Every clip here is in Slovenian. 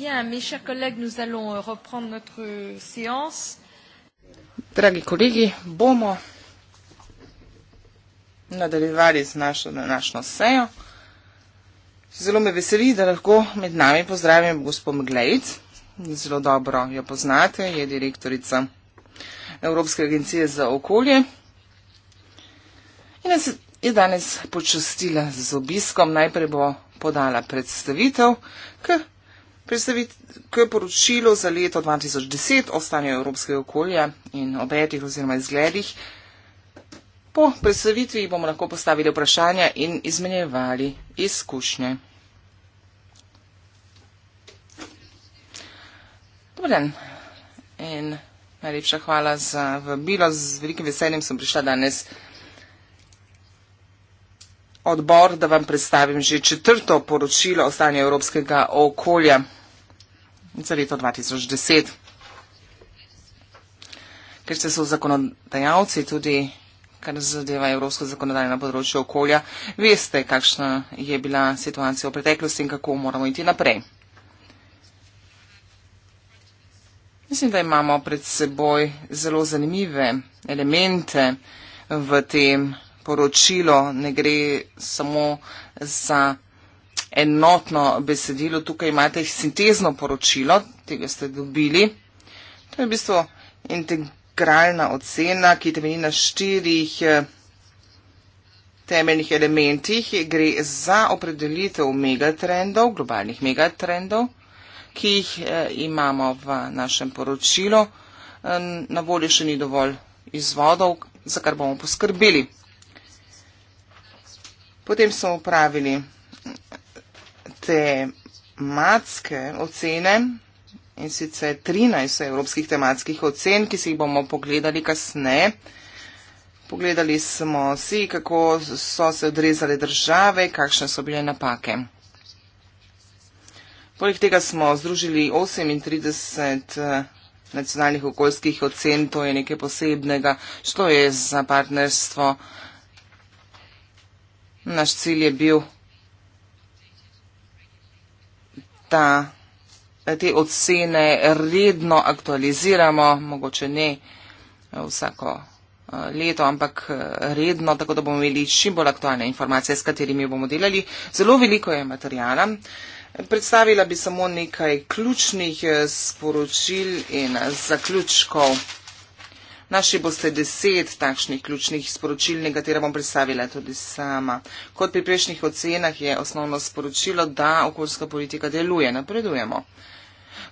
Bien, mes chers collègues, nous allons euh, reprendre notre séance. Dragi kolegi, bomo nadaljevali z našo današnjo sejo. Zelo me veseli, da lahko med nami pozdravim gospod Mglejc. Zelo dobro jo poznate, je direktorica Evropske agencije za okolje. In nas je danes počastila z obiskom, najprej bo podala predstavitev, ker predstaviti, ko je poročilo za leto 2010 o stanju evropskega okolja in obetih oziroma izgledih. Po predstavitvi bomo lahko postavili vprašanja in izmenjevali izkušnje. Dobro dan in najlepša hvala za vabilo. Z velikim veseljem sem prišla danes odbor, da vam predstavim že četrto poročilo o stanju evropskega okolja za leto 2010. Ker ste so zakonodajalci tudi, kar zadeva evropsko zakonodajo na področju okolja, veste, kakšna je bila situacija v preteklosti in kako moramo iti naprej. Mislim, da imamo pred seboj zelo zanimive elemente v tem poročilu. Ne gre samo za enotno besedilo, tukaj imate sintezno poročilo, tega ste dobili. To je v bistvu integralna ocena, ki temelji na štirih eh, temeljnih elementih. Gre za opredelitev megatrendov, globalnih megatrendov, ki jih eh, imamo v našem poročilu. Eh, na voljo še ni dovolj izvodov, za kar bomo poskrbeli. Potem smo upravili tematske ocene in sicer 13 evropskih tematskih ocen, ki si jih bomo pogledali kasneje. Pogledali smo si, kako so se odrezale države, kakšne so bile napake. Poleg tega smo združili 38 eh, nacionalnih okoljskih ocen, to je nekaj posebnega, što je za partnerstvo. Naš cilj je bil ta, te ocene redno aktualiziramo, mogoče ne eh, vsako eh, leto, ampak eh, redno, tako da bomo imeli čim bolj aktualne informacije, s katerimi bomo delali. Zelo veliko je materijala. Predstavila bi samo nekaj ključnih sporočil in zaključkov. Naši boste deset takšnih ključnih sporočil, nekatera bom predstavila tudi sama. Kot pri prejšnjih ocenah je osnovno sporočilo, da okoljska politika deluje, napredujemo.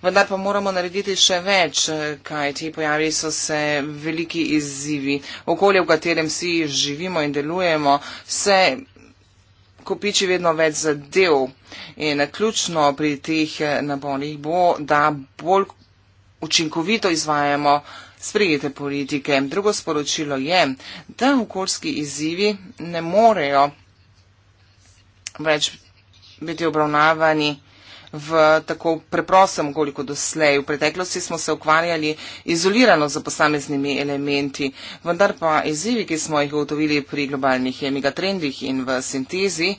Vendar pa moramo narediti še več, kaj ti pojavili so se veliki izzivi. Okolje, v katerem vsi živimo in delujemo, se kopiči vedno več zadev in ključno pri teh naborih bo, da bolj učinkovito izvajamo sprejete politike. Drugo sporočilo je, da okoljski izzivi ne morejo več biti obravnavani v tako preprostem, koliko doslej. V preteklosti smo se ukvarjali izolirano za posameznimi elementi, vendar pa izzivi, ki smo jih ugotovili pri globalnih megatrendih in v sintezi,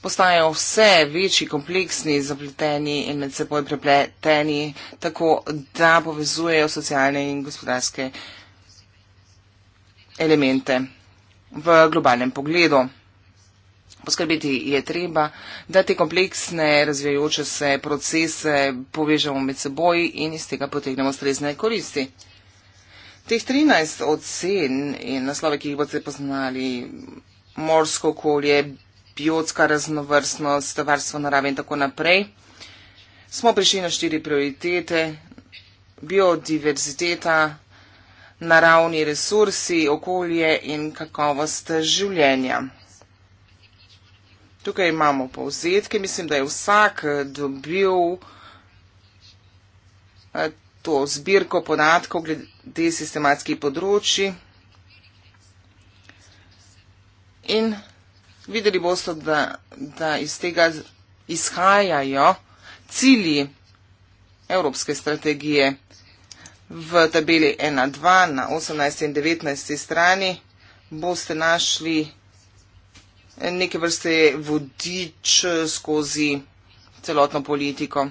postajajo vse večji, kompleksni, zapleteni in med seboj prepleteni, tako da povezujejo socialne in gospodarske elemente v globalnem pogledu. Poskrbeti je treba, da te kompleksne, razvijajoče se procese povežemo med seboj in iz tega potegnemo strezne koristi. Teh 13 ocen in naslove, ki jih boste poznali, morsko okolje, biotska raznovrstnost, varstvo narave in tako naprej, smo prišli na štiri prioritete. Biodiverziteta, naravni resursi, okolje in kakovost življenja. Tukaj imamo povzetke. Mislim, da je vsak eh, dobil eh, to zbirko podatkov glede sistematskih področji. In Videli boste, da, da iz tega izhajajo cilji evropske strategije v tabeli 1.2 na 18. in 19. strani. Boste našli neke vrste vodič skozi celotno politiko.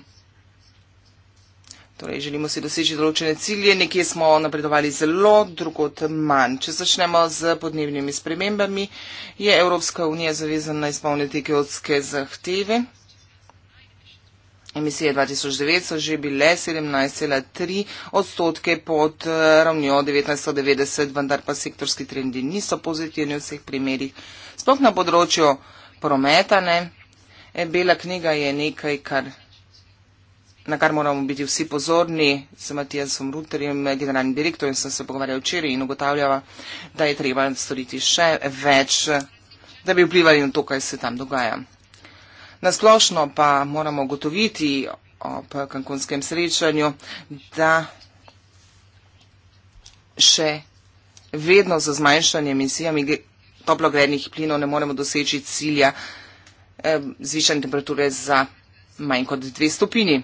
Torej, želimo si doseči določene cilje, nekje smo napredovali zelo, drugot manj. Če začnemo z podnebnimi spremembami, je Evropska unija zavezana izpolniti kiotske zahteve. Emisije 2009 so že bile 17,3 odstotke pod eh, ravnjo 1990, vendar pa sektorski trendi niso pozitivni v vseh primerih. Sploh na področju prometa, ne. E, bela knjiga je nekaj, kar na kar moramo biti vsi pozorni. Sem Matijasom Ruterjem, generalnim direktorjem, sem se pogovarjal včeraj in ugotavljala, da je treba storiti še več, da bi vplivali na to, kaj se tam dogaja. Nasplošno pa moramo ugotoviti ob kankonskem srečanju, da še vedno za zmanjšanje emisijami toplogrednih plinov ne moremo doseči cilja eh, zvišanja temperature za manj kot dve stopini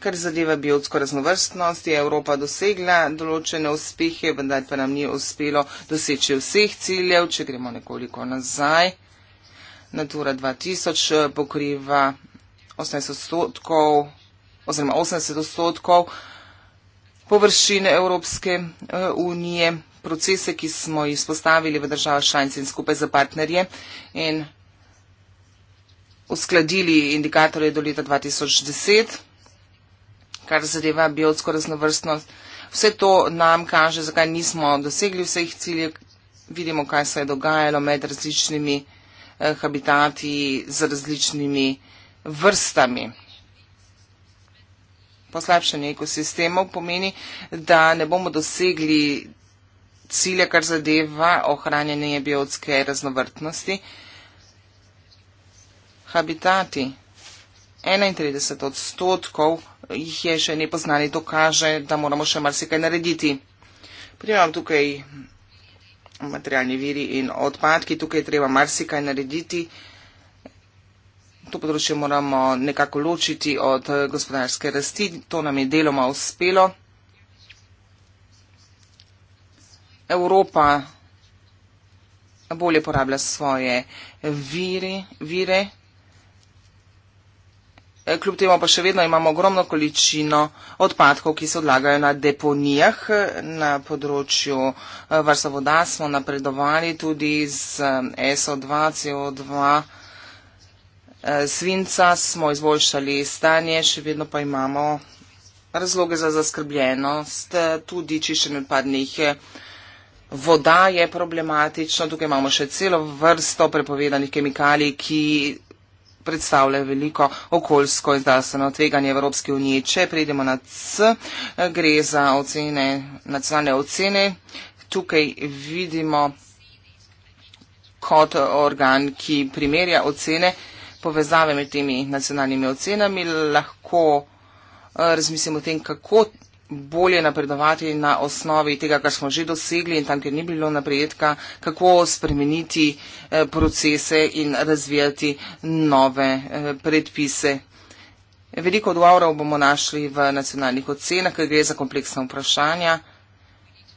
kar zadeva biotsko raznovrstnost, je Evropa dosegla določene uspehe, vendar pa nam ni uspelo doseči vseh ciljev. Če gremo nekoliko nazaj, Natura 2000 eh, pokriva 18 odstotkov oziroma 80 odstotkov površine Evropske eh, unije, procese, ki smo jih spostavili v državah članice in skupaj za partnerje in uskladili indikatorje do leta 2010 kar zadeva biotsko raznovrstnost. Vse to nam kaže, zakaj nismo dosegli vseh ciljev, vidimo, kaj se je dogajalo med različnimi eh, habitati z različnimi vrstami. Poslabšanje ekosistemov pomeni, da ne bomo dosegli cilja, kar zadeva ohranjanje biotske raznovrtnosti. Habitati 31 odstotkov jih je še ne poznali, to kaže, da moramo še marsikaj narediti. Primam tukaj materialni viri in odpadki, tukaj treba marsikaj narediti. To področje moramo nekako ločiti od gospodarske rasti, to nam je deloma uspelo. Evropa bolje porablja svoje vire, vire Kljub temu pa še vedno imamo ogromno količino odpadkov, ki se odlagajo na deponijah. Na področju eh, varstva voda smo napredovali tudi z eh, SO2, CO2, eh, svinca smo izboljšali stanje, še vedno pa imamo razloge za zaskrbljenost, tudi čiščenje odpadnih voda je problematično. Tukaj imamo še celo vrsto prepovedanih kemikalij, ki predstavljajo veliko okoljsko in zdravstveno tveganje Evropske unije. Če prejdemo na C, gre za ocene, nacionalne ocene. Tukaj vidimo kot organ, ki primerja ocene, povezave med temi nacionalnimi ocenami. Lahko eh, razmislimo o tem, kako bolje napredovati na osnovi tega, kar smo že dosegli in tam, kjer ni bilo napredka, kako spremeniti eh, procese in razvijati nove eh, predpise. Veliko odgovorov bomo našli v nacionalnih ocenah, ker gre za kompleksna vprašanja.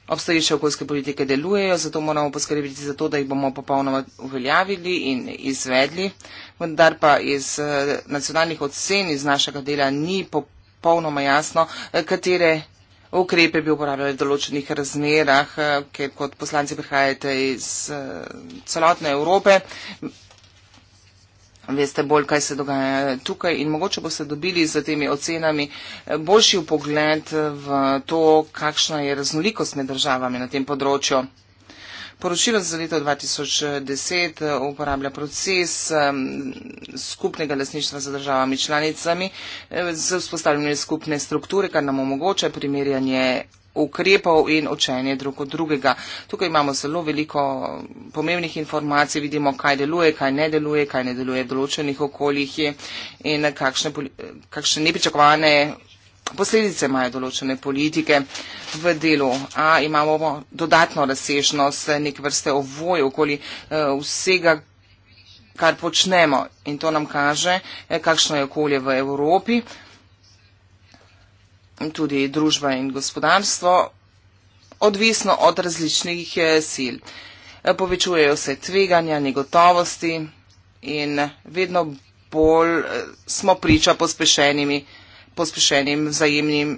Obstoječe okoljske politike delujejo, zato moramo poskrbeti za to, da jih bomo popolnoma uveljavili in izvedli. Vendar pa iz eh, nacionalnih ocen iz našega dela ni popolnoma popolnoma jasno, eh, katere ukrepe bi uporabljali v določenih razmerah, eh, ker kot poslanci prihajate iz eh, celotne Evrope. Veste bolj, kaj se dogaja tukaj in mogoče boste dobili z temi ocenami boljši upogled v to, kakšna je raznolikost med državami na tem področju. Poročilo za leto 2010 eh, uporablja proces skupnega lasništva z državami članicami eh, z vzpostavljanjem skupne strukture, kar nam omogoča primerjanje ukrepov in učenje drug od drugega. Tukaj imamo zelo veliko pomembnih informacij, vidimo, kaj deluje, kaj ne deluje, kaj ne deluje v določenih okoljih in kakšne, kakšne nepričakovane Posledice imajo določene politike. V delu A imamo dodatno razsežnost neke vrste ovoj okoli eh, vsega, kar počnemo. In to nam kaže, eh, kakšno je okolje v Evropi, tudi družba in gospodarstvo, odvisno od različnih eh, sil. Povečujejo se tveganja, negotovosti in vedno bolj smo priča pospešenimi vsega pospešenim vzajemnim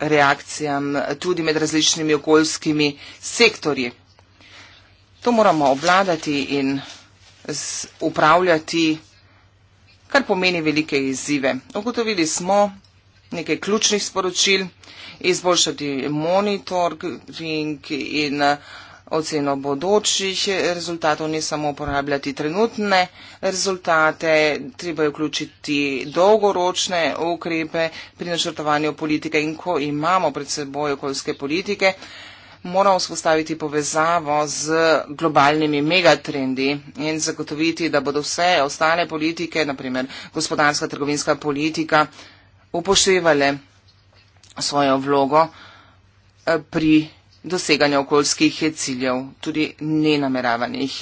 reakcijam, tudi med različnimi okoljskimi sektorji. To moramo obvladati in upravljati, kar pomeni velike izzive. Ugotovili smo nekaj ključnih sporočil, izboljšati monitoring in uh, oceno bodočih eh, rezultatov, ne samo uporabljati trenutne rezultate, treba je vključiti dolgoročne ukrepe pri načrtovanju politike in ko imamo pred seboj okoljske politike, moramo vzpostaviti povezavo z globalnimi megatrendi in zagotoviti, da bodo vse ostale politike, naprimer gospodarska, trgovinska politika, upoštevale svojo vlogo eh, pri doseganja okoljskih ciljev, tudi nenameravanih.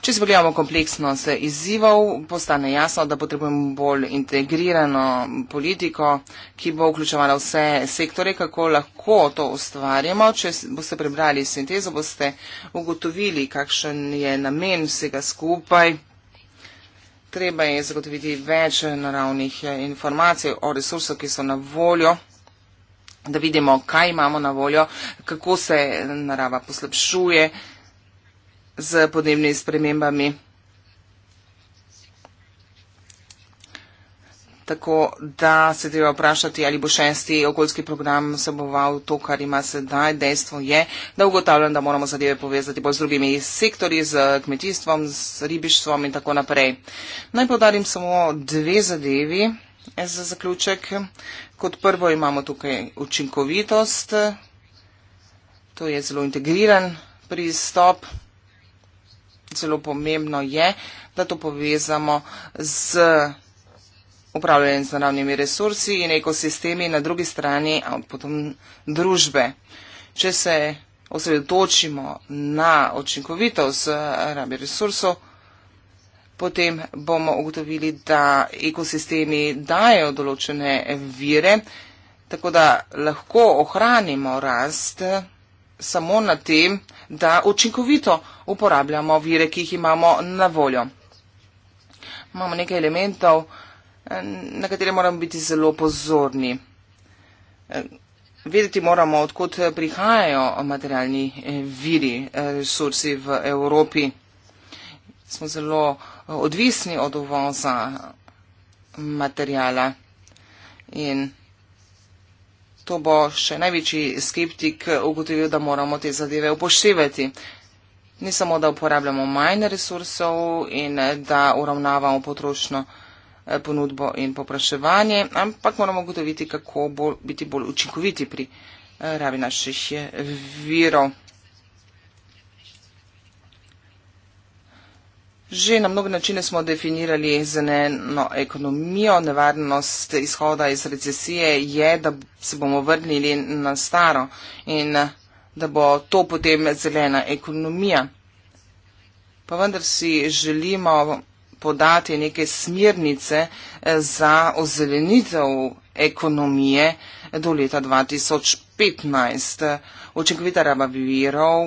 Če spogledamo kompleksnost izzivov, postane jasno, da potrebujemo bolj integrirano politiko, ki bo vključevala vse sektore, kako lahko to ustvarjamo. Če boste prebrali sintezo, boste ugotovili, kakšen je namen vsega skupaj. Treba je zagotoviti več naravnih informacij o resursih, ki so na voljo da vidimo, kaj imamo na voljo, kako se narava poslabšuje z podnebnimi spremembami. Tako da se treba vprašati, ali bo šesti okoljski program vseboval to, kar ima sedaj. Dejstvo je, da ugotavljam, da moramo zadeve povezati bolj z drugimi sektori, z kmetijstvom, z ribištvom in tako naprej. Naj podarim samo dve zadevi za zaključek. Kot prvo imamo tukaj učinkovitost, to je zelo integriran pristop. Zelo pomembno je, da to povezamo z upravljanjem z naravnimi resursi in ekosistemi na drugi strani, a potem družbe. Če se osredotočimo na učinkovitost rabi resursov, potem bomo ugotovili, da ekosistemi dajo določene vire, tako da lahko ohranimo rast samo na tem, da učinkovito uporabljamo vire, ki jih imamo na voljo. Imamo nekaj elementov, na katere moramo biti zelo pozorni. Vedeti moramo, odkot prihajajo materialni viri, resursi v Evropi smo zelo eh, odvisni od uvoza materijala. In to bo še največji skeptik eh, ugotovil, da moramo te zadeve upoštevati. Ni samo, da uporabljamo manj resursov in eh, da uravnavamo potrošno ponudbo in popraševanje, ampak moramo ugotoviti, kako bo, biti bolj učinkoviti pri rabi naših virov. Že na mnogo načine smo definirali zeleno ekonomijo, nevarnost izhoda iz recesije je, da se bomo vrnili na staro in da bo to potem zelena ekonomija. Pa vendar si želimo podati neke smernice eh, za ozelenitev ekonomije do leta 2015. Očekovita raba virov,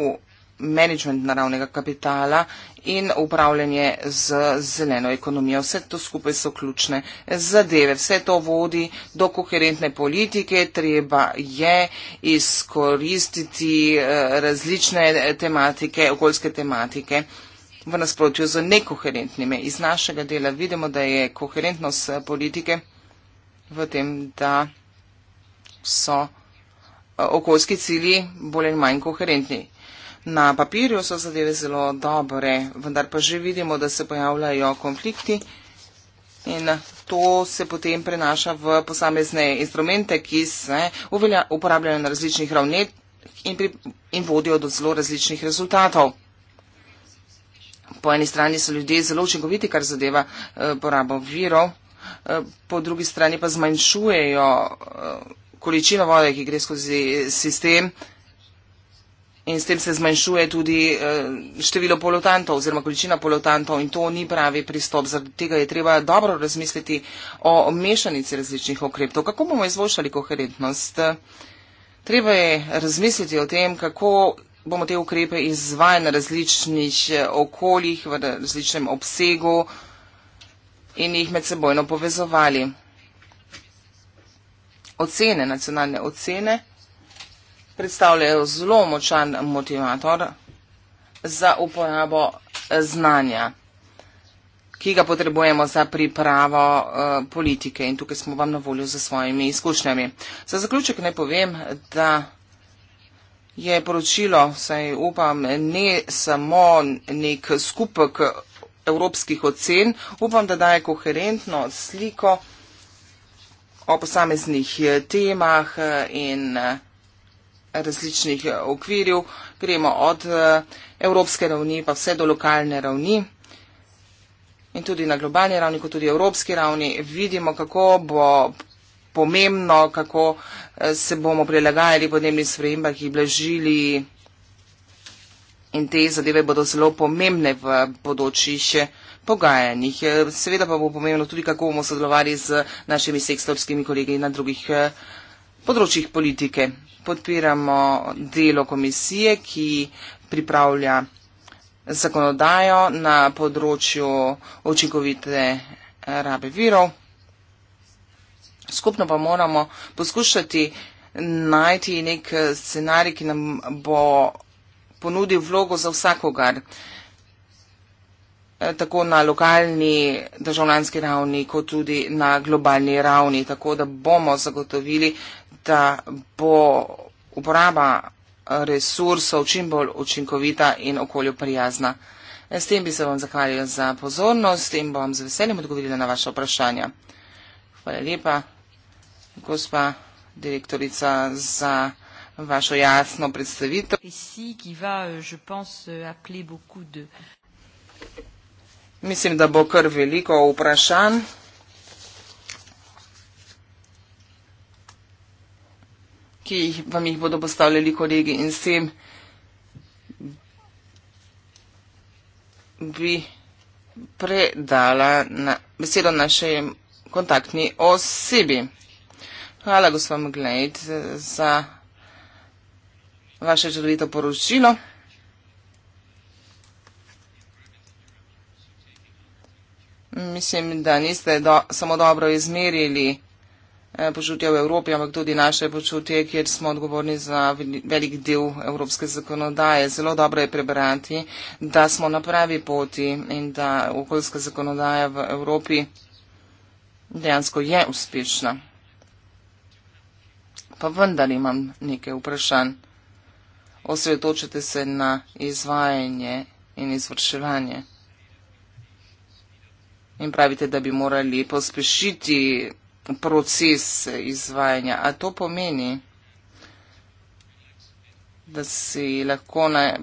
management naravnega kapitala in upravljanje z zeleno ekonomijo. Vse to skupaj so ključne zadeve. Vse to vodi do koherentne politike. Treba je izkoristiti eh, različne tematike, okoljske tematike v nasprotju z nekoherentnimi. Iz našega dela vidimo, da je koherentnost eh, politike v tem, da so eh, okoljski cilji bolj ali manj koherentni. Na papirju so zadeve zelo dobre, vendar pa že vidimo, da se pojavljajo konflikti in to se potem prenaša v posamezne instrumente, ki se uvelja, uporabljajo na različnih ravneh in, in vodijo do zelo različnih rezultatov. Po eni strani so ljudje zelo učinkoviti, kar zadeva eh, porabo virov, eh, po drugi strani pa zmanjšujejo eh, količino vode, ki gre skozi sistem in s tem se zmanjšuje tudi eh, število polotantov oziroma količina polotantov in to ni pravi pristop. Zaradi tega je treba dobro razmisliti o mešanici različnih okreptov. Kako bomo izboljšali koherentnost? Treba je razmisliti o tem, kako bomo te ukrepe izvajali na različnih eh, okoljih, v različnem obsegu in jih med sebojno povezovali. Ocene, nacionalne ocene, predstavljajo zelo močan motivator za uporabo eh, znanja, ki ga potrebujemo za pripravo eh, politike in tukaj smo vam na voljo za svojimi izkušnjami. Za zaključek ne povem, da je poročilo, saj upam, ne samo nek skupek evropskih ocen, upam, da daje koherentno sliko o posameznih eh, temah in temah, različnih eh, okvirjev, gremo od eh, evropske ravni pa vse do lokalne ravni. In tudi na globalni ravni, kot tudi evropski ravni, vidimo, kako bo pomembno, kako eh, se bomo prilagajali podnebnim spremembam, ki blažili. In te zadeve bodo zelo pomembne v bodočih pogajanjih. Seveda pa bo pomembno tudi, kako bomo sodelovali z našimi sektorskimi kolegi na drugih področjih politike podpiramo delo komisije, ki pripravlja zakonodajo na področju očinkovite rabe virov. Skupno pa moramo poskušati najti nek scenarij, ki nam bo ponudil vlogo za vsakogar, eh, tako na lokalni državljanski ravni, kot tudi na globalni ravni, tako da bomo zagotovili da bo uporaba resursov čim bolj učinkovita in okolju prijazna. S tem bi se vam zahvalila za pozornost in bom z veseljem odgovorila na vaše vprašanja. Hvala lepa, gospa direktorica, za vašo jasno predstavitev. Euh, euh, Mislim, da bo kar veliko vprašanj. ki jih, vam jih bodo postavljali kolegi in s tem bi predala na besedo našej kontaktni osebi. Hvala, gospod Mglejt, za vaše čudovito poročilo. Mislim, da niste do, samo dobro izmerili. Eh, počutje v Evropi, ampak tudi naše počutje, kjer smo odgovorni za velik del evropske zakonodaje. Zelo dobro je prebrati, da smo na pravi poti in da okoljska zakonodaja v Evropi dejansko je uspešna. Pa vendar imam nekaj vprašanj. Osredotočite se na izvajanje in izvrševanje. In pravite, da bi morali pospešiti proces izvajanja. A to pomeni, da si lahko na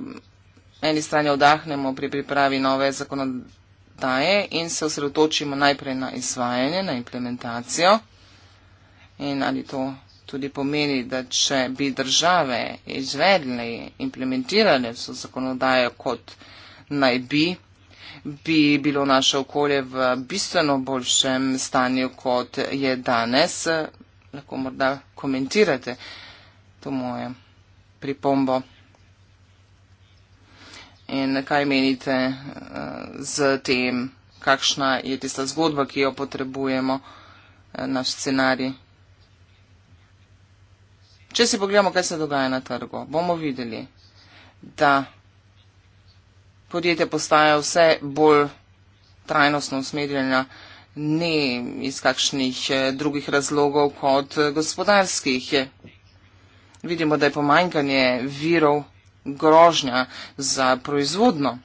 eni strani odahnemo pri pripravi nove zakonodaje in se osredotočimo najprej na izvajanje, na implementacijo. In ali to tudi pomeni, da če bi države izvedle, implementirale so zakonodajo kot naj bi, bi bilo naše okolje v bistveno boljšem stanju, kot je danes. Lahko morda komentirate to moje pripombo. In kaj menite eh, z tem, kakšna je tista zgodba, ki jo potrebujemo, eh, naš scenarij? Če si pogledamo, kaj se dogaja na trgu, bomo videli, da podjetja postajajo vse bolj trajnostno usmerjena, ne iz kakšnih eh, drugih razlogov kot eh, gospodarskih. Vidimo, da je pomanjkanje virov grožnja za proizvodno.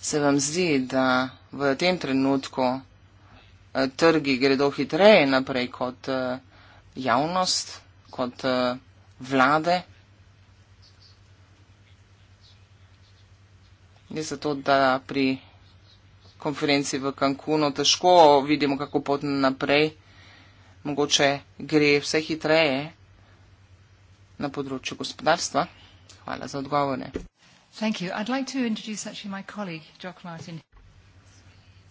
Se vam zdi, da v tem trenutku eh, trgi gredo hitreje naprej kot javnost, kot vlade? Ni zato, da pri konferenci v Cancunu težko vidimo, kako pot naprej, mogoče gre vse hitreje na področju gospodarstva. Hvala za odgovore.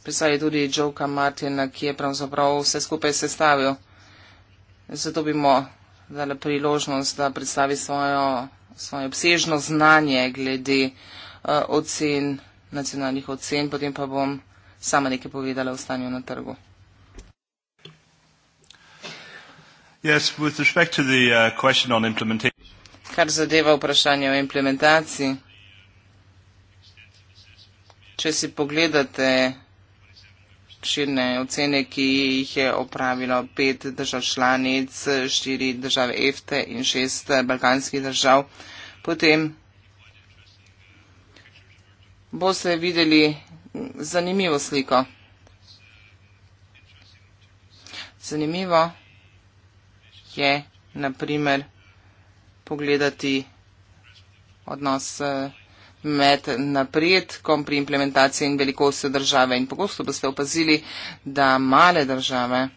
Pisal je tudi Joka Martina, ki je pravzaprav vse skupaj sestavil. Zato bi mu dala priložnost, da predstavi svojo, svoje obsežno znanje glede uh, ocen, nacionalnih ocen, potem pa bom sama nekaj povedala o stanju na trgu. Yes, with respect to the uh, question on implementation. Kar zadeva vprašanje o implementaciji. Če si pogledate širne ocene, ki jih je opravilo pet držav članic, štiri države EFTE in šest balkanskih držav, potem boste videli zanimivo sliko. Zanimivo je, na primer, pogledati odnos eh, med napredkom pri implementaciji in velikostjo države. In pogosto boste opazili, da male države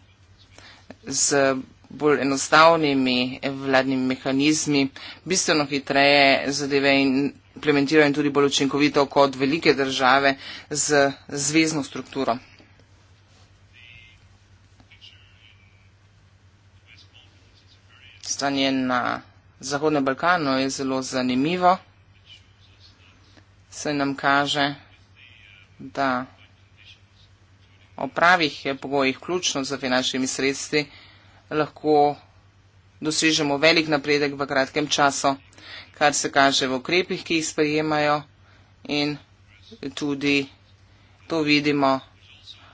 z bolj enostavnimi vladnimi mehanizmi bistveno hitreje zadeve in implementirajo in tudi bolj učinkovito kot velike države z zvezno strukturo. Stanje na Zahodnem Balkanu je zelo zanimivo. Se nam kaže, da o pravih pogojih, ključno za finančnimi sredstvi, lahko dosežemo velik napredek v kratkem času kar se kaže v ukrepih, ki jih sprejemajo in tudi to vidimo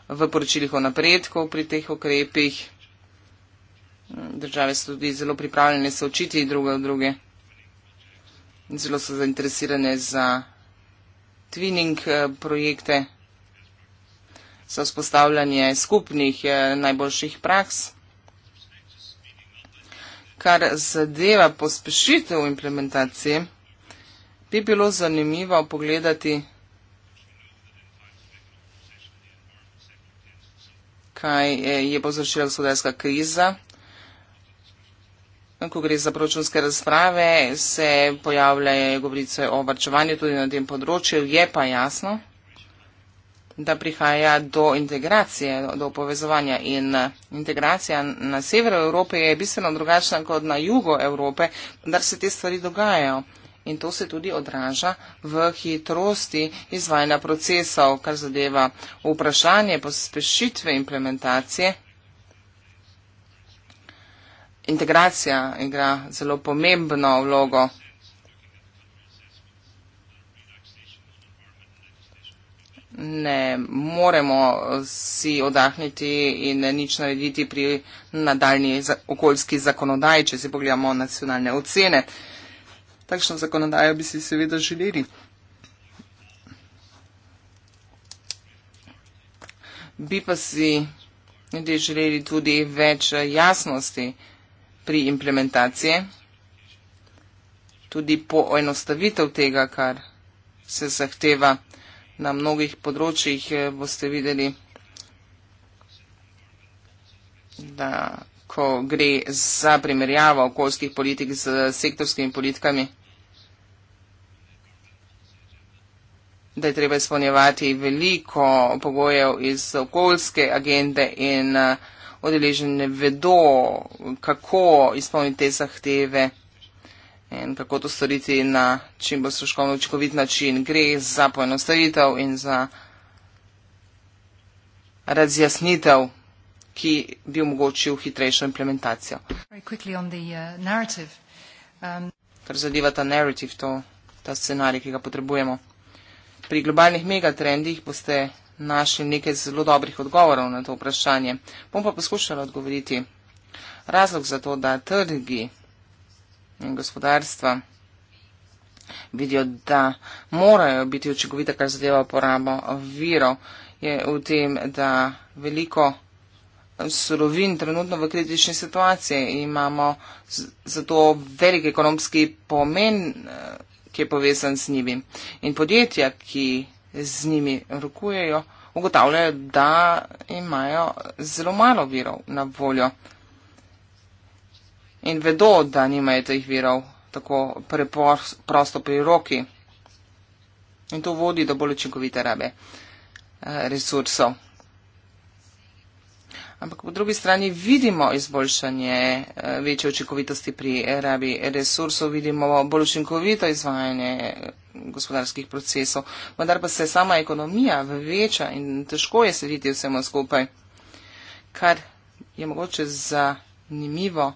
v poročilih o napredku pri teh ukrepih. Države so tudi zelo pripravljene se učiti druge od druge. Zelo so zainteresirane za twinning eh, projekte, za vzpostavljanje skupnih eh, najboljših praks kar zadeva pospešitev implementacije, bi bilo zanimivo pogledati, kaj eh, je povzročila gospodarska kriza. Ko gre za proračunske razprave, se pojavljajo govorice o varčevanju tudi na tem področju, je pa jasno, da prihaja do integracije, do povezovanja. In integracija na severu Evrope je bistveno drugačna kot na jugu Evrope, da se te stvari dogajajo. In to se tudi odraža v hitrosti izvajanja procesov, kar zadeva vprašanje pospešitve implementacije. Integracija igra zelo pomembno vlogo. ne moremo si odahniti in nič narediti pri nadaljni okoljski zakonodaji, če si pogledamo nacionalne ocene. Takšno zakonodajo bi si seveda želeli. Bi pa si ljudje želeli tudi več jasnosti pri implementaciji, tudi poenostavitev tega, kar se zahteva na mnogih področjih eh, boste videli, da ko gre za primerjavo okoljskih politik z sektorskimi politikami, da je treba izpolnjevati veliko pogojev iz okoljske agende in odeležene eh, vedo, kako izpolniti te zahteve in kako to storiti na čim bolj stroškovno učinkovit način. Gre za poenostavitev in za razjasnitev, ki bi omogočil hitrejšo implementacijo. Uh, um, Kar zadeva ta narrative, to, ta scenarij, ki ga potrebujemo. Pri globalnih megatrendih boste našli nekaj zelo dobrih odgovorov na to vprašanje. Bom pa poskušala odgovoriti. Razlog za to, da trgi gospodarstva vidijo, da morajo biti učinkovite, kar zadeva porabo virov, je v tem, da veliko surovin trenutno v kritični situaciji imamo zato velik ekonomski pomen, eh, ki je povezan z njimi. In podjetja, ki z njimi rokujejo, ugotavljajo, da imajo zelo malo virov na voljo in vedo, da nimajo teh virov tako preprosto pri roki. In to vodi do bolj učinkovite rabe eh, resursov. Ampak po drugi strani vidimo izboljšanje eh, večje učinkovitosti pri rabi resursov, vidimo bolj učinkovito izvajanje eh, gospodarskih procesov, vendar pa se sama ekonomija veča in težko je slediti vsemu skupaj, kar je mogoče zanimivo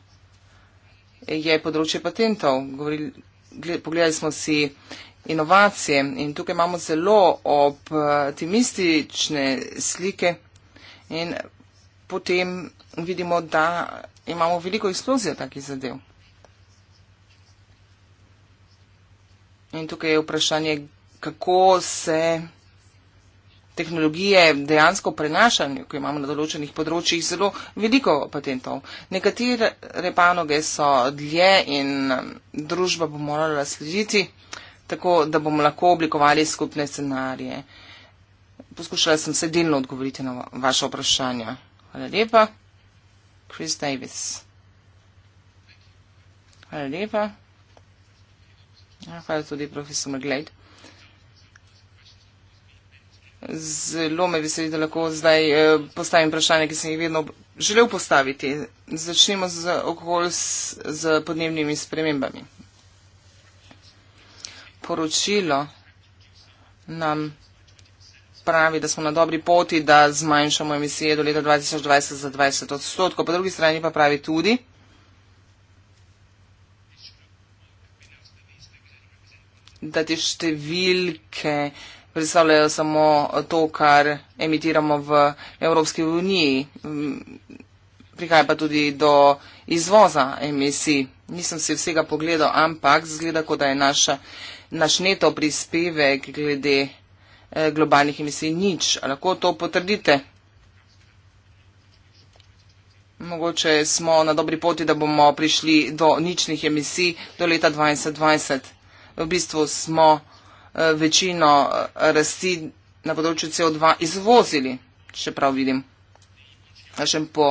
je področje patentov. Govorili, pogledali smo si inovacije in tukaj imamo zelo optimistične slike in potem vidimo, da imamo veliko eksplozijo takih zadev. In tukaj je vprašanje, kako se tehnologije dejansko prenašanju, ki imamo na določenih področjih, zelo veliko patentov. Nekatere panoge so dlje in um, družba bo morala slediti, tako da bomo lahko oblikovali skupne scenarije. Poskušala sem se delno odgovoriti na vaše vprašanje. Hvala lepa. Chris Davis. Hvala lepa. Ja, hvala tudi profesor McGlade. Zelo me veseli, da lahko zdaj eh, postavim vprašanje, ki sem jih vedno želel postaviti. Začnimo z okolj s, z podnebnimi spremembami. Poročilo nam pravi, da smo na dobri poti, da zmanjšamo emisije do leta 2020 za 20 odstotkov, po drugi strani pa pravi tudi, da te številke predstavljajo samo to, kar emitiramo v Evropski uniji. Mm, prihaja pa tudi do izvoza emisij. Nisem si vsega pogledal, ampak zgleda, kot da je naš, naš neto prispevek glede eh, globalnih emisij nič. Lahko to potrdite? Mogoče smo na dobri poti, da bomo prišli do ničnih emisij do leta 2020. V bistvu smo. Eh, večino eh, rasti na področju CO2 izvozili, še prav vidim. Še po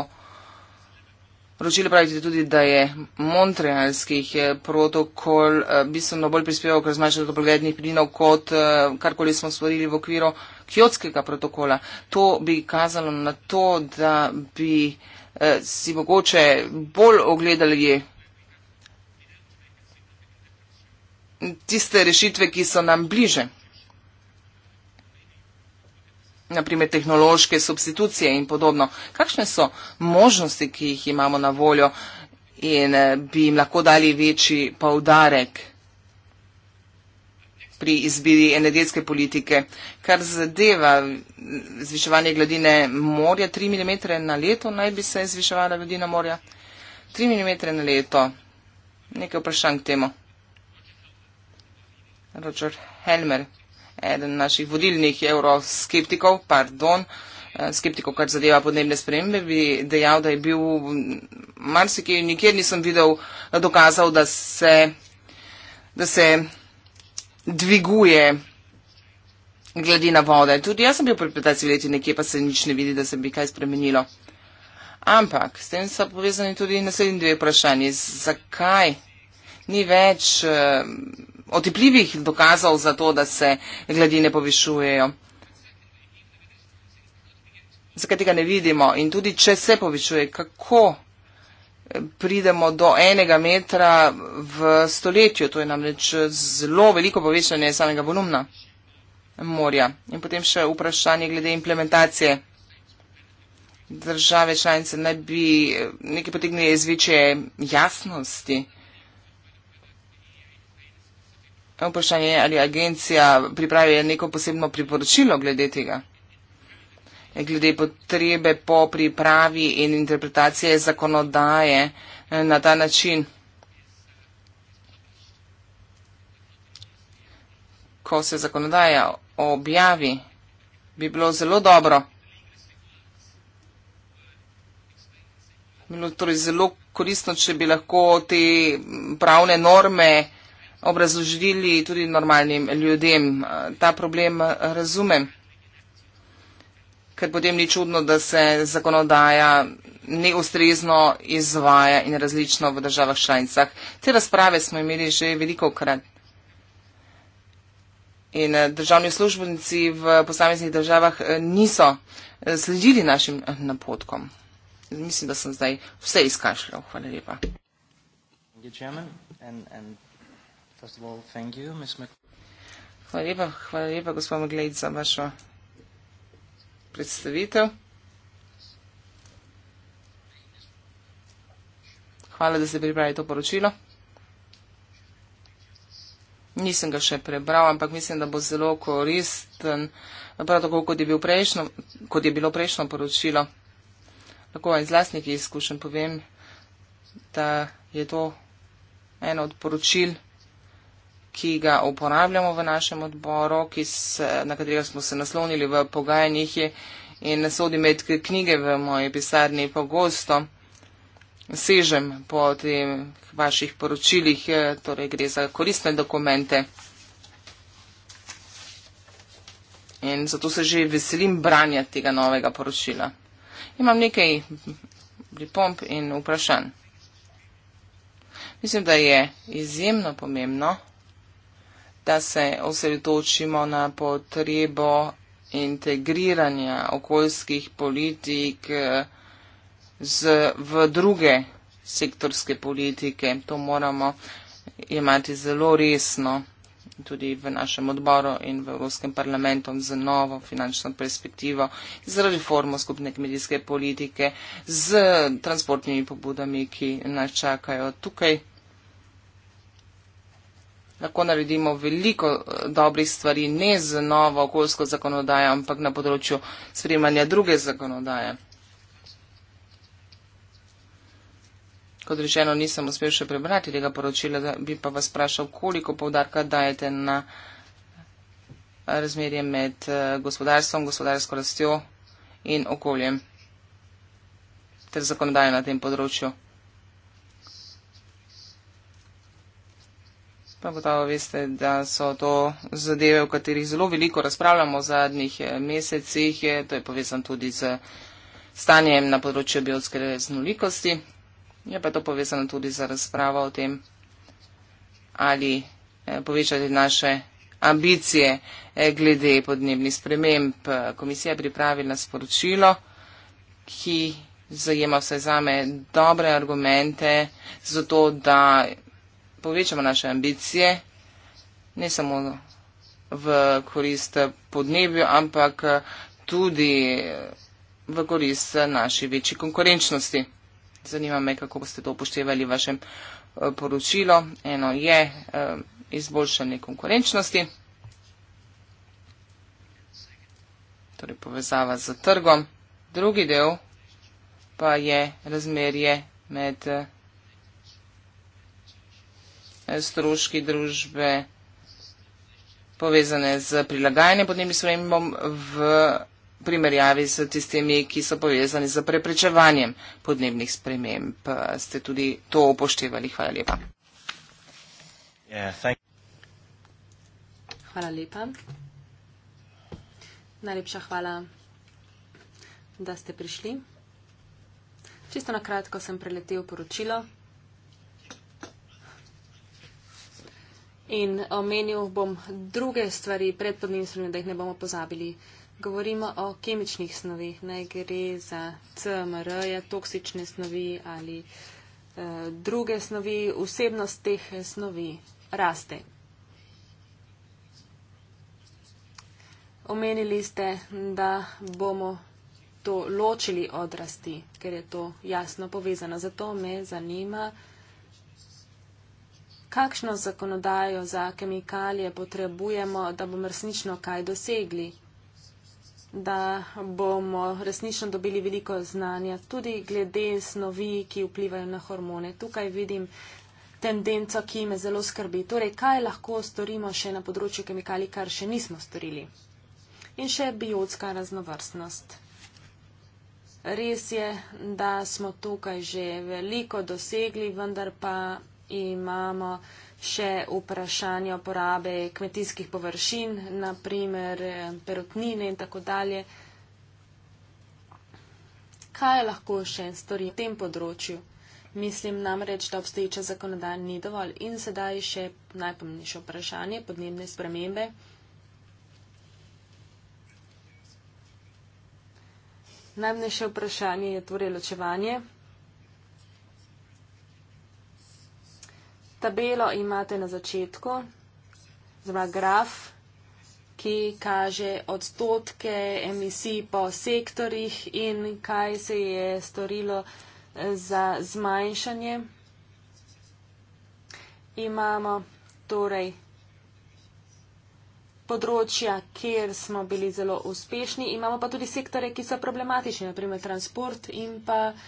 ročilu pravite tudi, da je Montrealski eh, protokol bistveno bolj prispeval k razmanjšanju toplogrednih plinov, kot karkoli smo stvorili v okviru Kjotskega protokola. To bi kazalo na to, da bi si mogoče bolj ogledali tiste rešitve, ki so nam bliže. Naprimer, tehnološke substitucije in podobno. Kakšne so možnosti, ki jih imamo na voljo in eh, bi jim lahko dali večji povdarek pri izbiri energetske politike, kar zadeva zviševanje gladine morja, 3 mm na leto naj bi se zviševala gladina morja. 3 mm na leto. Nekaj vprašanj k temu. Roger Helmer, eden naših vodilnih euroskeptikov, pardon, eh, skeptikov, kar zadeva podnebne spremembe, bi dejal, da je bil marsikaj, nikjer nisem videl, dokazal, da se, da se dviguje gladina vode. Tudi jaz sem bil pred 15 leti nekje, pa se nič ne vidi, da se bi kaj spremenilo. Ampak s tem so povezani tudi naslednji dve vprašanji. Zakaj ni več uh, otepljivih dokazov za to, da se gladine povišujejo. Zakaj tega ne vidimo? In tudi, če se povišuje, kako pridemo do enega metra v stoletju? To je namreč zelo veliko povišanje samega volumna morja. In potem še vprašanje glede implementacije. Države članice naj bi nekaj potegnili iz večje jasnosti. Vprašanje je, ali agencija pripravi neko posebno priporočilo glede tega. E, glede potrebe po pripravi in interpretacije zakonodaje e, na ta način, ko se zakonodaja objavi, bi bilo zelo dobro. Bilo torej zelo koristno, če bi lahko te pravne norme obrazložili tudi normalnim ljudem. Ta problem razumem, ker potem ni čudno, da se zakonodaja neustrezno izvaja in različno v državah članicah. Te razprave smo imeli že veliko krat. In državni službenci v posameznih državah niso sledili našim napotkom. Mislim, da sem zdaj vse izkašljal. Hvala lepa. And, and Hvala lepa, hvala lepa, gospod Maglejc, za vašo predstavitev. Hvala, da ste pripravili to poročilo. Nisem ga še prebral, ampak mislim, da bo zelo koristen, prav tako kot je, bil prejšnjo, kot je bilo prejšnjo poročilo. Lahko vam iz lastnih izkušenj povem, da je to eno od poročil ki ga uporabljamo v našem odboru, se, na katerega smo se naslonili v pogajanjih in sodi med knjige v moji pisarni pogosto. Sežem po teh vaših poročilih, eh, torej gre za koristne dokumente. In zato se že veselim branja tega novega poročila. Imam nekaj pripomp in vprašanj. Mislim, da je izjemno pomembno, da se osredotočimo na potrebo integriranja okoljskih politik eh, z, v druge sektorske politike. To moramo imati zelo resno tudi v našem odboru in v Evropskem parlamentu z novo finančno perspektivo, z reformo skupne kmetijske politike, z transportnimi pobudami, ki nas čakajo tukaj lahko naredimo veliko eh, dobrih stvari, ne z novo okoljsko zakonodajo, ampak na področju sprejemanja druge zakonodaje. Kot rečeno, nisem uspel še prebrati tega poročila, bi pa vas vprašal, koliko povdarka dajete na razmerje med eh, gospodarstvom, gospodarsko rastjo in okoljem ter zakonodajo na tem področju. Pa gotovo veste, da so to zadeve, o katerih zelo veliko razpravljamo v zadnjih eh, mesecih. To je povezan tudi z stanjem na področju biotske raznolikosti. Je pa to povezano tudi za razpravo o tem, ali eh, povečati naše ambicije eh, glede podnebnih sprememb. Komisija je pripravila sporočilo, ki zajema vse zame dobre argumente za to, da povečamo naše ambicije, ne samo v korist podnebju, ampak tudi v korist naši večji konkurenčnosti. Zanima me, kako boste to upoštevali v vašem eh, poročilu. Eno je eh, izboljšanje konkurenčnosti, torej povezava z trgom. Drugi del pa je razmerje med eh, stroški družbe povezane z prilagajanjem podnebnim spremembom v primerjavi s tistimi, ki so povezani z preprečevanjem podnebnih sprememb. Ste tudi to upoštevali. Hvala lepa. Yeah, hvala lepa. Najlepša hvala, da ste prišli. Čisto na kratko sem preletel poročilo. In omenil bom druge stvari pred podnebnimi spremembami, da jih ne bomo pozabili. Govorimo o kemičnih snovih, naj gre za CMR, -ja, toksične snovi ali e, druge snovi, vsebnost teh snovi raste. Omenili ste, da bomo to ločili od rasti, ker je to jasno povezano. Zato me zanima kakšno zakonodajo za kemikalije potrebujemo, da bomo resnično kaj dosegli, da bomo resnično dobili veliko znanja, tudi glede snovi, ki vplivajo na hormone. Tukaj vidim tendenco, ki me zelo skrbi. Torej, kaj lahko storimo še na področju kemikalij, kar še nismo storili? In še biotska raznovrstnost. Res je, da smo tukaj že veliko dosegli, vendar pa imamo še vprašanje uporabe kmetijskih površin, naprimer eh, perutnine in tako dalje. Kaj lahko še stori v tem področju? Mislim namreč, da obstoječa zakonodaja ni dovolj in sedaj še najpomnejše vprašanje podnebne spremembe. Najmnejše vprašanje je torej ločevanje. Tabelo imate na začetku, zelo graf, ki kaže odstotke emisij po sektorjih in kaj se je storilo eh, za zmanjšanje. Imamo torej področja, kjer smo bili zelo uspešni, imamo pa tudi sektore, ki so problematični, naprimer transport in pa uh,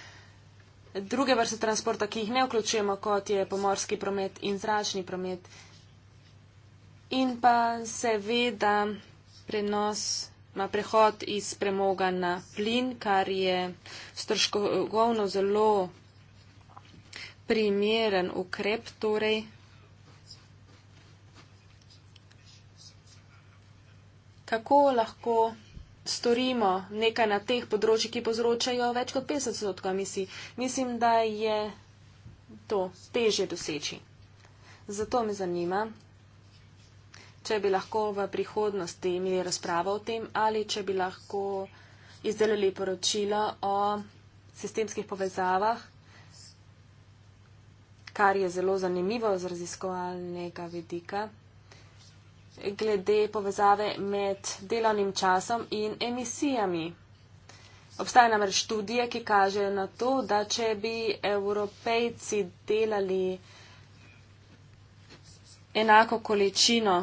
druge vrste transporta, ki jih ne vključujemo, kot je pomorski promet in zračni promet. In pa seveda prenos, ma no, prehod iz premoga na plin, kar je stroškovno zelo primeren ukrep. Torej. Kako lahko storimo nekaj na teh področjih, ki povzročajo več kot 50 odstotkov emisij, mislim, da je to teže doseči. Zato me zanima, če bi lahko v prihodnosti imeli razpravo o tem ali če bi lahko izdelali poročilo o sistemskih povezavah, kar je zelo zanimivo z raziskovalnega vidika glede povezave med delovnim časom in emisijami. Obstaja namreč študije, ki kažejo na to, da če bi evropejci delali enako količino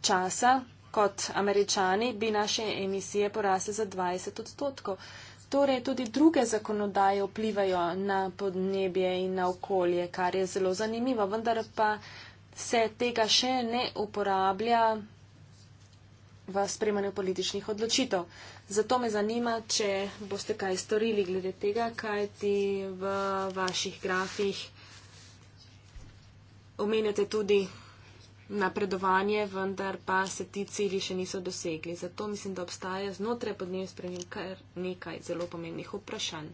časa kot američani, bi naše emisije porasle za 20 odstotkov. Torej, tudi druge zakonodaje vplivajo na podnebje in na okolje, kar je zelo zanimivo, vendar pa se tega še ne uporablja v spremanju političnih odločitev. Zato me zanima, če boste kaj storili glede tega, kaj ti v vaših grafih omenjate tudi napredovanje, vendar pa se ti cilji še niso dosegli. Zato mislim, da obstaja znotraj podnebnih sprememb kar nekaj zelo pomembnih vprašanj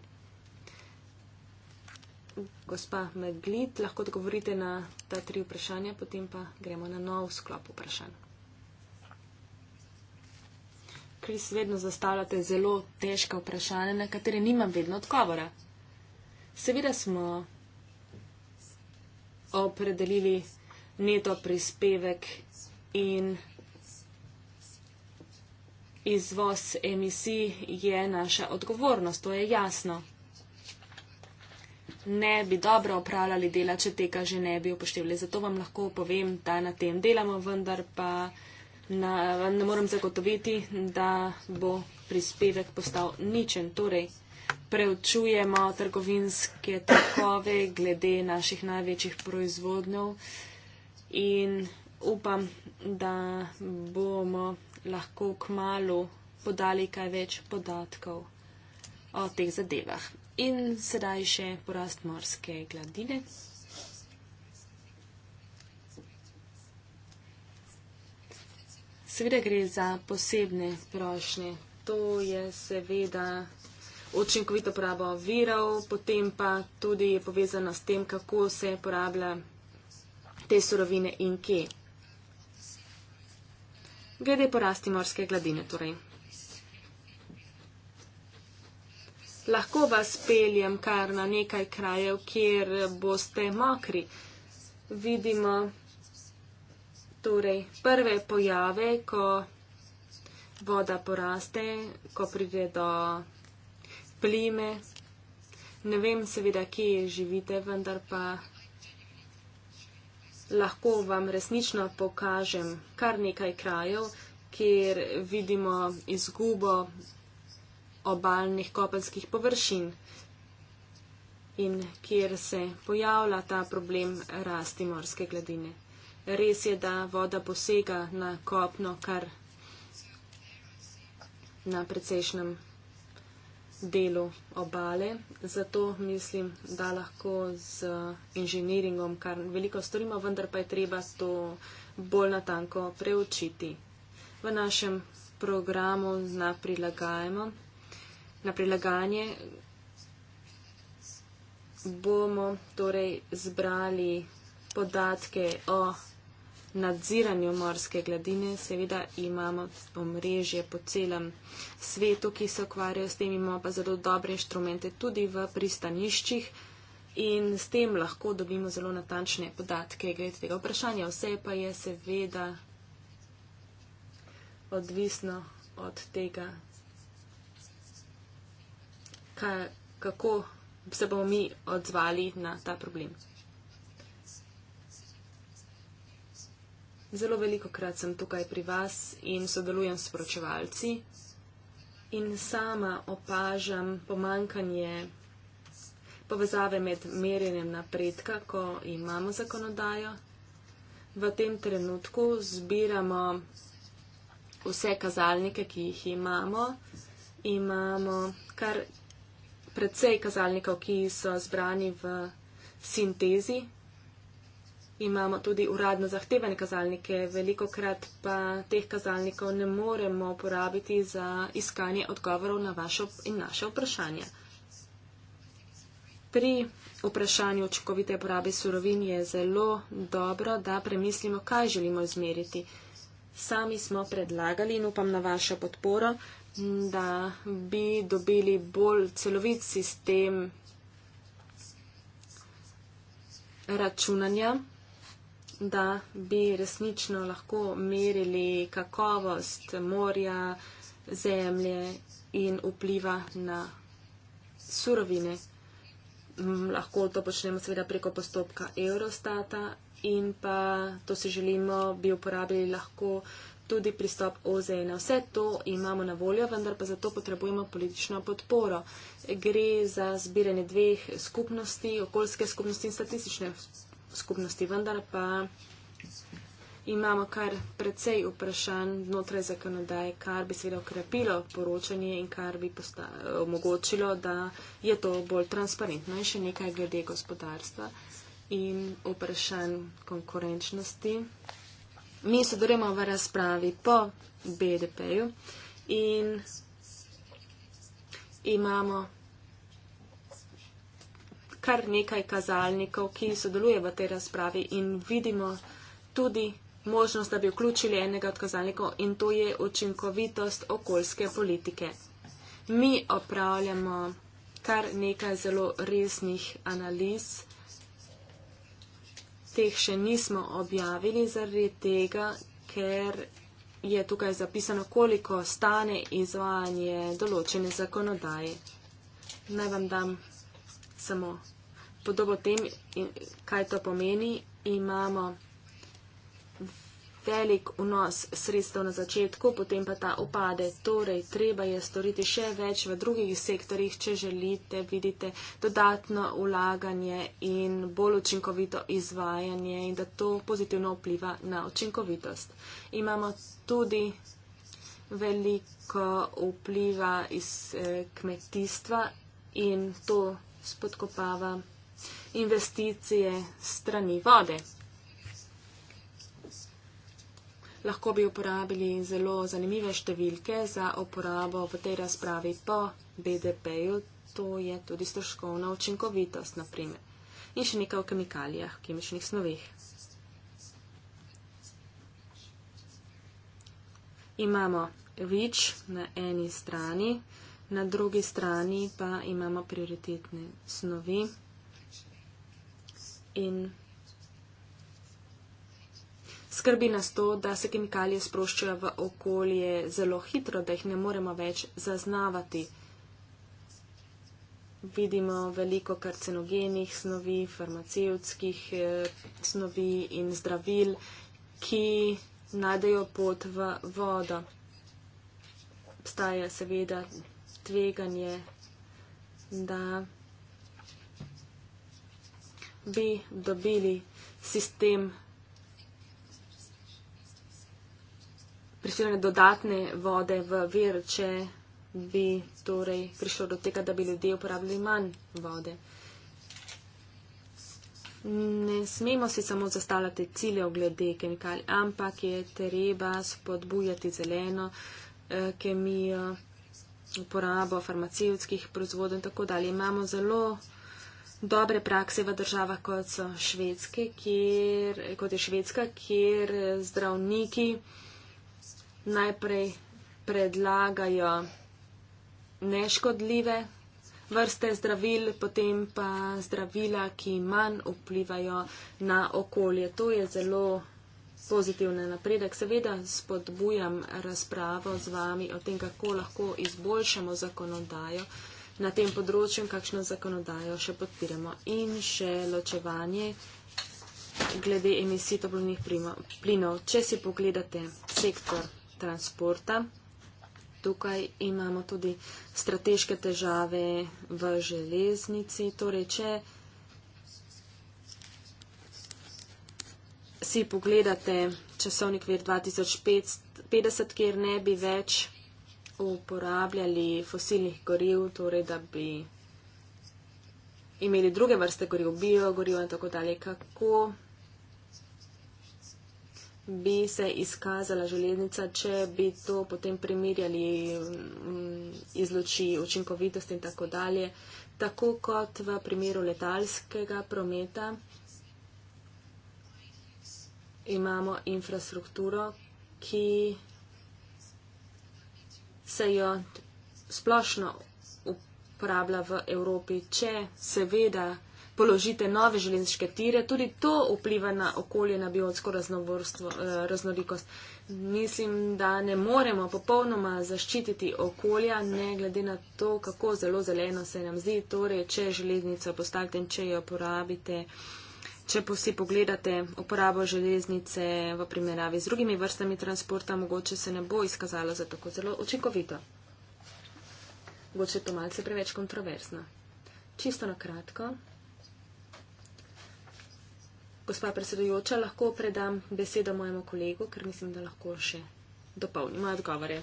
gospa Meglit, lahko odgovorite na ta tri vprašanja, potem pa gremo na nov sklop vprašanj. Kris, vedno zastavljate zelo težka vprašanja, na katere nimam vedno odgovora. Seveda smo opredelili neto prispevek in izvoz emisij je naša odgovornost, to je jasno ne bi dobro opravljali dela, če tega že ne bi upoštevali. Zato vam lahko povem, da na tem delamo, vendar pa na, ne morem zagotoviti, da bo prispevek postal ničen. Torej, preučujemo trgovinske takove glede naših največjih proizvodnjev in upam, da bomo lahko k malu podali kaj več podatkov o teh zadevah. In sedaj še porast morske gladine. Seveda gre za posebne prošnje. To je seveda učinkovito porabo virov, potem pa tudi je povezano s tem, kako se porablja te surovine in kje. Glede porasti morske gladine torej. Lahko vas peljem kar na nekaj krajev, kjer boste mokri. Vidimo torej prve pojave, ko voda poraste, ko pride do plime. Ne vem seveda, kje živite, vendar pa lahko vam resnično pokažem kar nekaj krajev, kjer vidimo izgubo obaljnih kopenskih površin in kjer se pojavlja ta problem rasti morske gladine. Res je, da voda posega na kopno kar na precejšnjem delu obale, zato mislim, da lahko z inženiringom kar veliko storimo, vendar pa je treba to bolj natanko preučiti. V našem programu zna prilagajamo na prilagajanje. Bomo torej zbrali podatke o nadziranju morske gladine. Seveda imamo omrežje po celem svetu, ki se ukvarjajo s tem, imamo pa zelo dobre inštrumente tudi v pristaniščih in s tem lahko dobimo zelo natančne podatke glede tega vprašanja. Vse pa je seveda odvisno od tega, kaj, kako se bomo mi odzvali na ta problem. Zelo veliko krat sem tukaj pri vas in sodelujem s poročevalci in sama opažam pomankanje povezave med merjenjem napredka, ko imamo zakonodajo. V tem trenutku zbiramo vse kazalnike, ki jih imamo. Imamo kar precej kazalnikov, ki so zbrani v sintezi. Imamo tudi uradno zahtevene kazalnike, veliko krat pa teh kazalnikov ne moremo uporabiti za iskanje odgovorov na vaše in naše vprašanja. Pri vprašanju očekovite porabe surovin je zelo dobro, da premislimo, kaj želimo izmeriti. Sami smo predlagali in upam na vašo podporo, da bi dobili bolj celovit sistem računanja, da bi resnično lahko merili kakovost morja, zemlje in vpliva na surovine. Mm, lahko to počnemo seveda preko postopka Eurostata in pa to si želimo, bi uporabili lahko uh, tudi pristop OZN. E Vse to imamo na voljo, vendar pa zato potrebujemo politično podporo. Gre za zbiranje dveh skupnosti, okoljske skupnosti in statistične skupnosti, vendar pa imamo kar precej vprašanj znotraj zakonodaje, kar bi seveda okrepilo poročanje in kar bi omogočilo, da je to bolj transparentno. In še nekaj glede gospodarstva in vprašanj konkurenčnosti mi sodelujemo v razpravi po BDP-ju in imamo kar nekaj kazalnikov, ki sodeluje v tej razpravi in vidimo tudi možnost, da bi vključili enega od kazalnikov in to je učinkovitost okoljske politike. Mi opravljamo kar nekaj zelo resnih analiz teh še nismo objavili zaradi tega, ker je tukaj zapisano, koliko stane izvajanje določene zakonodaje. Naj vam dam samo podobo tem, kaj to pomeni. Imamo velik vnos sredstev na začetku, potem pa ta opade. Torej, treba je storiti še več v drugih sektorjih, če želite, vidite dodatno ulaganje in bolj učinkovito izvajanje in da to pozitivno vpliva na učinkovitost. Imamo tudi veliko vpliva iz eh, kmetijstva in to spodkopava investicije strani vode lahko bi uporabili zelo zanimive številke za uporabo v tej razpravi po BDP-ju, to je tudi stroškovna učinkovitost, naprimer. In še nekaj o kemikalijah, kemičnih snovih. Imamo REACH na eni strani, na drugi strani pa imamo prioritetne snovi. In Skrbi nas to, da se kemikalije sproščajo v okolje zelo hitro, da jih ne moremo več zaznavati. Vidimo veliko karcinogenih snovi, farmacevtskih eh, snovi in zdravil, ki najdejo pot v vodo. Obstaja seveda tveganje, da bi dobili sistem prisiljene dodatne vode v ver, če bi torej prišlo do tega, da bi ljudje uporabljali manj vode. Ne smemo si samo zastavljati cilje v glede kemikalij, ampak je treba spodbujati zeleno eh, kemijo, uporabo farmacijskih proizvodov in tako dalje. Imamo zelo dobre prakse v državah, kot, kjer, kot je Švedska, kjer zdravniki najprej predlagajo neškodljive vrste zdravil, potem pa zdravila, ki manj vplivajo na okolje. To je zelo pozitivne napredek. Seveda spodbujam razpravo z vami o tem, kako lahko izboljšamo zakonodajo na tem področju in kakšno zakonodajo še podpiramo. In še ločevanje glede emisij toplinih plinov. Če si pogledate sektor transporta. Tukaj imamo tudi strateške težave v železnici. Torej, če si pogledate časovnik ver 2050, kjer ne bi več uporabljali fosilnih goriv, torej da bi imeli druge vrste goriv, biogoriv in tako dalje, kako bi se izkazala železnica, če bi to potem primerjali mm, iz luči učinkovitosti in tako dalje, tako kot v primeru letalskega prometa imamo infrastrukturo, ki se jo splošno uporablja v Evropi, če seveda položite nove železniške tire, tudi to vpliva na okolje, na biotsko eh, raznolikost. Mislim, da ne moremo popolnoma zaščititi okolja, ne glede na to, kako zelo zeleno se nam zdi. Torej, če železnico postavite in če jo uporabite, če si pogledate uporabo železnice v primerjavi z drugimi vrstami transporta, mogoče se ne bo izkazalo za tako zelo učinkovito. Mogoče je to malce preveč kontroversno. Čisto na kratko. Gospa predsedujoča, lahko predam besedo mojemu kolegu, ker mislim, da lahko še dopolnimo odgovore.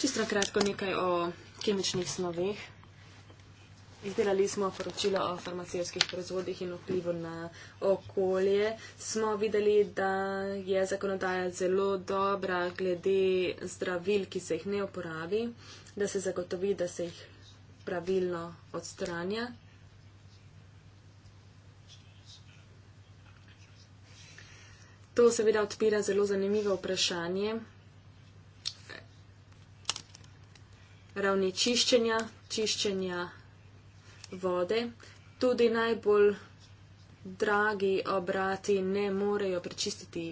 Čisto na kratko nekaj o kemičnih snoveh. Izdelali smo poročilo o farmacijskih proizvodih in vplivu na okolje. Smo videli, da je zakonodaja zelo dobra glede zdravil, ki se jih ne uporabi, da se zagotovi, da se jih pravilno odstranja. To seveda odpira zelo zanimivo vprašanje ravni čiščenja, čiščenja vode. Tudi najbolj dragi obrati ne morejo prečistiti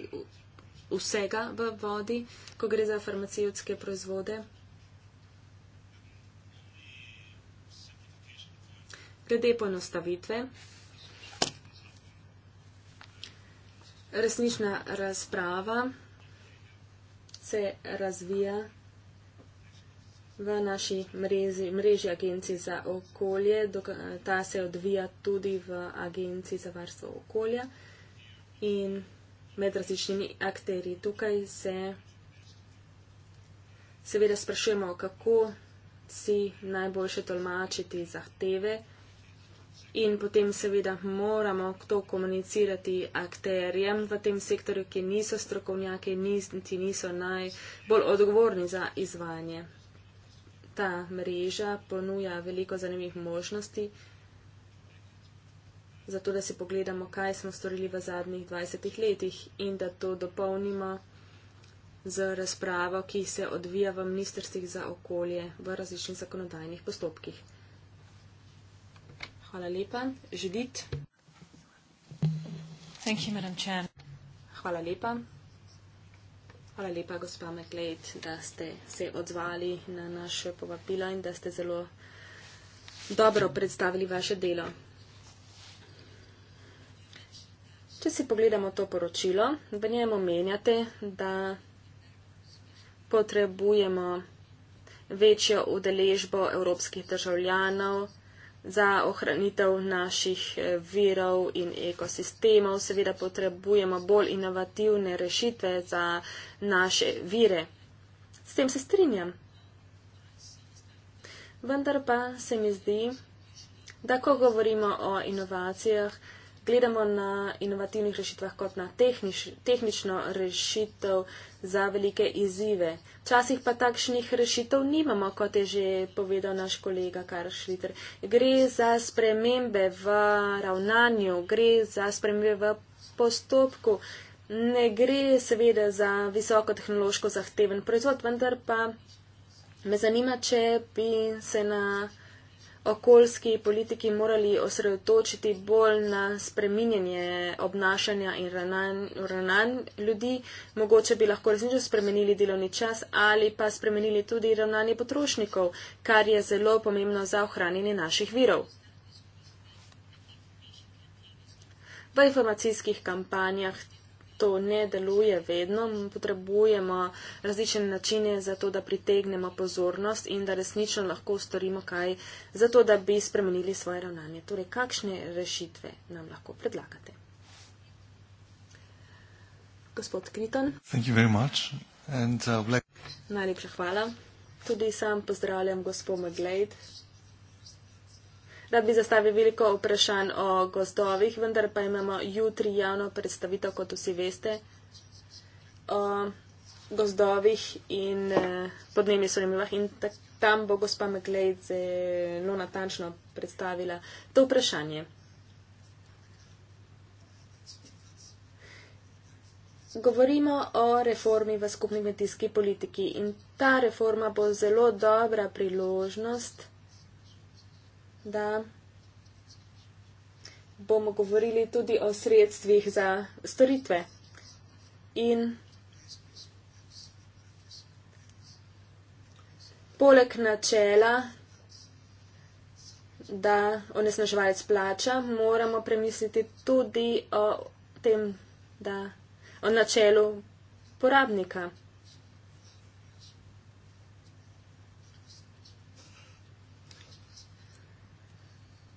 vsega v vodi, ko gre za farmacijske proizvode. Glede poenostavitve, resnična razprava se razvija v naši mreži, mreži Agencije za okolje. Eh, ta se odvija tudi v Agenciji za varstvo okolja in med različnimi akteri tukaj se seveda sprašujemo, kako si najboljše tolmačiti zahteve. In potem seveda moramo to komunicirati akterjem v tem sektorju, ki niso strokovnjaki, niti niso najbolj odgovorni za izvajanje. Ta mreža ponuja veliko zanimivih možnosti, zato da si pogledamo, kaj smo storili v zadnjih 20 letih in da to dopolnimo z razpravo, ki se odvija v ministrstvih za okolje v različnih zakonodajnih postopkih. Hvala lepa. Žudit. Thank you, Madam Chair. Hvala lepa. Hvala lepa, gospa McLeod, da ste se odzvali na naše povabilo in da ste zelo dobro predstavili vaše delo. Če si pogledamo to poročilo, v njem omenjate, da potrebujemo večjo udeležbo evropskih državljanov Za ohranitev naših eh, virov in ekosistemov seveda potrebujemo bolj inovativne rešitve za naše vire. S tem se strinjam. Vendar pa se mi zdi, da ko govorimo o inovacijah, gledamo na inovativnih rešitvah kot na tehnič, tehnično rešitev za velike izzive. Včasih pa takšnih rešitev nimamo, kot je že povedal naš kolega Karl Schlitter. Gre za spremembe v ravnanju, gre za spremembe v postopku. Ne gre seveda za visokotehnološko zahteven proizvod, vendar pa me zanima, če bi se na okoljski politiki morali osredotočiti bolj na spreminjanje obnašanja in ravnanj ljudi. Mogoče bi lahko resnično spremenili delovni čas ali pa spremenili tudi ravnanje potrošnikov, kar je zelo pomembno za ohranjanje naših virov. V informacijskih kampanjah to ne deluje vedno, potrebujemo različne načine za to, da pritegnemo pozornost in da resnično lahko storimo kaj za to, da bi spremenili svoje ravnanje. Torej, kakšne rešitve nam lahko predlagate? Gospod Kriton. And, uh, Najlepša hvala. Tudi sam pozdravljam gospod Maglejd. Rad bi zastavil veliko vprašanj o gostovih, vendar pa imamo jutri javno predstavitev, kot vsi veste, o gozdovih in eh, podnebnih spremembah. In tam bo gospa Meglejc zelo eh, no, natančno predstavila to vprašanje. Govorimo o reformi v skupni kmetijski politiki in ta reforma bo zelo dobra priložnost da bomo govorili tudi o sredstvih za storitve. In poleg načela, da onesnaževalec plača, moramo premisliti tudi o tem, da o načelu porabnika.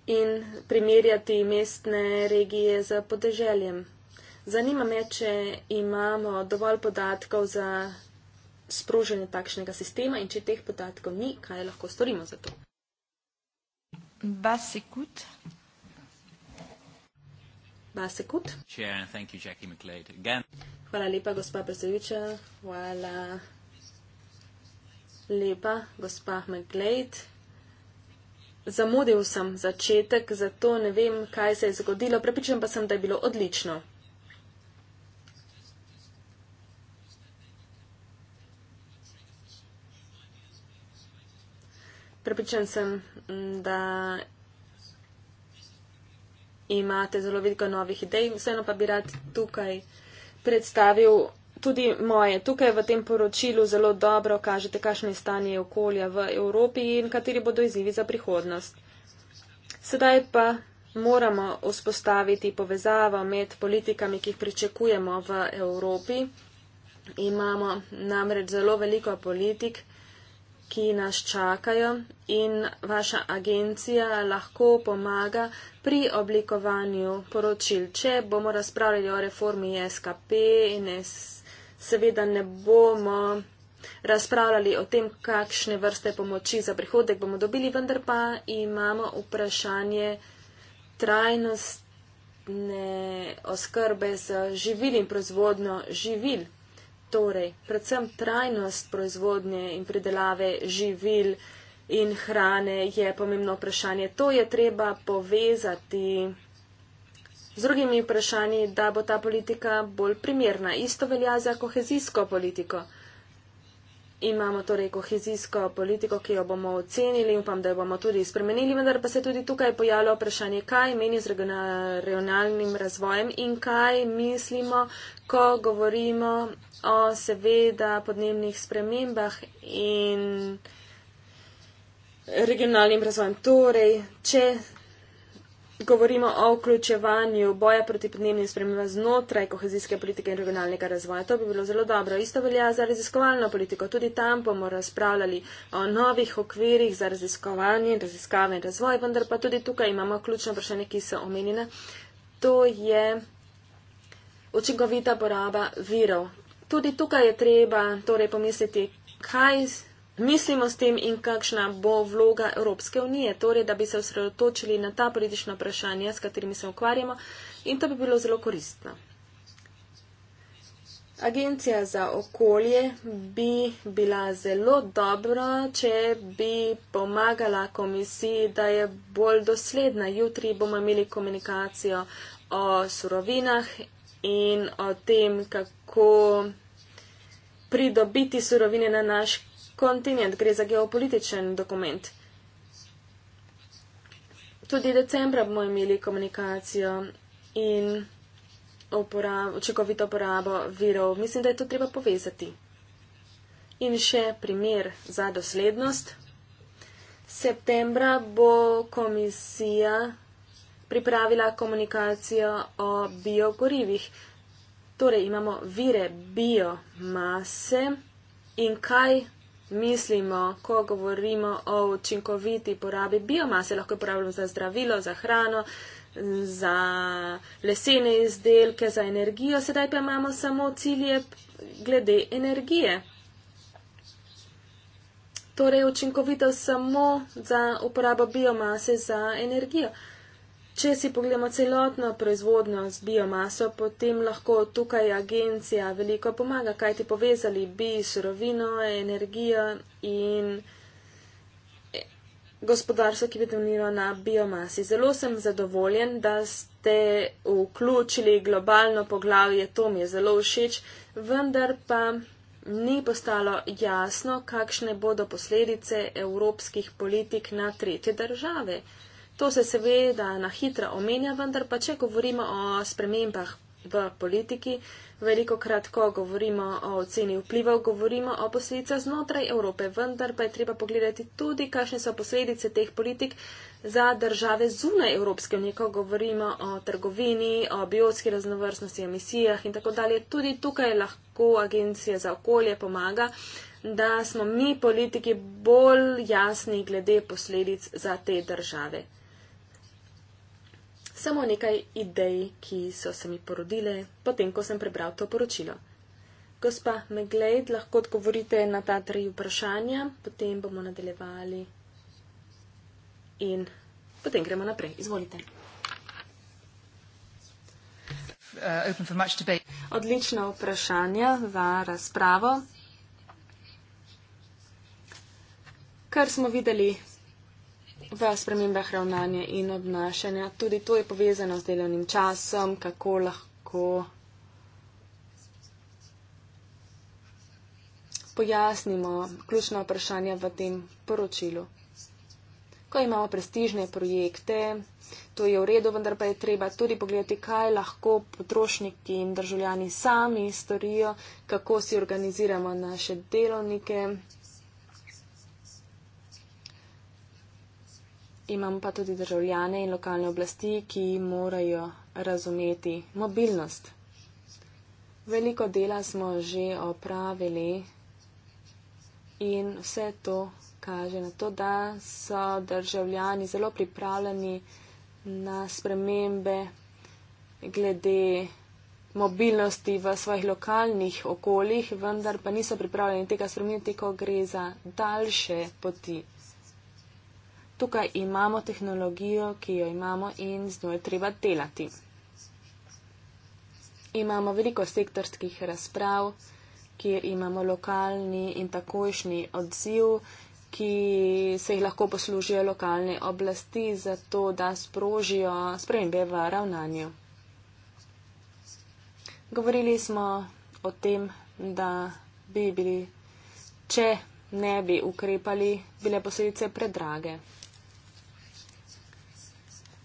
in primerjati mestne regije z podeželjem. Zanima me, če imamo dovolj podatkov za sproženje takšnega sistema in če teh podatkov ni, kaj lahko storimo za to. Basikut. Basikut. Chair, thank you, Jackie McLeod. Again. Hvala lepa, gospa predsedujoča. Hvala lepa, gospa McLeod. Zamudil sem začetek, zato ne vem, kaj se je zgodilo, prepričan pa sem, da je bilo odlično. Prepričan sem, mm, da imate zelo veliko novih idej, vseeno pa bi rad tukaj predstavil tudi moje. Tukaj v tem poročilu zelo dobro kažete, kakšno je stanje okolja v Evropi in kateri bodo izzivi za prihodnost. Sedaj pa moramo vzpostaviti povezavo med politikami, ki jih pričakujemo v Evropi. Imamo namreč zelo veliko politik, ki nas čakajo in vaša agencija lahko pomaga pri oblikovanju poročil. Če bomo razpravljali o reformi SKP in SKP, seveda ne bomo razpravljali o tem, kakšne vrste pomoči za prihodek bomo dobili, vendar pa imamo vprašanje trajnostne oskrbe z živil in proizvodno živil. Torej, predvsem trajnost proizvodnje in pridelave živil in hrane je pomembno vprašanje. To je treba povezati. Z drugimi vprašanji, da bo ta politika bolj primerna. Isto velja za kohezijsko politiko. Imamo torej kohezijsko politiko, ki jo bomo ocenili, upam, da jo bomo tudi spremenili, vendar pa se tudi tukaj pojavlja vprašanje, kaj meni z regionalnim razvojem in kaj mislimo, ko govorimo o seveda podnebnih spremembah in regionalnim razvojem. Torej, če Govorimo o vključevanju boja proti podnebnim spremembam znotraj kohezijske politike in regionalnega razvoja. To bi bilo zelo dobro. Isto velja za raziskovalno politiko. Tudi tam bomo razpravljali o novih okvirih za raziskovanje in raziskave in razvoj, vendar pa tudi tukaj imamo ključno vprašanje, ki so omenjene. To je učinkovita poraba virov. Tudi tukaj je treba torej pomisliti, kaj mislimo s tem in kakšna bo vloga Evropske unije, torej da bi se osredotočili na ta politična vprašanja, s katerimi se ukvarjamo in to bi bilo zelo koristno. Agencija za okolje bi bila zelo dobra, če bi pomagala komisiji, da je bolj dosledna. Jutri bomo imeli komunikacijo o surovinah in o tem, kako pridobiti surovine na naš kontinent, gre za geopolitičen dokument. Tudi decembra bomo imeli komunikacijo in uporab, očekovito uporabo virov. Mislim, da je to treba povezati. In še primer za doslednost. Septembra bo komisija pripravila komunikacijo o biogorivih. Torej imamo vire biomase in kaj mislimo, ko govorimo o učinkoviti porabi biomase, lahko uporabljamo za zdravilo, za hrano, za lesene izdelke, za energijo, sedaj pa imamo samo cilje glede energije. Torej, učinkovitev samo za uporabo biomase za energijo. Uh, Če si pogledamo celotno proizvodnjo z biomaso, potem lahko tukaj agencija veliko pomaga, kaj ti povezali bi surovino, energijo in eh, gospodarstvo, ki bi dominiralo na biomasi. Zelo sem zadovoljen, da ste vključili globalno poglavje, to mi je zelo všeč, vendar pa ni postalo jasno, kakšne bodo posledice evropskih politik na tretje države. To se seveda na hitro omenja, vendar pa če govorimo o spremembah v politiki, veliko krat, ko govorimo o oceni vplivov, govorimo o posledicah znotraj Evrope, vendar pa je treba pogledati tudi, kakšne so posledice teh politik za države zunaj Evropske unije, ko govorimo o trgovini, o biotski raznovrstnosti, emisijah in tako dalje. Tudi tukaj lahko Agencija za okolje pomaga da smo mi politiki bolj jasni glede posledic za te države samo nekaj idej, ki so se mi porodile, potem ko sem prebral to poročilo. Gospa Megled, lahko odgovorite na ta tri vprašanja, potem bomo nadaljevali in potem gremo naprej. Izvolite. Uh, Odlično vprašanje za razpravo. Kar smo videli v spremembah ravnanja in obnašanja. Tudi to je povezano z delovnim časom, kako lahko pojasnimo ključna vprašanja v tem poročilu. Ko imamo prestižne projekte, to je v redu, vendar pa je treba tudi pogledati, kaj lahko potrošniki in državljani sami storijo, kako si organiziramo naše delovnike. imamo pa tudi državljane in lokalne oblasti, ki morajo razumeti mobilnost. Veliko dela smo že opravili in vse to kaže na to, da so državljani zelo pripravljeni na spremembe glede mobilnosti v svojih lokalnih okoljih, vendar pa niso pripravljeni tega spremeniti, ko gre za daljše poti tukaj imamo tehnologijo, ki jo imamo in z njo je treba delati. Imamo veliko sektorskih razprav, kjer imamo lokalni in takojšnji odziv, ki se jih lahko poslužijo lokalne oblasti za to, da sprožijo spremembe v ravnanju. Govorili smo o tem, da bi bili, če ne bi ukrepali, bile posledice predrage.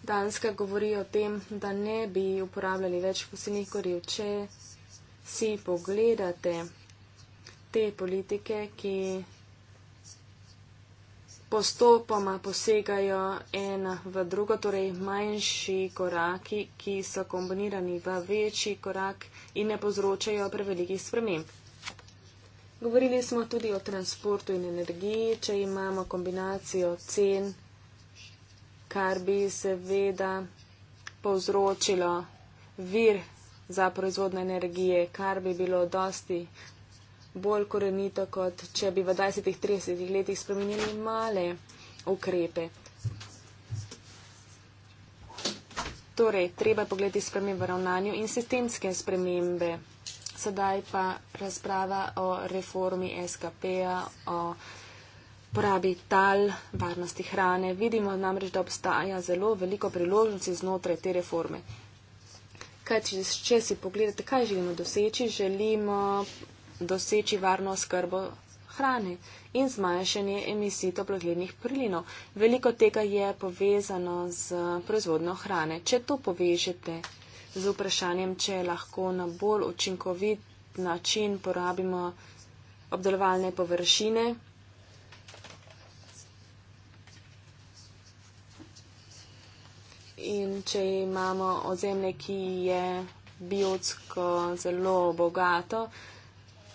Danska govori o tem, da ne bi uporabljali več fosilnih goriv, če si pogledate te politike, ki postopoma posegajo ena v drugo, torej manjši koraki, ki so kombinirani v večji korak in ne povzročajo prevelikih sprememb. Govorili smo tudi o transportu in energiji, če imamo kombinacijo cen kar bi seveda povzročilo vir za proizvodno energije, kar bi bilo dosti bolj korenito, kot če bi v 20-30 letih spremenili male ukrepe. Torej, treba je pogledati spremembe v ravnanju in sistemske spremembe. Sedaj pa razprava o reformi SKP-a, o porabi tal, varnosti hrane. Vidimo namreč, da obstaja zelo veliko priložnosti znotraj te reforme. Kaj, če, če si pogledate, kaj želimo doseči, želimo doseči varno skrbo hrane in zmanjšanje emisij toplogrednih prilinov. Veliko tega je povezano z proizvodno hrane. Če to povežete z vprašanjem, če lahko na bolj učinkovit način porabimo obdelovalne površine, In če imamo ozemlje, ki je biotsko zelo bogato,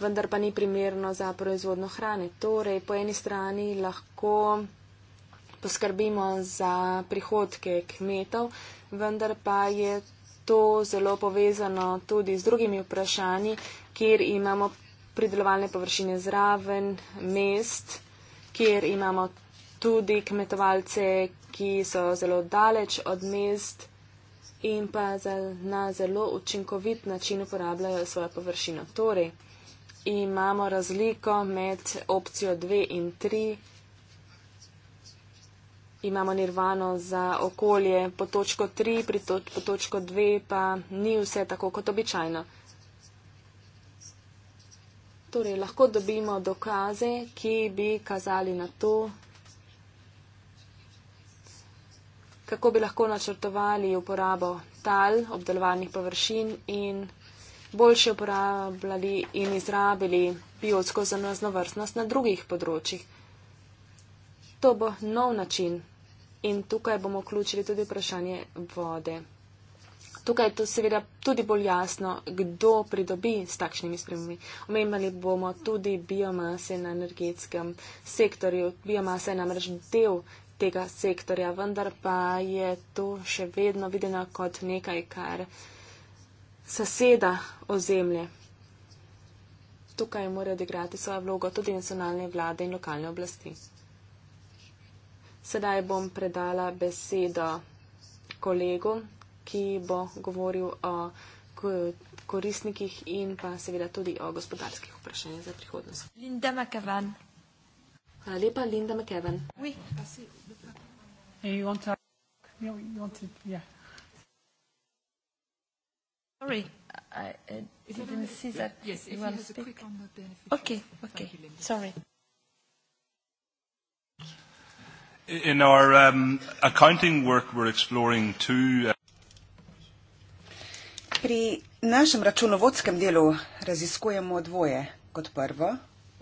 vendar pa ni primerno za proizvodno hrane. Torej, po eni strani lahko poskrbimo za prihodke kmetov, vendar pa je to zelo povezano tudi z drugimi vprašanji, kjer imamo pridelovalne površine zraven mest, kjer imamo tudi kmetovalce, ki so zelo daleč od mest in pa na zelo učinkovit način uporabljajo svojo površino. Torej, imamo razliko med opcijo 2 in 3. Imamo nirvano za okolje po točko 3, pri to, po točko 2 pa ni vse tako kot običajno. Torej, lahko dobimo dokaze, ki bi kazali na to, kako bi lahko načrtovali uporabo tal, obdelovanih površin in boljše uporabljali in izrabili biotsko zanaznovrstnost na drugih področjih. To bo nov način in tukaj bomo vključili tudi vprašanje vode. Tukaj je to seveda tudi bolj jasno, kdo pridobi s takšnimi spremembami. Omenjali bomo tudi biomase na energetskem sektorju. Biomasa je namreč del tega sektorja, vendar pa je to še vedno videno kot nekaj, kar zaseda ozemlje. Tukaj morajo odigrati svojo vlogo tudi nacionalne vlade in lokalne oblasti. Sedaj bom predala besedo kolegu, ki bo govoril o koristnikih in pa seveda tudi o gospodarskih vprašanjih za prihodnost. Linda McEwan. Hvala lepa, Linda McEwan. Oui. You want to? No, you want to? Yeah. Sorry, I, I didn't it, see that. Yes, you if want to speak. A quick on the okay. Okay. Family. Sorry. In our um, accounting work, we're exploring two. Uh, Pri našem računovodskem delu raziskujemo dvoje. Kot prvo,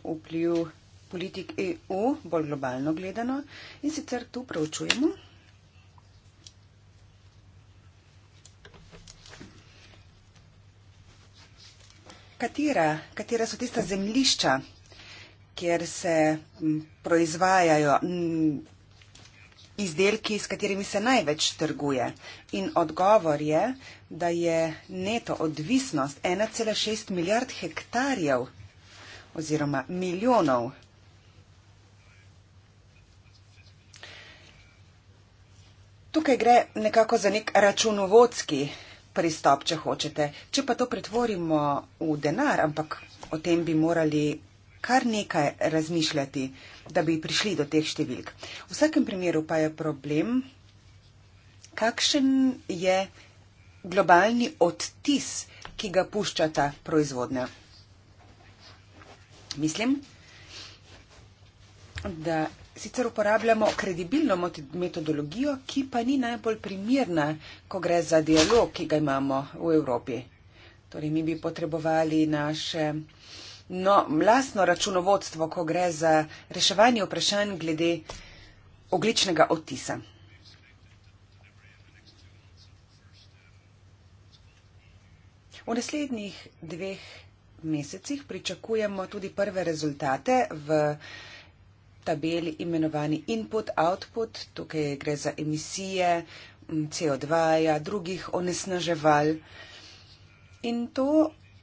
vpliv politik EU, bolj globalno gledano, in sicer tu preučujemo. Katera, katera so tista zemljišča, kjer se proizvajajo izdelki, s katerimi se največ trguje? In odgovor je, da je neto odvisnost 1,6 milijard hektarjev oziroma milijonov Tukaj gre nekako za nek računovodski pristop, če hočete. Če pa to pretvorimo v denar, ampak o tem bi morali kar nekaj razmišljati, da bi prišli do teh številk. V vsakem primeru pa je problem, kakšen je globalni odtis, ki ga pušča ta proizvodnja. Mislim, da sicer uporabljamo kredibilno metodologijo, ki pa ni najbolj primirna, ko gre za dialog, ki ga imamo v Evropi. Torej, mi bi potrebovali naše no, lastno računovodstvo, ko gre za reševanje vprašanj glede ogličnega otisa. V naslednjih dveh mesecih pričakujemo tudi prve rezultate v tabeli imenovani input-output, tukaj gre za emisije CO2-ja, drugih onesnaževal. In to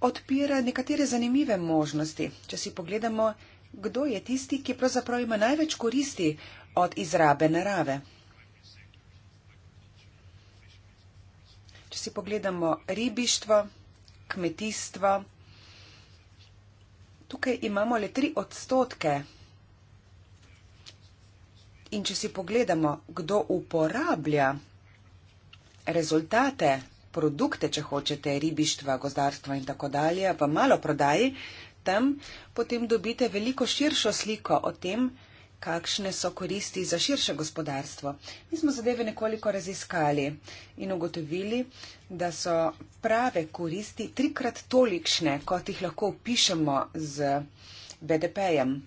odpira nekatere zanimive možnosti. Če si pogledamo, kdo je tisti, ki pravzaprav ima največ koristi od izrabe narave. Če si pogledamo ribištvo, kmetijstvo, tukaj imamo le tri odstotke In če si pogledamo, kdo uporablja rezultate, produkte, če hočete, ribištva, gozdarstva in tako dalje, v malo prodaji, tam potem dobite veliko širšo sliko o tem, kakšne so koristi za širše gospodarstvo. Mi smo zadeve nekoliko raziskali in ugotovili, da so prave koristi trikrat tolikšne, kot jih lahko opišemo z BDP-jem.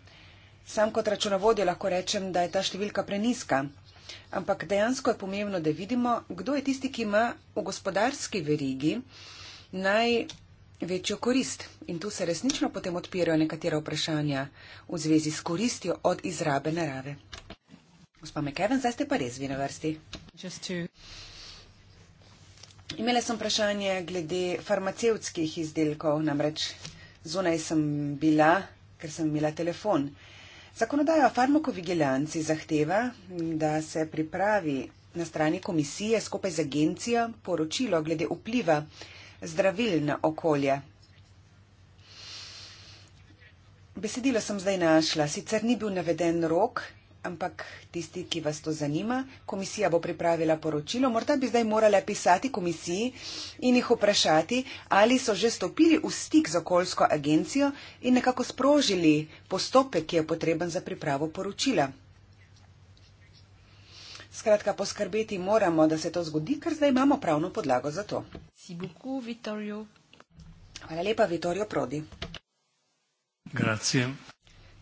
Sam kot računovodje lahko rečem, da je ta številka preniska. Ampak dejansko je pomembno, da vidimo, kdo je tisti, ki ima v gospodarski verigi največjo korist. In tu se resnično potem odpirajo nekatera vprašanja v zvezi s koristjo od izrabe narave. Gospa Mekeven, zdaj ste pa res vi na vrsti. Imela sem vprašanje glede farmacevtskih izdelkov, namreč zunaj sem bila, ker sem imela telefon. Uh, Zakonodaja o farmakovigilanci zahteva, da se pripravi na strani komisije skupaj z agencijo poročilo glede vpliva zdravil na okolje. Besedilo sem zdaj našla, sicer ni bil naveden rok, ampak tisti, ki vas to zanima, komisija bo pripravila poročilo, morda bi zdaj morala pisati komisiji in jih vprašati, ali so že stopili v stik z okoljsko agencijo in nekako sprožili postopek, ki je potreben za pripravo poročila. Skratka, poskrbeti moramo, da se to zgodi, ker zdaj imamo pravno podlago za to. Hvala lepa, Vittorio Prodi. Grazie.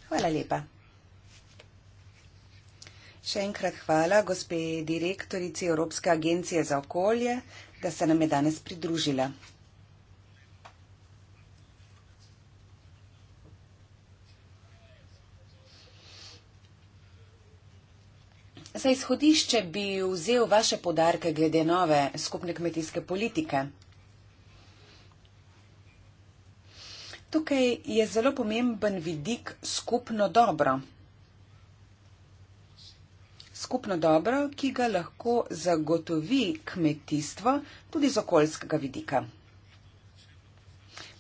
Hvala lepa. Še enkrat hvala gospe direktorici Evropske agencije za okolje, da se nam je danes pridružila. Za izhodišče bi vzel vaše podarke glede nove skupne kmetijske politike. Tukaj je zelo pomemben vidik skupno dobro skupno dobro, ki ga lahko zagotovi kmetijstvo tudi z okoljskega vidika.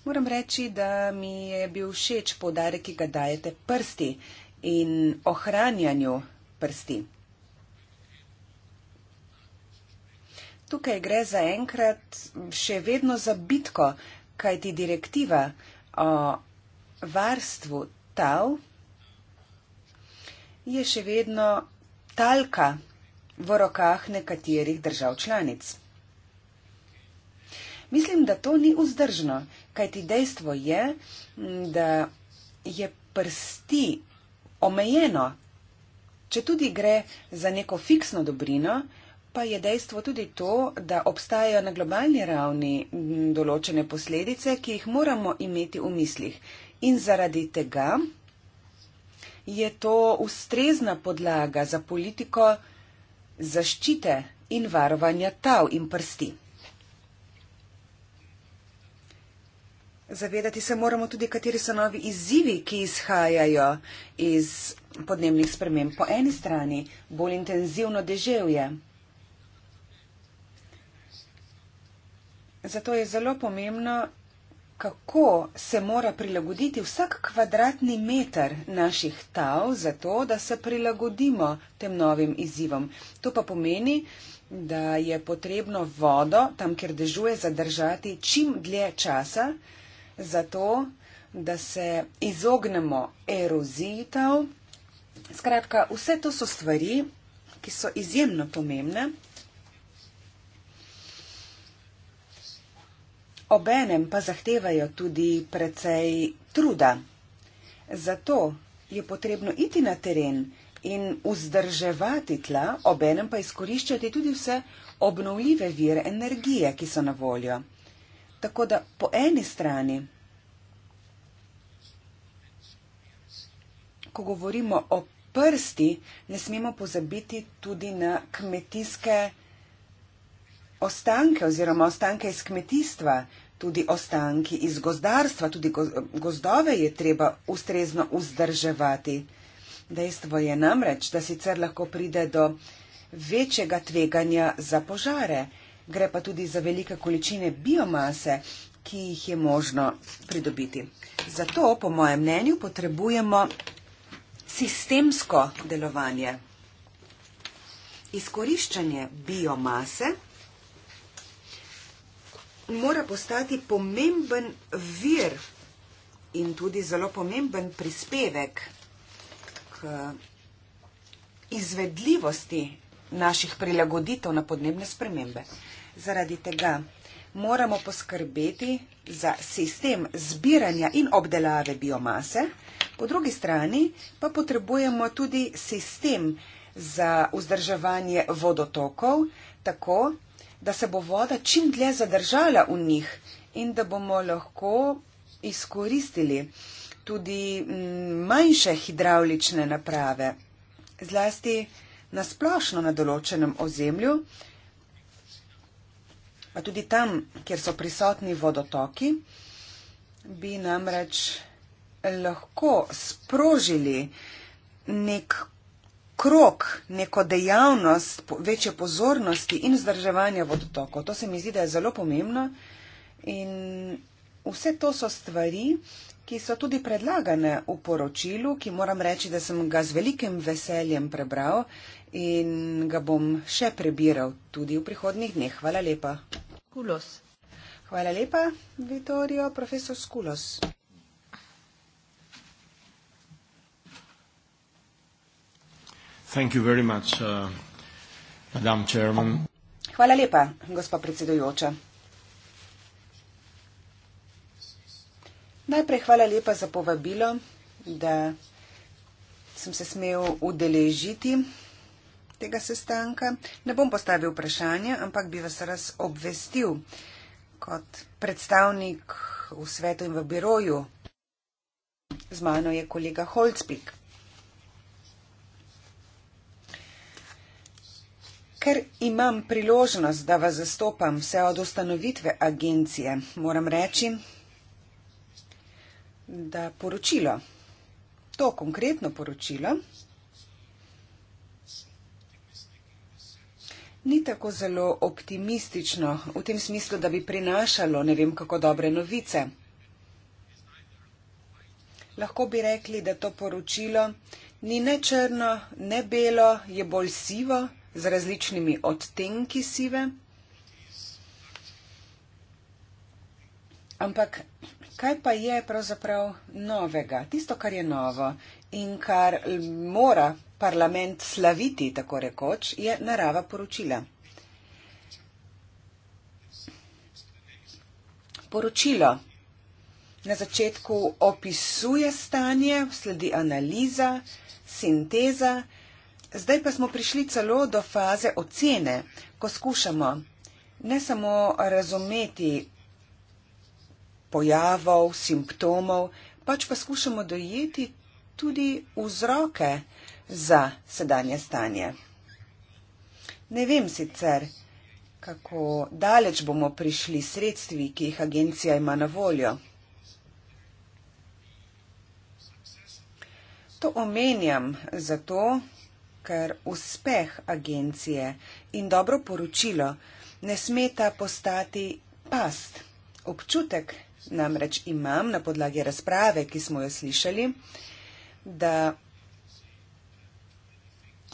Moram reči, da mi je bil všeč podarek, ki ga dajete prsti in ohranjanju prsti. Tukaj gre zaenkrat še vedno za bitko, kajti direktiva o varstvu tal je še vedno talka v rokah nekaterih držav članic. Mislim, da to ni vzdržno, kajti dejstvo je, da je prsti omejeno. Če tudi gre za neko fiksno dobrino, pa je dejstvo tudi to, da obstajajo na globalni ravni določene posledice, ki jih moramo imeti v mislih. In zaradi tega je to ustrezna podlaga za politiko zaščite in varovanja tav in prsti. Zavedati se moramo tudi, kateri so novi izzivi, ki izhajajo iz podnebnih sprememb. Po eni strani bolj intenzivno deževje. Zato je zelo pomembno, kako se mora prilagoditi vsak kvadratni meter naših tal, zato da se prilagodimo tem novim izzivom. To pa pomeni, da je potrebno vodo tam, kjer dežuje, zadržati čim dlje časa, zato da se izognemo eroziji tal. Skratka, vse to so stvari, ki so izjemno pomembne obenem pa zahtevajo tudi precej truda. Zato je potrebno iti na teren in vzdrževati tla, obenem pa izkoriščati tudi vse obnovljive vire energije, ki so na voljo. Tako da po eni strani, ko govorimo o prsti, ne smemo pozabiti tudi na kmetijske ostanke oziroma ostanke iz kmetijstva, tudi ostanki iz gozdarstva, tudi gozdove je treba ustrezno vzdrževati. Dejstvo je namreč, da sicer lahko pride do večjega tveganja za požare, gre pa tudi za velike količine biomase, ki jih je možno pridobiti. Zato, po mojem mnenju, potrebujemo sistemsko delovanje. Izkoriščanje biomase mora postati pomemben vir in tudi zelo pomemben prispevek k izvedljivosti naših prilagoditev na podnebne spremembe. Zaradi tega moramo poskrbeti za sistem zbiranja in obdelave biomase, po drugi strani pa potrebujemo tudi sistem za vzdrževanje vodotokov, tako da se bo voda čim dlje zadržala v njih in da bomo lahko izkoristili tudi mm, manjše hidravlične naprave, zlasti na splošno na določenem ozemlju, pa tudi tam, kjer so prisotni vodotoki, bi namreč lahko sprožili nek krok neko dejavnost večje pozornosti in vzdrževanja vodotokov. To se mi zdi, da je zelo pomembno. In vse to so stvari, ki so tudi predlagane v poročilu, ki moram reči, da sem ga z velikim veseljem prebral in ga bom še prebiral tudi v prihodnih dneh. Hvala lepa. Kulos. Hvala lepa, Vitorijo, profesor Skulos. Thank you very much, uh, Hvala lepa, gospa predsedujoča. Najprej hvala lepa za povabilo, da sem se smel udeležiti tega sestanka. Ne bom postavil vprašanja, ampak bi vas raz obvestil kot predstavnik v svetu in v biroju. Z mano je kolega Holzpik. Ker imam priložnost, da vas zastopam vse od ustanovitve agencije, moram reči, da poročilo, to konkretno poročilo, ni tako zelo optimistično v tem smislu, da bi prinašalo ne vem kako dobre novice. Lahko bi rekli, da to poročilo ni ne črno, ne belo, je bolj sivo z različnimi odtenki sive. Ampak kaj pa je pravzaprav novega? Tisto, kar je novo in kar mora parlament slaviti, tako rekoč, je narava poročila. Poročilo na začetku opisuje stanje, sledi analiza, sinteza, Zdaj pa smo prišli celo do faze ocene, ko skušamo ne samo razumeti pojavov, simptomov, pač pa skušamo dojeti tudi vzroke za sedanje stanje. Ne vem sicer, kako daleč bomo prišli sredstvi, ki jih agencija ima na voljo. To omenjam zato, ker uspeh agencije in dobro poročilo ne smeta postati past. Občutek namreč imam na podlagi razprave, ki smo jo slišali, da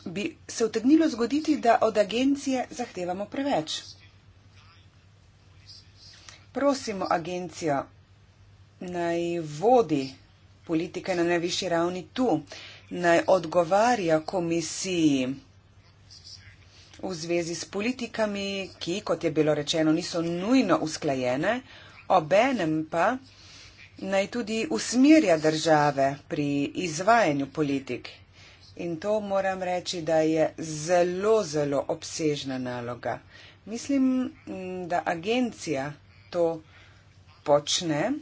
bi se utegnilo zgoditi, da od agencije zahtevamo preveč. Prosimo agencijo, naj vodi politike na najvišji ravni tu naj odgovarja komisiji v zvezi s politikami, ki, kot je bilo rečeno, niso nujno usklajene, obenem pa naj tudi usmirja države pri izvajanju politik. In to moram reči, da je zelo, zelo obsežna naloga. Mislim, da agencija to počne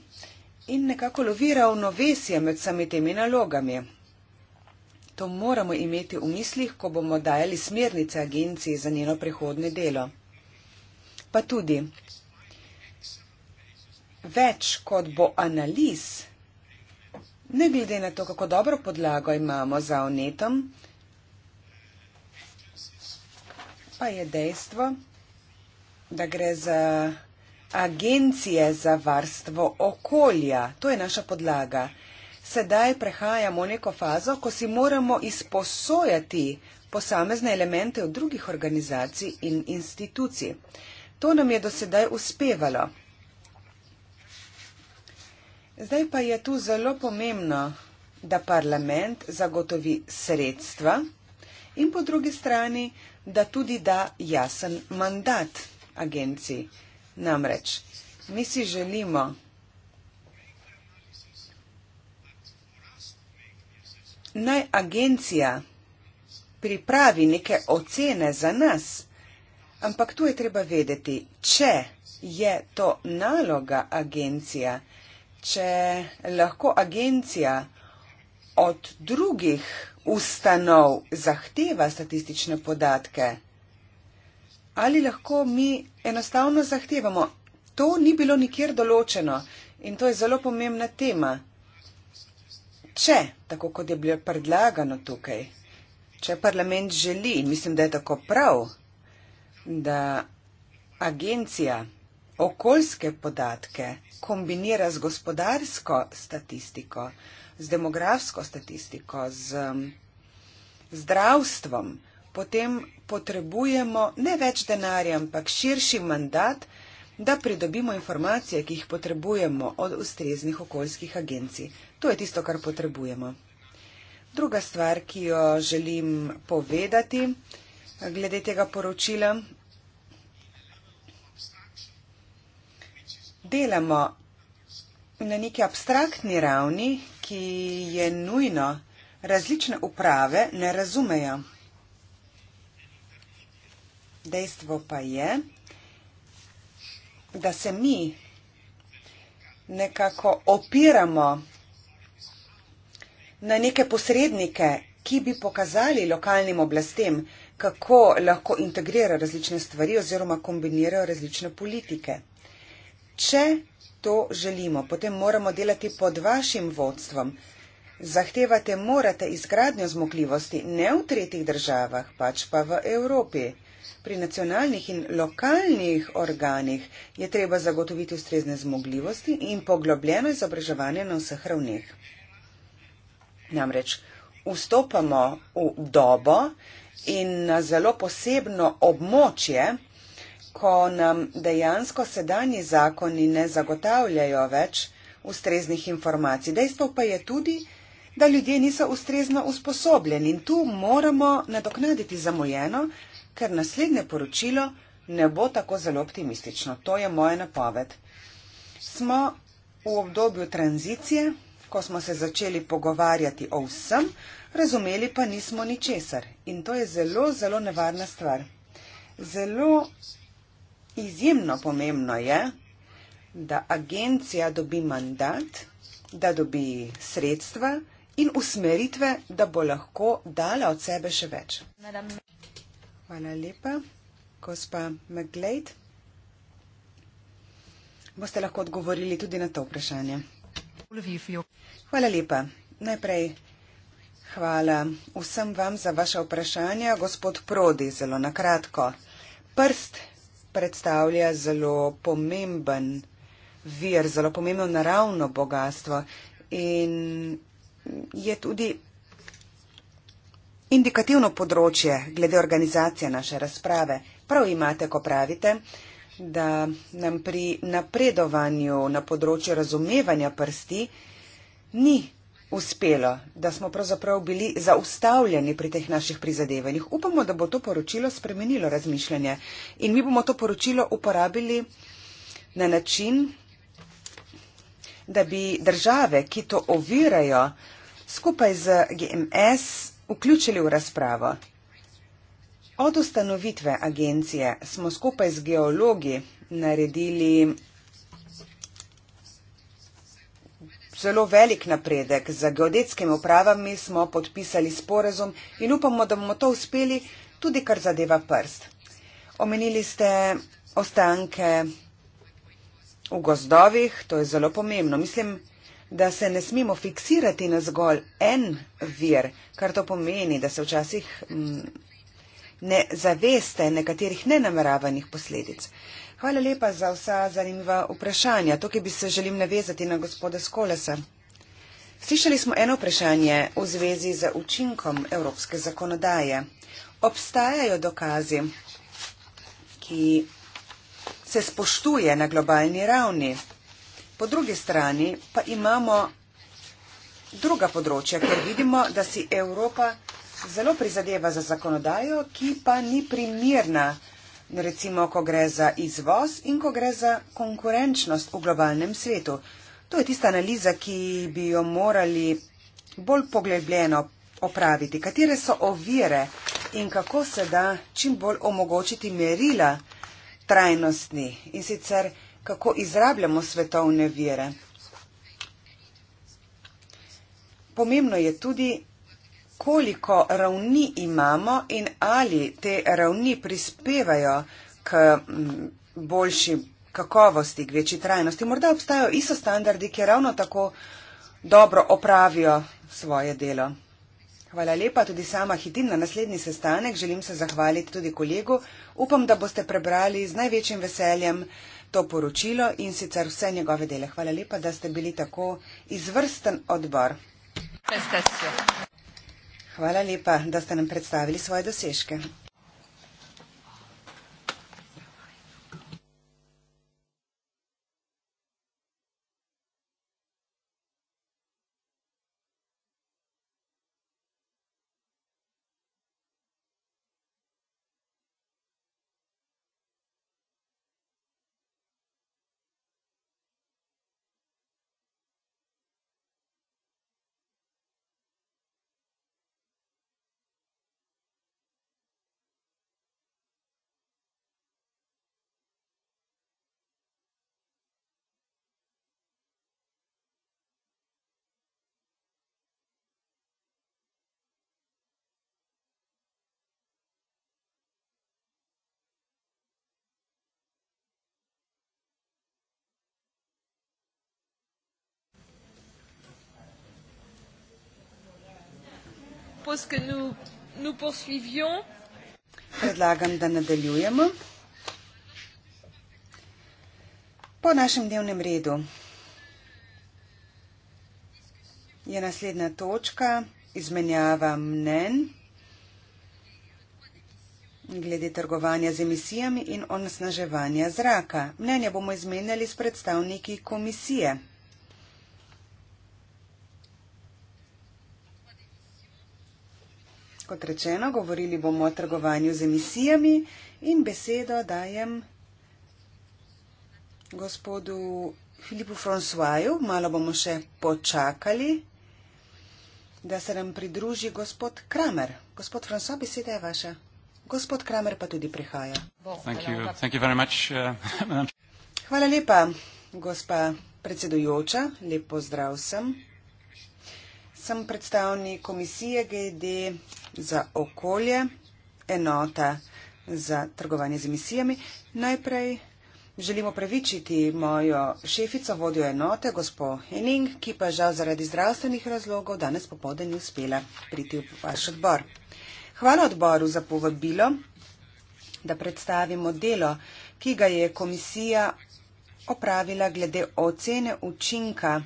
in nekako lovira v novesje med samitemi nalogami. To moramo imeti v mislih, ko bomo dajali smernice agenciji za njeno prihodne delo. Pa tudi več kot bo analiz, ne glede na to, kako dobro podlago imamo za onetom, pa je dejstvo, da gre za agencije za varstvo okolja. To je naša podlaga sedaj prehajamo v neko fazo, ko si moramo izposojati posamezne elemente od drugih organizacij in institucij. To nam je do sedaj uspevalo. Zdaj pa je tu zelo pomembno, da parlament zagotovi sredstva in po drugi strani, da tudi da jasen mandat agenciji. Namreč, mi si želimo, naj agencija pripravi neke ocene za nas, ampak tu je treba vedeti, če je to naloga agencija, če lahko agencija od drugih ustanov zahteva statistične podatke, ali lahko mi enostavno zahtevamo. To ni bilo nikjer določeno in to je zelo pomembna tema če, tako kot je bilo predlagano tukaj, če parlament želi, mislim, da je tako prav, da agencija okoljske podatke kombinira z gospodarsko statistiko, z demografsko statistiko, z um, zdravstvom, potem potrebujemo ne več denarja, ampak širši mandat, da pridobimo informacije, ki jih potrebujemo od ustreznih okoljskih agencij. To je tisto, kar potrebujemo. Druga stvar, ki jo želim povedati glede tega poročila. Delamo na neki abstraktni ravni, ki je nujno različne uprave ne razumejo. Dejstvo pa je, da se mi nekako opiramo na neke posrednike, ki bi pokazali lokalnim oblastem, kako lahko integrirajo različne stvari oziroma kombinirajo različne politike. Če to želimo, potem moramo delati pod vašim vodstvom. Zahtevate morate izgradnjo zmogljivosti ne v tretjih državah, pač pa v Evropi. Pri nacionalnih in lokalnih organih je treba zagotoviti ustrezne zmogljivosti in poglobljeno izobraževanje na vseh ravneh. Namreč vstopamo v dobo in na zelo posebno območje, ko nam dejansko sedanji zakoni ne zagotavljajo več ustreznih informacij. Dejstvo pa je tudi, da ljudje niso ustrezno usposobljeni in tu moramo nadoknaditi zamujeno, ker naslednje poročilo ne bo tako zelo optimistično. To je moja napoved. Smo v obdobju tranzicije ko smo se začeli pogovarjati o vsem, razumeli pa nismo ničesar. In to je zelo, zelo nevarna stvar. Zelo izjemno pomembno je, da agencija dobi mandat, da dobi sredstva in usmeritve, da bo lahko dala od sebe še več. Hvala lepa, gospa McGlade. Boste lahko odgovorili tudi na to vprašanje. Hvala lepa. Najprej hvala vsem vam za vaše vprašanja. Gospod Prodi, zelo na kratko. Prst predstavlja zelo pomemben vir, zelo pomembno naravno bogatstvo in je tudi indikativno področje glede organizacije naše razprave. Prav imate, ko pravite da nam pri napredovanju na področju razumevanja prsti ni uspelo, da smo pravzaprav bili zaustavljeni pri teh naših prizadevanjih. Upamo, da bo to poročilo spremenilo razmišljanje in mi bomo to poročilo uporabili na način, da bi države, ki to ovirajo, skupaj z GMS vključili v razpravo. Od ustanovitve agencije smo skupaj z geologi naredili zelo velik napredek. Za geodetskimi upravami smo podpisali sporezum in upamo, da bomo to uspeli tudi kar zadeva prst. Omenili ste ostanke v gozdovih, to je zelo pomembno. Mislim, da se ne smemo fiksirati na zgolj en vir, kar to pomeni, da se včasih. Mm, ne zaveste nekaterih nenameravanih posledic. Hvala lepa za vsa zanimiva vprašanja. Tukaj bi se želim navezati na gospoda Skolesa. Slišali smo eno vprašanje v zvezi z učinkom evropske zakonodaje. Obstajajo dokazi, ki se spoštuje na globalni ravni. Po drugi strani pa imamo druga področja, ker vidimo, da si Evropa zelo prizadeva za zakonodajo, ki pa ni primirna, recimo, ko gre za izvoz in ko gre za konkurenčnost v globalnem svetu. To je tista analiza, ki bi jo morali bolj poglebljeno opraviti, katere so ovire in kako se da čim bolj omogočiti merila trajnostni in sicer kako izrabljamo svetovne vire. Pomembno je tudi, koliko ravni imamo in ali te ravni prispevajo k mm, boljši kakovosti, k večji trajnosti. Morda obstajajo ISO standardi, ki ravno tako dobro opravijo svoje delo. Hvala lepa, tudi sama hitim na naslednji sestanek. Želim se zahvaliti tudi kolegu. Upam, da boste prebrali z največjim veseljem to poročilo in sicer vse njegove dele. Hvala lepa, da ste bili tako izvrsten odbor. Prestesijo. Hvala lepa, da ste nam predstavili svoje dosežke. propose que nous, nous poursuivions. Predlagam, da nadaljujemo. Po našem dnevnem redu je naslednja točka izmenjava mnen glede trgovanja z emisijami in onesnaževanja zraka. Mnenje bomo izmenjali s predstavniki komisije. kot rečeno, govorili bomo o trgovanju z emisijami in besedo dajem gospodu Filipu Fronsvaju. Malo bomo še počakali, da se nam pridruži gospod Kramer. Gospod Fronsva, beseda je vaša. Gospod Kramer pa tudi prihaja. Thank you. Thank you very much, uh, Hvala lepa, gospa predsedujoča. Lep pozdrav sem sem predstavnik komisije GED za okolje, enota za trgovanje z emisijami. Najprej želimo pravičiti mojo šefico, vodjo enote, gospo Henning, ki pa žal zaradi zdravstvenih razlogov danes popoldne ni uspela priti v vaš odbor. Hvala odboru za povabilo, da predstavimo delo, ki ga je komisija opravila glede ocene učinka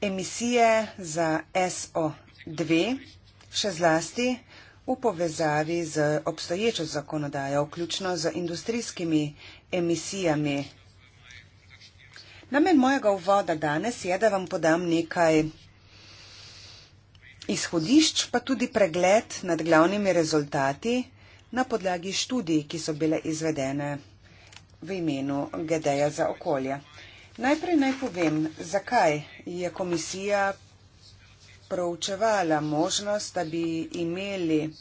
emisije za SO2, še zlasti v povezavi z obstoječo zakonodajo, vključno z industrijskimi emisijami. Namen mojega uvoda danes je, da vam podam nekaj izhodišč, pa tudi pregled nad glavnimi rezultati na podlagi študij, ki so bile izvedene v imenu GDE za okolje. Najprej naj povem, zakaj je komisija proučevala možnost, da bi imeli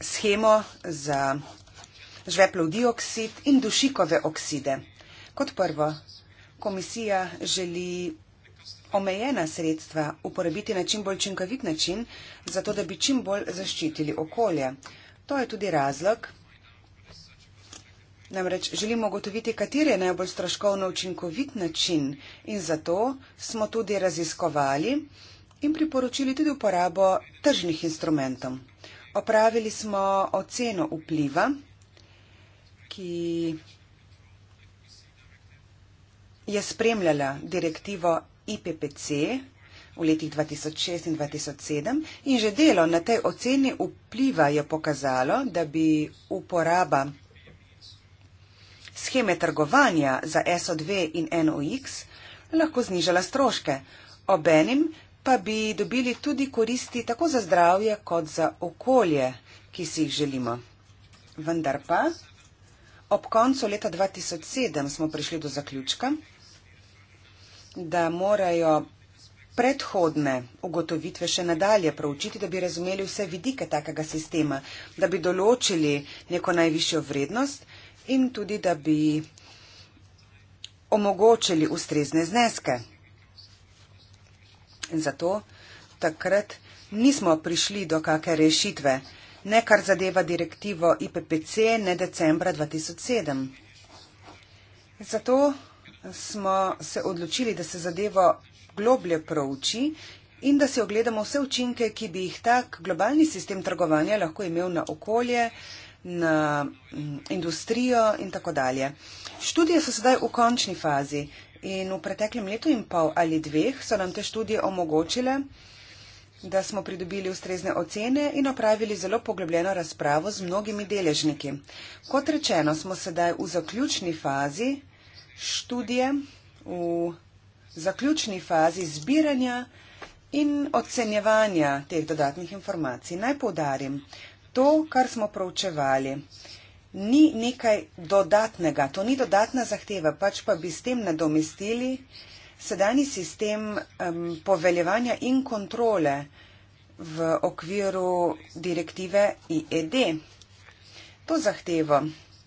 schemo za žveplov dioksid in dušikove okside. Kot prvo, komisija želi omejena sredstva uporabiti na čim bolj činkovit način, zato da bi čim bolj zaščitili okolje. To je tudi razlog, Namreč želimo ugotoviti, kater je najbolj stroškovno učinkovit način in zato smo tudi raziskovali in priporočili tudi uporabo tržnih instrumentov. Opravili smo oceno vpliva, ki je spremljala direktivo IPPC v letih 2006 in 2007 in že delo na tej oceni vpliva je pokazalo, da bi uporaba Scheme trgovanja za SO2 in NOx lahko znižala stroške, obenem pa bi dobili tudi koristi tako za zdravje kot za okolje, ki si jih želimo. Vendar pa ob koncu leta 2007 smo prišli do zaključka, da morajo predhodne ugotovitve še nadalje proučiti, da bi razumeli vse vidike takega sistema, da bi določili neko najvišjo vrednost in tudi, da bi omogočili ustrezne zneske. In zato takrat nismo prišli do kakšne rešitve, ne kar zadeva direktivo IPPC, ne decembra 2007. Zato smo se odločili, da se zadevo globlje prouči in da si ogledamo vse učinke, ki bi jih tak globalni sistem trgovanja lahko imel na okolje, in mm, industrijo in tako dalje. Študije so sedaj v končni fazi in v preteklem letu in pol ali dveh so nam te študije omogočile, da smo pridobili ustrezne ocene in opravili zelo poglobljeno razpravo z mnogimi deležniki. Kot rečeno, smo sedaj v zaključni fazi študije, v zaključni fazi zbiranja in ocenjevanja teh dodatnih informacij. Naj poudarim, to, kar smo proučevali, ni nekaj dodatnega, to ni dodatna zahteva, pač pa bi s tem nadomestili sedajni sistem um, poveljevanja in kontrole v okviru direktive IED. To zahtevo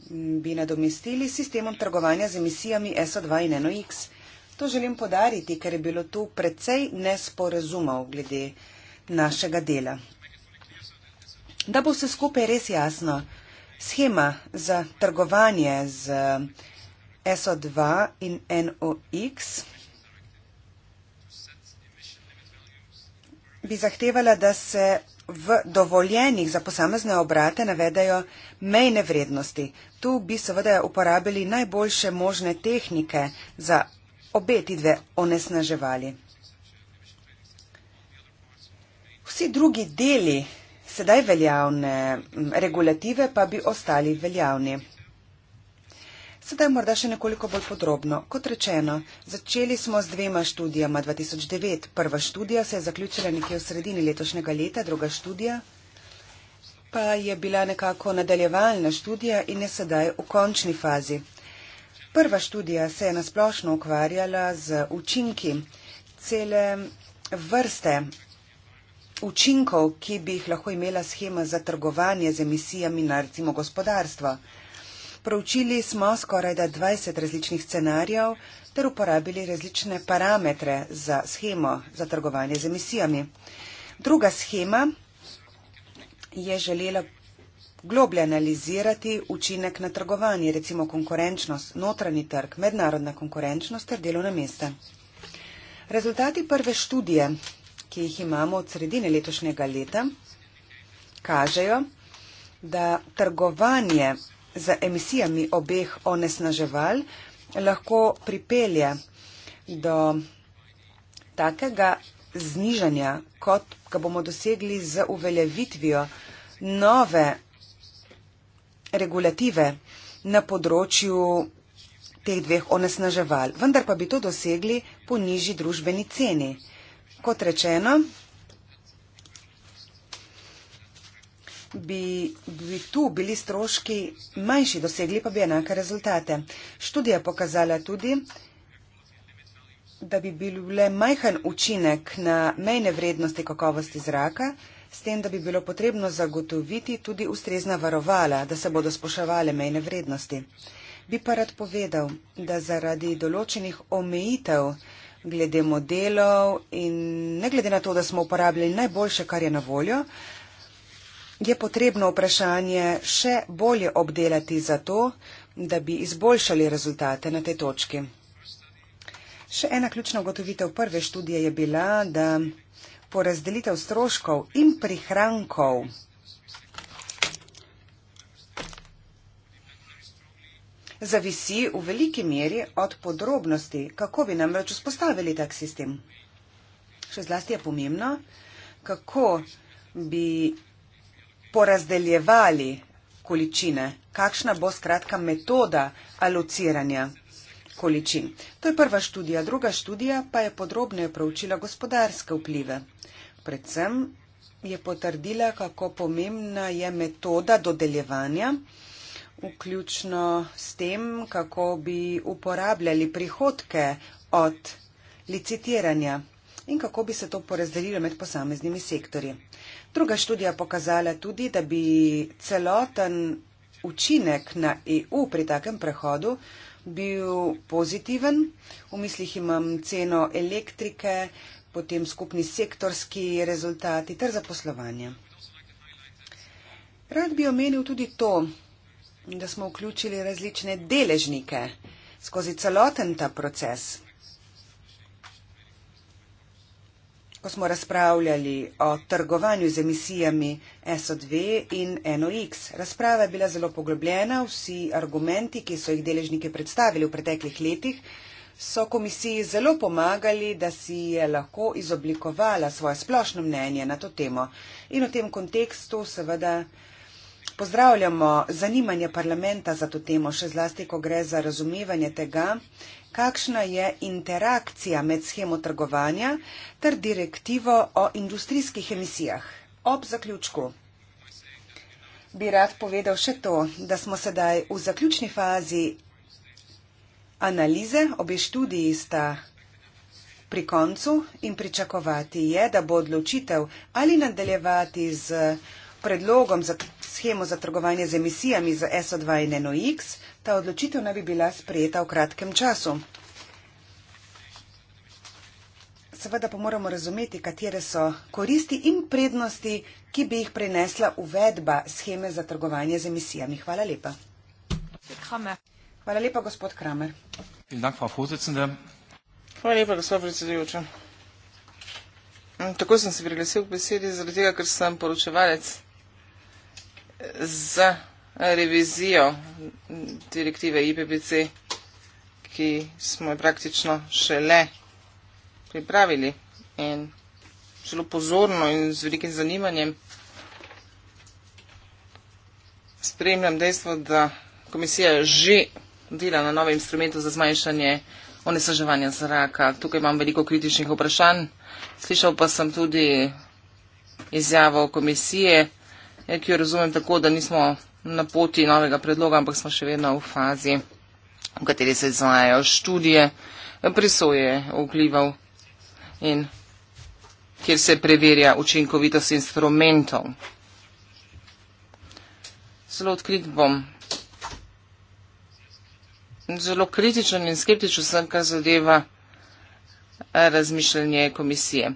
bi nadomestili sistemom trgovanja z emisijami SO2 in NOx. To želim podariti, ker je bilo tu precej nesporazumov glede našega dela da bo vse skupaj res jasno. Schema za trgovanje z eh, SO2 in NOx bi zahtevala, da se v dovoljenih za posamezne obrate navedajo mejne vrednosti. Tu bi seveda uporabili najboljše možne tehnike za obe ti dve onesnaževali. Vsi drugi deli sedaj veljavne regulative pa bi ostali veljavni. Sedaj morda še nekoliko bolj podrobno. Kot rečeno, začeli smo z dvema študijama 2009. Prva študija se je zaključila nekje v sredini letošnjega leta, druga študija pa je bila nekako nadaljevalna študija in je sedaj v končni fazi. Prva študija se je nasplošno ukvarjala z učinki cele vrste učinkov, ki bi jih lahko imela schema za trgovanje z emisijami na recimo gospodarstvo. Proučili smo skoraj 20 različnih scenarijev ter uporabili različne parametre za schemo za trgovanje z emisijami. Druga schema je želela globlje analizirati učinek na trgovanje, recimo konkurenčnost, notranji trg, mednarodna konkurenčnost ter delovna mesta. Rezultati prve študije ki jih imamo od sredine letošnjega leta, kažejo, da trgovanje z emisijami obeh onesnaževal lahko pripelje do takega znižanja, kot ga bomo dosegli z uveljavitvijo nove regulative na področju teh dveh onesnaževal. Vendar pa bi to dosegli po nižji družbeni ceni. Kot rečeno, bi, bi tu bili stroški manjši, dosegli pa bi enake rezultate. Študija je pokazala tudi, da bi bil le majhen učinek na mejne vrednosti kakovosti zraka, s tem, da bi bilo potrebno zagotoviti tudi ustrezna varovala, da se bodo spoševale mejne vrednosti. Bi pa rad povedal, da zaradi določenih omejitev, glede modelov in ne glede na to, da smo uporabljali najboljše, kar je na voljo, je potrebno vprašanje še bolje obdelati za to, da bi izboljšali rezultate na tej točki. Še ena ključna ugotovitev prve študije je bila, da porazdelitev stroškov in prihrankov zavisi v veliki meri od podrobnosti, kako bi namreč vzpostavili tak sistem. Še zlasti je pomembno, kako bi porazdeljevali količine, kakšna bo skratka metoda alociranja količin. To je prva študija. Druga študija pa je podrobneje proučila gospodarske vplive. Predvsem je potrdila, kako pomembna je metoda dodeljevanja vključno s tem, kako bi uporabljali prihodke od licitiranja in kako bi se to porazdelilo med posameznimi sektorji. Druga študija pokazala tudi, da bi celoten učinek na EU pri takem prehodu bil pozitiven. V mislih imam ceno elektrike, potem skupni sektorski rezultati ter zaposlovanje. Rad bi omenil tudi to, da smo vključili različne deležnike skozi celoten ta proces. Ko smo razpravljali o trgovanju z emisijami SO2 in NOx, razprava je bila zelo poglobljena, vsi argumenti, ki so jih deležniki predstavili v preteklih letih, so komisiji zelo pomagali, da si je lahko izoblikovala svoje splošno mnenje na to temo. In v tem kontekstu seveda Pozdravljamo zanimanje parlamenta za to temo, še zlasti, ko gre za razumevanje tega, kakšna je interakcija med schemo trgovanja ter direktivo o industrijskih emisijah. Ob zaključku bi rad povedal še to, da smo sedaj v zaključni fazi analize, obe študiji sta pri koncu in pričakovati je, da bo odločitev ali nadaljevati z predlogom za schemo za trgovanje z emisijami za SO2 in NOx, ta odločitev naj bi bila sprejeta v kratkem času. Seveda pa moramo razumeti, katere so koristi in prednosti, ki bi jih prinesla uvedba scheme za trgovanje z emisijami. Hvala lepa. Hvala lepa, gospod Kramer. Hvala lepa, gospod predsedujoča. Tako sem se priglasil k besedi, zaradi tega, ker sem poročevalec z revizijo direktive IPPC, ki smo jo praktično šele pripravili in zelo pozorno in z velikim zanimanjem spremljam dejstvo, da komisija že dela na novem instrumentu za zmanjšanje onesaževanja zraka. Tukaj imam veliko kritičnih vprašanj. Slišal pa sem tudi izjavo komisije, Ja, ki jo razumem tako, da nismo na poti novega predloga, ampak smo še vedno v fazi, v kateri se izvajajo študije, presoje vplivov in kjer se preverja učinkovitost instrumentov. Zelo odkrit bom. Zelo kritičen in skeptičen sem, kar zadeva razmišljanje komisije.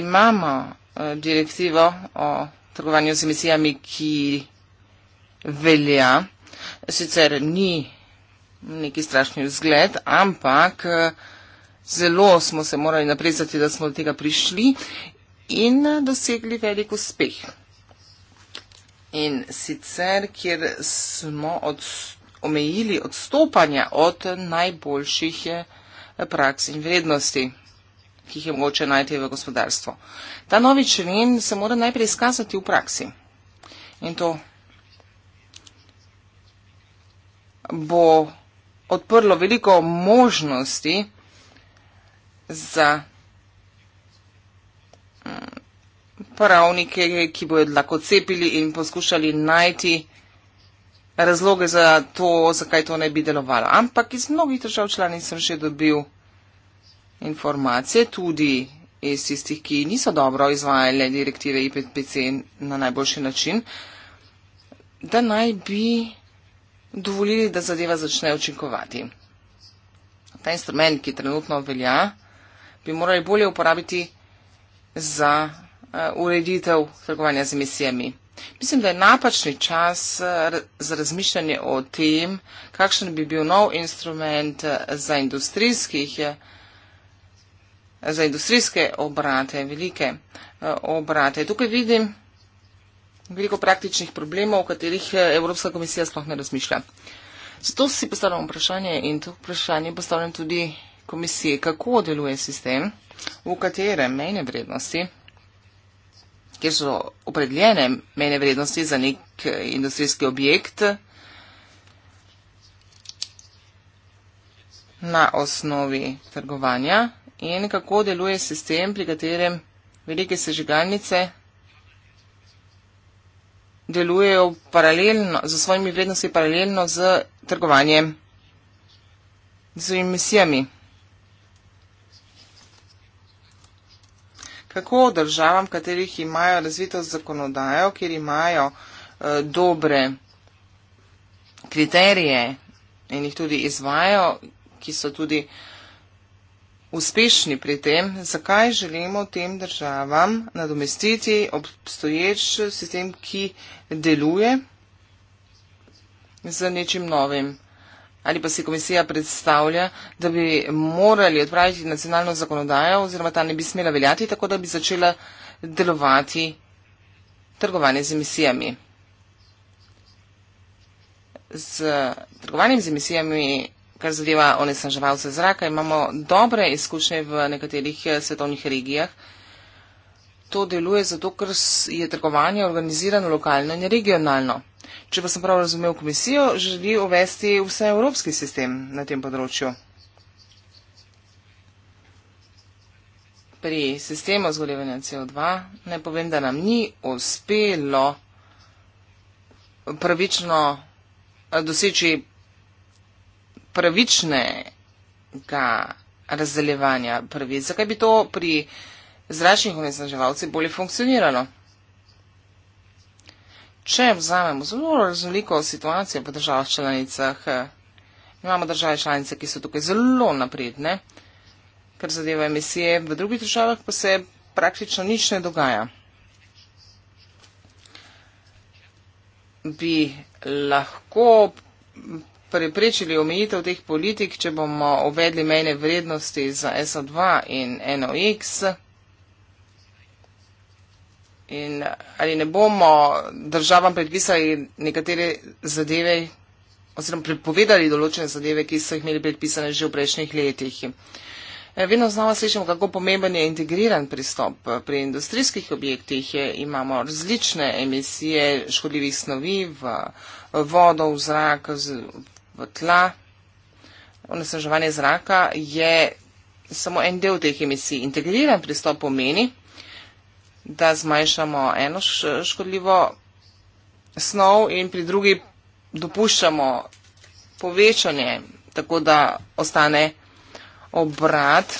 Imamo eh, direktivo o trgovanju z emisijami, ki velja. Sicer ni neki strašni vzgled, ampak zelo smo se morali naprezati, da smo do tega prišli in dosegli velik uspeh. In sicer, kjer smo od, omejili odstopanja od najboljših praks in vrednosti ki jih je mogoče najti v gospodarstvu. Ta novi člen se mora najprej izkazati v praksi. In to bo odprlo veliko možnosti za mm, pravnike, ki bojo lahko cepili in poskušali najti razloge za to, zakaj to ne bi delovalo. Ampak iz mnogih držav članic sem že dobil informacije, tudi iz tistih, ki niso dobro izvajale direktive IPPC na najboljši način, da naj bi dovolili, da zadeva začne učinkovati. Ta instrument, ki trenutno velja, bi morali bolje uporabiti za eh, ureditev trgovanja z emisijami. Mislim, da je napačni čas eh, za razmišljanje o tem, kakšen bi bil nov instrument eh, za industrijskih za industrijske obrate, velike eh, obrate. Tukaj vidim veliko praktičnih problemov, o katerih eh, Evropska komisija sploh ne razmišlja. Zato si postavljam vprašanje in to vprašanje postavljam tudi komisiji, kako deluje sistem, v katere mejne vrednosti, kjer so opredeljene mejne vrednosti za nek eh, industrijski objekt, na osnovi trgovanja in kako deluje sistem, pri katerem velike sežigalnice delujejo paralelno, z svojimi vrednosti paralelno z trgovanjem, z emisijami. Kako državam, katerih imajo razvito zakonodajo, kjer imajo eh, dobre kriterije in jih tudi izvajo, ki so tudi eh, uspešni pri tem, zakaj želimo tem državam nadomestiti obstoječ sistem, ki deluje z nečim novim. Ali pa si komisija predstavlja, da bi morali odpraviti nacionalno zakonodajo oziroma ta ne bi smela veljati, tako da bi začela delovati trgovanje z emisijami. Z trgovanjem z emisijami kar zadeva onesnaževalce zraka, imamo dobre izkušnje v nekaterih eh, svetovnih regijah. To deluje zato, ker je trgovanje organizirano lokalno in regionalno. Če pa sem prav razumel komisijo, želi uvesti vse evropski sistem na tem področju. Pri sistemu zgorevanja CO2 ne povem, da nam ni uspelo pravično eh, doseči pravičnega razdeljevanja pravic? Zakaj bi to pri zračnih onesnaževalcih bolje funkcioniralo? Če vzamemo zelo razliko situacijo v državah članicah, imamo države članice, ki so tukaj zelo napredne, kar zadeva emisije, v drugih državah pa se praktično nič ne dogaja. Bi lahko preprečili omejitev teh politik, če bomo uvedli mejne vrednosti za SO2 in NOx. In ali ne bomo državam predpisali nekatere zadeve oziroma prepovedali določene zadeve, ki so jih imeli predpisane že v prejšnjih letih. Eh, vedno znova slišimo, kako pomemben je integriran pristop. Pri industrijskih objektih imamo različne emisije škodljivih snovi v vodo, v zrak, v v tla, onesnaževanje zraka je samo en del teh emisij. Integriran pristop pomeni, da zmanjšamo eno škodljivo snov in pri drugi dopuščamo povečanje, tako da ostane obrat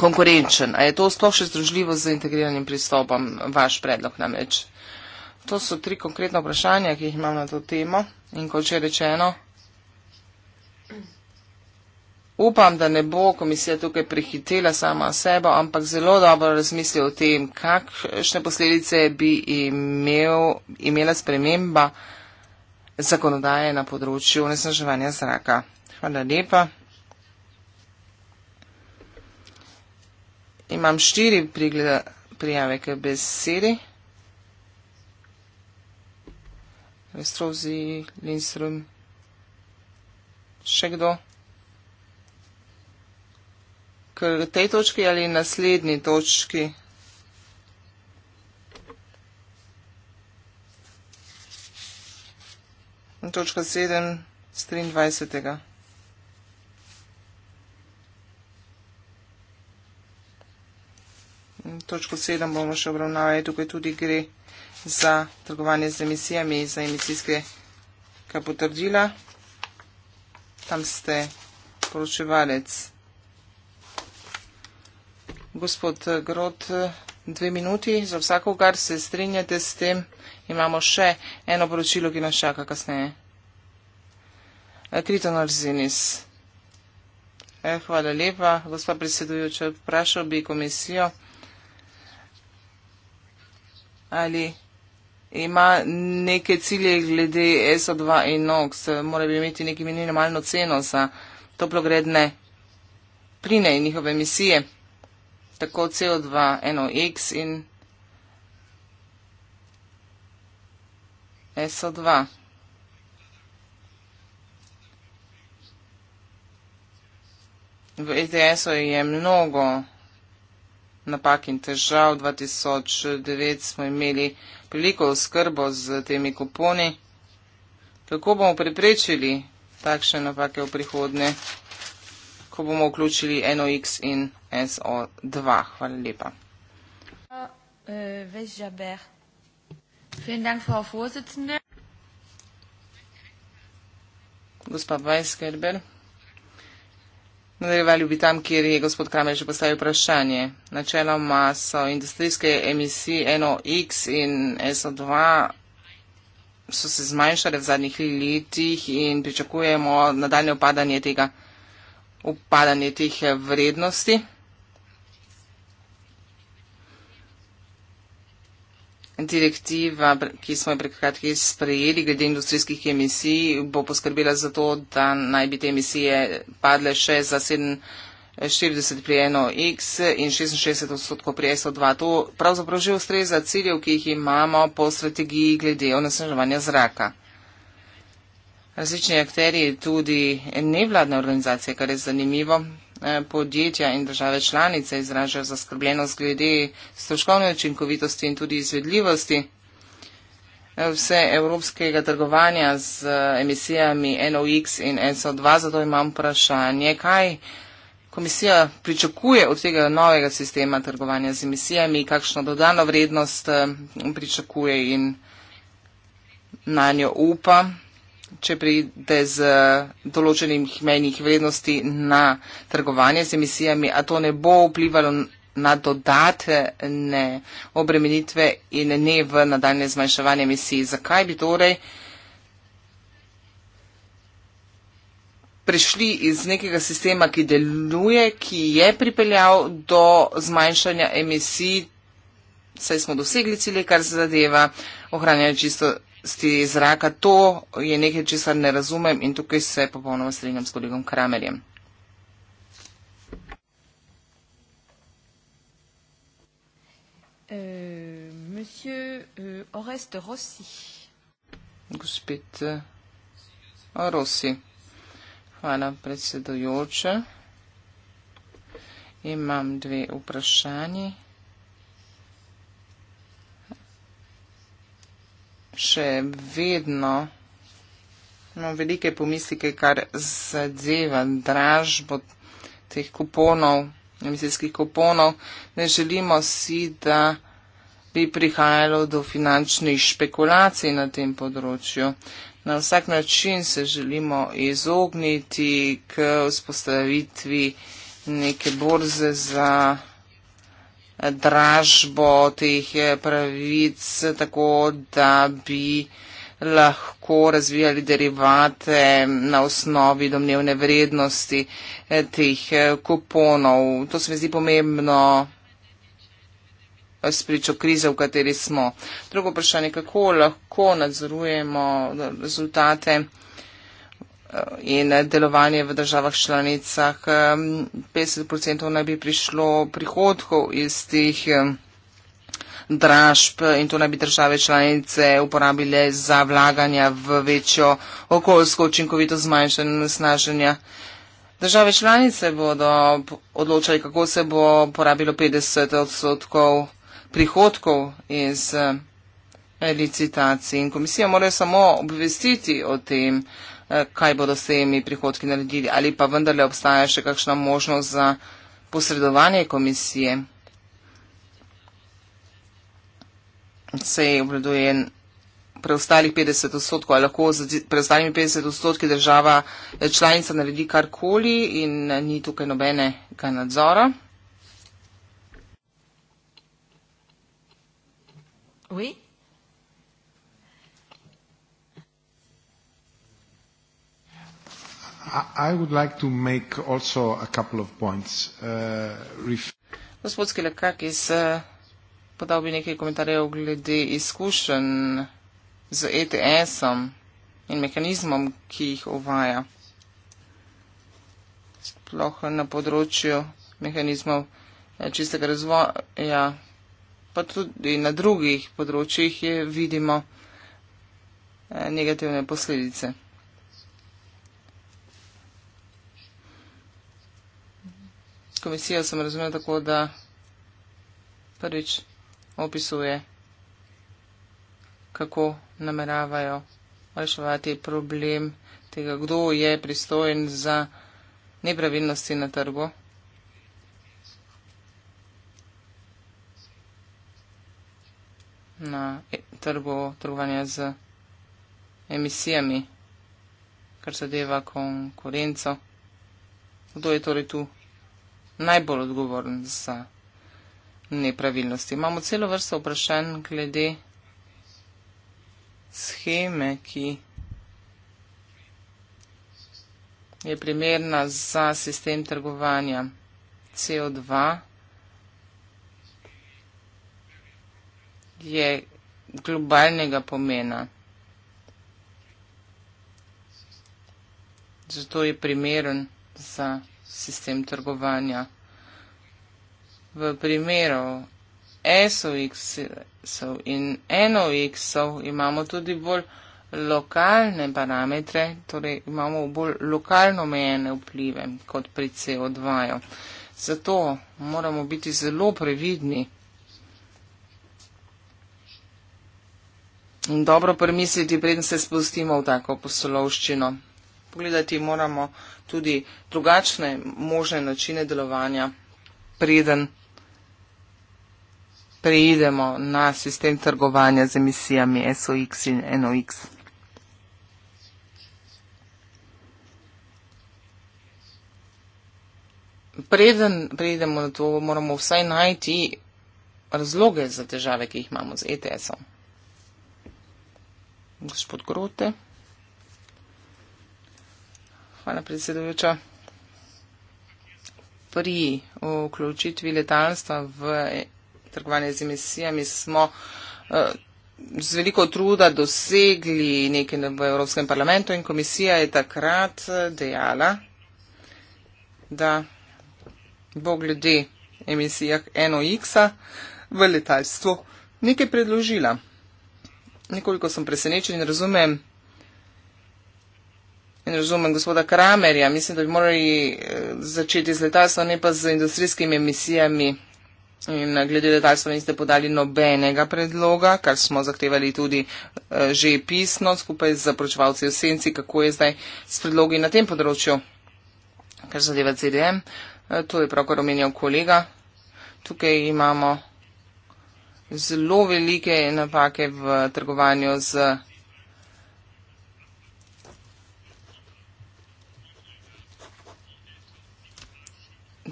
konkurenčen. A je to sploh še združljivo z integriranim pristopom, vaš predlog namreč? To so tri konkretna vprašanja, ki jih imam na to temo. In kot že rečeno, Upam, da ne bo komisija tukaj prehitela sama sebo, ampak zelo dobro razmisli o tem, kakšne posledice bi imel, imela sprememba zakonodaje na področju onesnaževanja zraka. Hvala lepa. Imam štiri prigleda, prijave k besedi. Restrozi, Lindström, še kdo? k tej točki ali naslednji točki? Točka 7 z 23. Točko 7 bomo še obravnavali, tukaj tudi gre za trgovanje z emisijami, za emisijske potrdila. Tam ste poročevalec. Gospod Grot, dve minuti za vsako, kar se strinjate s tem. Imamo še eno poročilo, ki nas čaka kasneje. Kriton Arzinis. E, hvala lepa, gospod predsedujoča. Vprašal bi komisijo, ali ima neke cilje glede SO2 in NOX. Mora bi imeti neki minimalno ceno za toplogredne pline in njihove emisije tako CO2, eno X in SO2. V ETS-u je mnogo napak in težav. 2009 smo imeli veliko skrbo z temi kuponi. Kako bomo preprečili takšne napake v prihodnje? lahko bomo vključili NOx in SO2. Hvala lepa. Uh, uh, Gospa Weisgerber. Nadaljevali bi tam, kjer je gospod Kramer že postavil vprašanje. Načeloma so industrijske emisije NOx in SO2 so se zmanjšale v zadnjih letih in pričakujemo nadaljne upadanje tega upadanje teh eh, vrednosti. Direktiva, ki smo jo prekratki sprejeli glede industrijskih emisij, bo poskrbela za to, da naj bi te emisije padle še za 47 pri 1x in 66 odstotkov pri SO2. To pravzaprav že ustreza ciljev, ki jih imamo po strategiji glede onesnaževanja zraka različni akteri, tudi nevladne organizacije, kar je zanimivo. Eh, podjetja in države članice izražajo zaskrbljenost glede stroškovne učinkovitosti in tudi izvedljivosti eh, vse evropskega trgovanja z eh, emisijami NOx in SO2. Zato imam vprašanje, kaj komisija pričakuje od tega novega sistema trgovanja z emisijami, kakšno dodano vrednost pričakuje in na njo upa če pride z določenim hmenjih vrednosti na trgovanje z emisijami, a to ne bo vplivalo na dodatne obremenitve in ne v nadaljne zmanjševanje emisij. Zakaj bi torej prišli iz nekega sistema, ki deluje, ki je pripeljal do zmanjšanja emisij, saj smo dosegli cilje, kar zadeva ohranjanje čisto zračnosti zraka. To je nekaj, česar ne razumem in tukaj se popolnoma strinjam s kolegom Kramerjem. Euh, euh, Gospod eh, Rossi. Hvala, predsedujoče. Imam dve vprašanje. še vedno imam velike pomislike, kar zadeva dražbo teh kuponov, emisijskih kuponov. Ne želimo si, da bi prihajalo do finančnih špekulacij na tem področju. Na vsak način se želimo izogniti k vzpostavitvi neke borze za dražbo teh eh, pravic, tako da bi lahko razvijali derivate na osnovi domnevne vrednosti eh, teh eh, kuponov. To se mi zdi pomembno spričo krize, v kateri smo. Drugo vprašanje, kako lahko nadzorujemo rezultate? in delovanje v državah članicah. 50% um, naj bi prišlo prihodkov iz tih um, dražb in to naj bi države članice uporabile za vlaganja v večjo okoljsko učinkovito zmanjšanje nasnaženja. Države članice bodo odločali, kako se bo porabilo 50 odstotkov prihodkov iz um, licitacij in komisija mora samo obvestiti o tem, Eh, kaj bodo s temi prihodki naredili, ali pa vendarle obstaja še kakšna možnost za posredovanje komisije. Se je obleduje preostalih 50 odstotkov, ali lahko z preostalimi 50 odstotki država eh, članica naredi karkoli in eh, ni tukaj nobenega nadzora. Oui. I would like to make also a couple of points. Uh, Gospod Skelekakis, eh, podal bi nekaj komentarjev glede izkušenj z ETS-om in mehanizmom, ki jih uvaja. Sploh na področju mehanizmov eh, čistega razvoja, pa tudi na drugih področjih vidimo eh, negativne posledice. komisijo sem razumel tako, da prvič opisuje, kako nameravajo reševati problem tega, kdo je pristojen za nepravilnosti na trgu. na e, trgu trgovanja z emisijami, kar zadeva konkurenco. Kdo je torej tu najbolj odgovoren za nepravilnosti. Imamo celo vrsto vprašanj glede scheme, ki je primerna za sistem trgovanja CO2. je globalnega pomena. Zato je primeren za sistem trgovanja. V primeru SOX-ov in NOX-ov imamo tudi bolj lokalne parametre, torej imamo bolj lokalno omejene vplive kot pri CO2. -ju. Zato moramo biti zelo previdni in dobro premisliti, preden se spustimo v tako poslovščino pogledati moramo tudi drugačne možne načine delovanja, preden preidemo na sistem trgovanja z emisijami SOX in NOX. Preden preidemo na to, moramo vsaj najti razloge za težave, ki jih imamo z ETS-om. Gospod Grote. Hvala, predsedujoča. Pri vključitvi letalstva v trgovanje z emisijami smo eh, z veliko truda dosegli nekaj v Evropskem parlamentu in komisija je takrat eh, dejala, da bo glede emisijah NOX-a v letalstvu nekaj predložila. Nekoliko sem presenečen in razumem In razumem gospoda Kramerja, mislim, da bi morali eh, začeti z letalstvom, ne pa z industrijskimi emisijami. In eh, glede letalstva niste podali nobenega predloga, kar smo zahtevali tudi eh, že pisno skupaj z zapročevalci v senci, kako je zdaj s predlogi na tem področju, kar zadeva CDM. To je pravkar omenjal kolega. Tukaj imamo zelo velike napake v trgovanju z.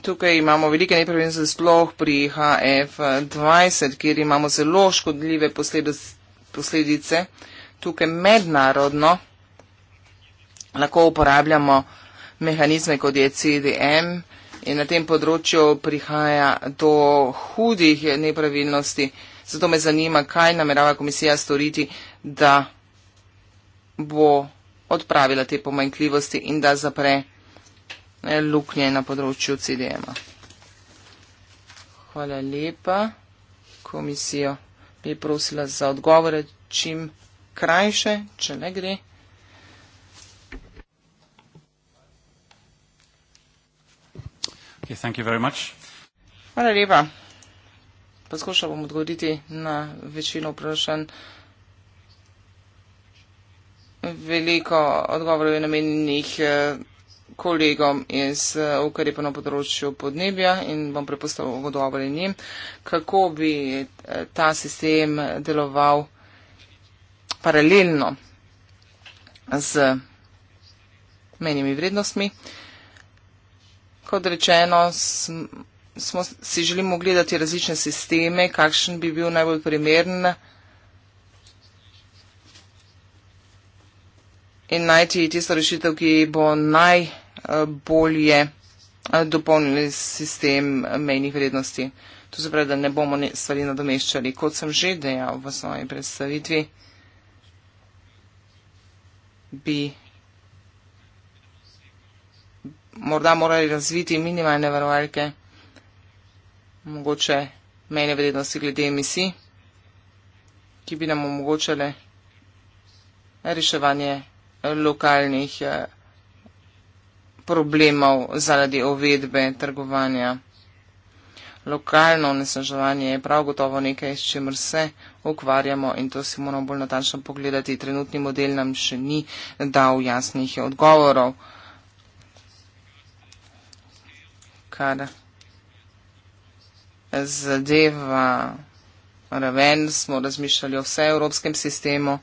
tukaj imamo velike nepravilnosti sploh pri HF20, kjer imamo zelo škodljive posledice. Tukaj mednarodno lahko uporabljamo mehanizme, kot je CDM. In na tem področju prihaja do hudih nepravilnosti. Zato me zanima, kaj namerava komisija storiti, da bo odpravila te pomanjkljivosti in da zapre luknje na področju CDM-a. Hvala lepa. Komisijo bi prosila za odgovore čim krajše, če le gre. Okay, Hvala lepa. Poskušal bom odgovoriti na večino vprašanj. Veliko odgovorov je namenjenih. Eh, kolegom iz ukrepa eh, na področju podnebja in bom prepustal vodovali njim, kako bi eh, ta sistem deloval paralelno z menjimi vrednostmi. Kot rečeno, smo, smo si želimo gledati različne sisteme, kakšen bi bil najbolj primeren. in najti tisto rešitev, ki bo najbolje eh, dopolnili sistem eh, mejnih vrednosti. To se pravi, da ne bomo stvari nadomeščali, kot sem že dejal v svoji predstavitvi, bi morda morali razviti minimalne varovalke, mogoče mejne vrednosti glede emisij, ki bi nam omogočale reševanje lokalnih eh, problemov zaradi uvedbe trgovanja. Lokalno onesnaževanje je prav gotovo nekaj, s čimer se ukvarjamo in to si moramo bolj natančno pogledati. Trenutni model nam še ni dal jasnih odgovorov. Kar zadeva raven, smo razmišljali o vseevropskem sistemu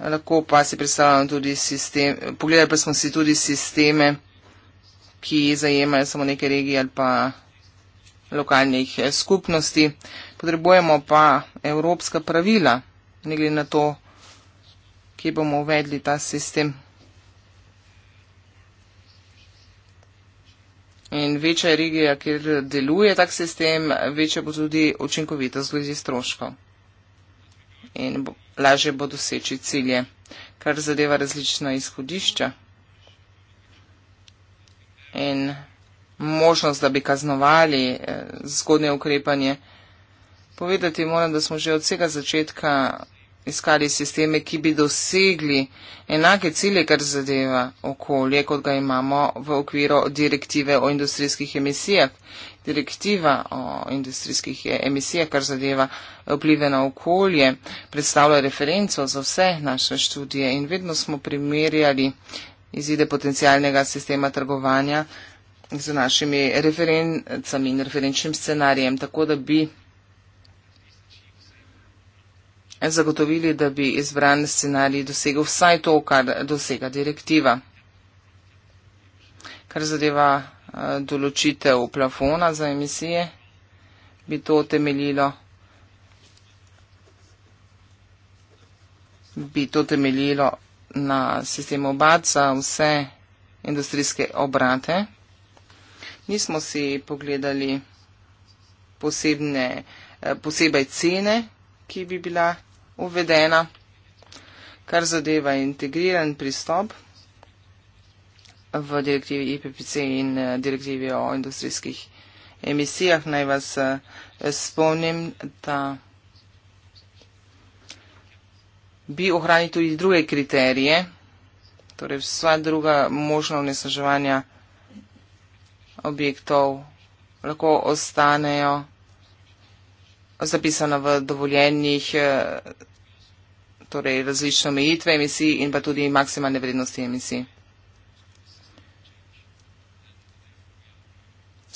lahko pa si predstavljamo tudi sistem, pogledali pa smo si tudi sisteme, ki zajemajo samo neke regije ali pa lokalnih eh, skupnosti. Potrebujemo pa evropska pravila, ne glede na to, kje bomo uvedli ta sistem. In večja je regija, kjer deluje tak sistem, večja bo tudi učinkovitost glede stroškov in bo, lažje bo doseči cilje, kar zadeva različna izhodišča in možnost, da bi kaznovali eh, zgodnje ukrepanje. Povedati moram, da smo že od vsega začetka iskali sisteme, ki bi dosegli enake cilje, kar zadeva okolje, kot ga imamo v okviru direktive o industrijskih emisijah direktiva o industrijskih emisijah, kar zadeva vplive na okolje, predstavlja referenco za vse naše študije in vedno smo primerjali izide potencijalnega sistema trgovanja z našimi referencami in referenčnim scenarijem, tako da bi zagotovili, da bi izbran scenarij dosegel vsaj to, kar dosega direktiva. Kar zadeva Eh, določitev plafona za emisije bi to temeljilo. bi to temeljilo na sistemu BAT za vse industrijske obrate. Nismo si pogledali posebne, eh, posebej cene, ki bi bila uvedena, kar zadeva integriran pristop v direktivi IPPC e in eh, direktivi o industrijskih emisijah. Naj vas eh, spomnim, da bi ohranili tudi druge kriterije, torej vsa druga možna onesnaževanja objektov lahko ostanejo zapisana v dovoljenjih, eh, torej različne omejitve emisij in pa tudi maksimalne vrednosti emisij.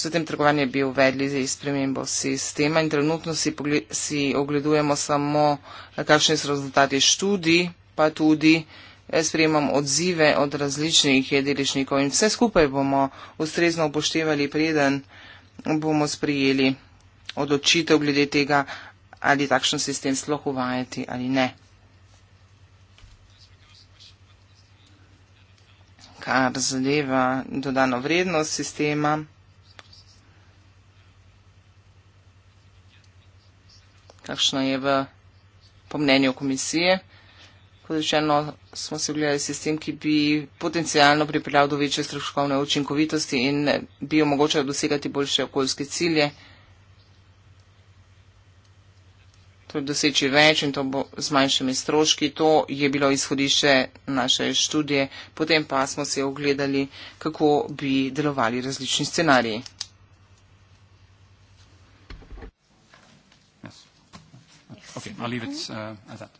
s tem trgovanjem bi uvedli za izpremembo sistema in trenutno si, si ogledujemo samo, kakšni so rezultati študij, pa tudi eh, sprejemam odzive od različnih jedeličnikov in vse skupaj bomo ustrezno upoštevali, preden bomo sprijeli odločitev glede tega, ali takšen sistem sploh uvajati ali ne. Kar zadeva dodano vrednost sistema. kakšna je v, po mnenju komisije. Kot rečeno, smo se ogledali sistem, ki bi potencijalno pripeljal do večje stroškovne učinkovitosti in bi omogočal dosegati boljše okoljske cilje. Torej doseči več in to bo z manjšimi stroški. To je bilo izhodišče naše študije. Potem pa smo se ogledali, kako bi delovali različni scenariji. Okay, I'll leave it uh, at that.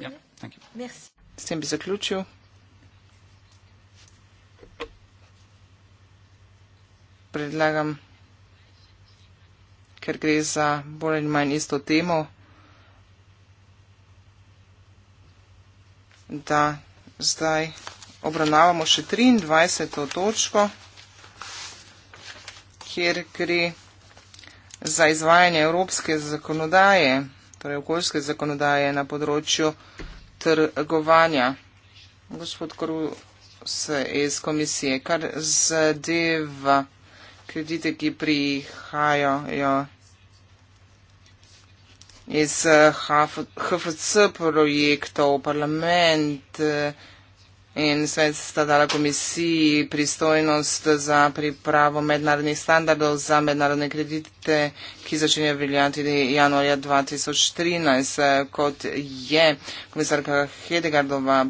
Yeah, thank you. Merci. S tem bi zaključil. Predlagam, ker gre za bolj ali manj isto temo, da zdaj obravnavamo še 23. točko, kjer gre za izvajanje evropske zakonodaje torej okoljske zakonodaje na področju trgovanja. Gospod Korus iz komisije, kar zadeva kredite, ki prihajajo iz HFC projektov, parlament, eh, in svet sta dala komisiji pristojnost za pripravo mednarodnih standardov za mednarodne kredite, ki začenja veljati januarja 2013. Kot je komisarka Hedegardova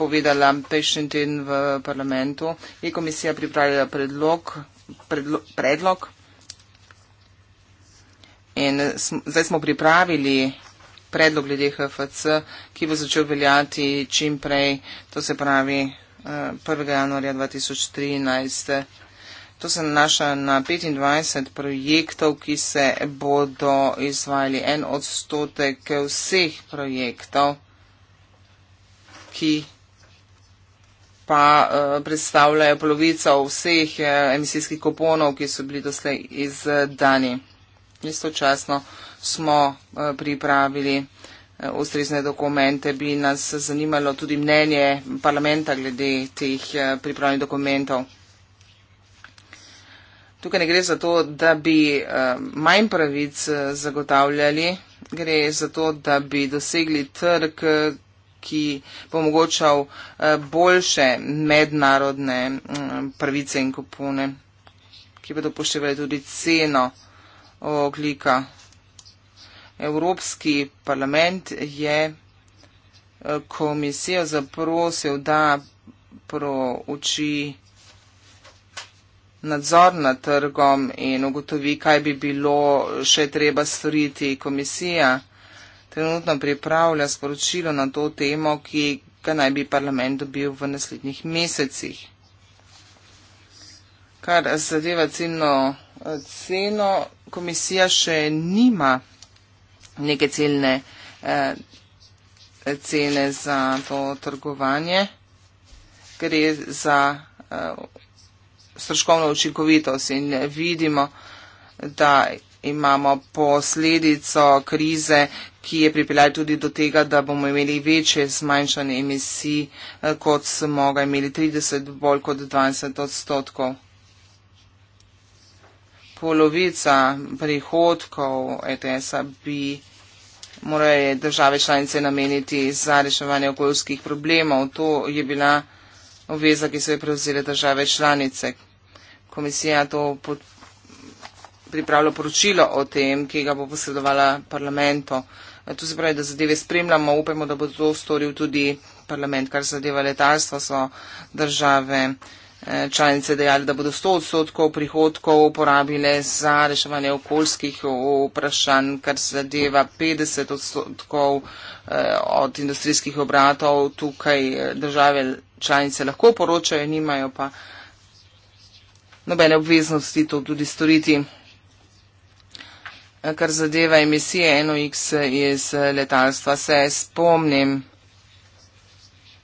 povedala prejšnji teden v parlamentu, je komisija pripravila predlog. predlog, predlog In zdaj smo pripravili predlog glede HFC, ki bo začel veljati čim prej, to se pravi 1. Eh, januarja 2013. To se nanaša na 25 projektov, ki se bodo izvajali en odstotek vseh projektov, ki pa uh, predstavljajo polovico vseh uh, emisijskih kuponov, ki so bili doslej izdani. Istočasno uh, smo eh, pripravili eh, ustrezne dokumente, bi nas zanimalo tudi mnenje parlamenta glede teh eh, pripravljenih dokumentov. Tukaj ne gre za to, da bi manj pravic zagotavljali, gre za to, da bi dosegli trg, ki bo omogočal boljše mednarodne mm, pravice in kupone, ki bodo poštevali tudi ceno oglika Evropski parlament je eh, komisijo zaprosil, da prouči nadzor nad trgom in ugotovi, kaj bi bilo še treba storiti. Komisija trenutno pripravlja sporočilo na to temo, ki ga naj bi parlament dobil v naslednjih mesecih. Kar zadeva ceno, eh, ceno komisija še nima neke ciljne eh, cene za to trgovanje. Gre za eh, stroškovno učinkovitost in vidimo, da imamo posledico krize, ki je pripeljala tudi do tega, da bomo imeli večje zmanjšanje emisij, eh, kot smo ga imeli 30, bolj kot 20 odstotkov. Polovica prihodkov ETS-a bi eh, morajo države članice nameniti za reševanje okoljskih problemov. To je bila obveza, ki so jo prevzele države članice. Komisija to pod... pripravlja poročilo o tem, ki ga bo posredovala parlamento. E, to se pravi, da zadeve spremljamo, upajmo, da bo to storil tudi parlament, kar zadeva letalstvo, so države. Eh, članice dejali, da bodo 100 odstotkov prihodkov uporabile za reševanje okoljskih vprašanj, kar zadeva 50 odstotkov eh, od industrijskih obratov. Tukaj eh, države članice lahko poročajo, nimajo pa nobene obveznosti to tudi storiti. Kar zadeva emisije NOx iz letalstva, se spomnim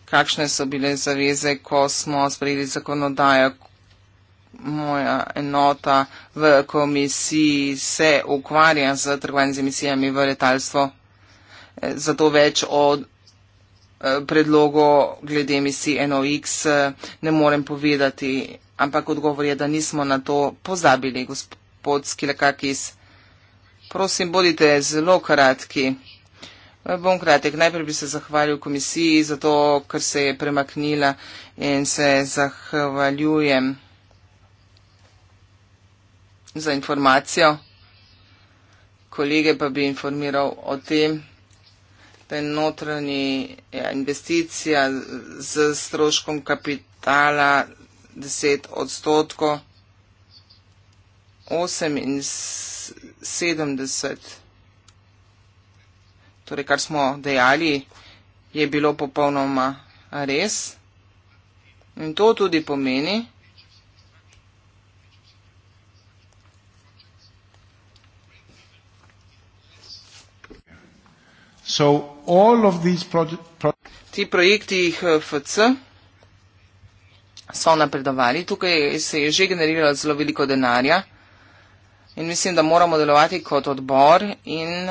kakšne so bile zaveze, ko smo sprejeli zakonodajo, moja enota v komisiji se ukvarja z trgovanjem z emisijami v letalstvo. E, zato več o e, predlogu glede emisij NOx e, ne morem povedati, ampak odgovor je, da nismo na to pozabili, gospod Skilakakis. Prosim, bodite zelo kratki. Bom kratek. Najprej bi se zahvalil komisiji za to, ker se je premaknila in se zahvaljujem za informacijo. Kolege pa bi informiral o tem, da je notranji investicija z stroškom kapitala 10 odstotkov 78 odstotkov torej, kar smo dejali, je bilo popolnoma res. In to tudi pomeni, Ti projekti HFC so napredovali, tukaj se je že generiralo zelo veliko denarja in mislim, da moramo delovati kot odbor in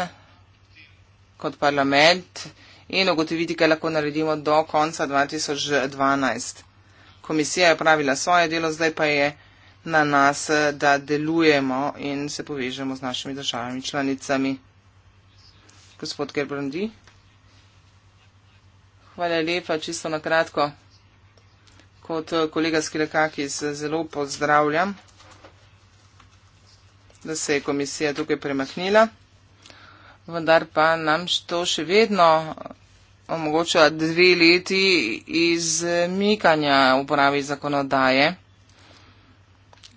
kot parlament in ugotoviti, kaj lahko naredimo do konca 2012. Komisija je pravila svoje delo, zdaj pa je na nas, da delujemo in se povežemo z našimi državami članicami. Gospod Gerbrandi. Hvala lepa, čisto na kratko. Kot kolega Skirekaki se zelo pozdravljam, da se je komisija tukaj premaknila vendar pa nam to še vedno omogoča dve leti izmikanja uporabi zakonodaje.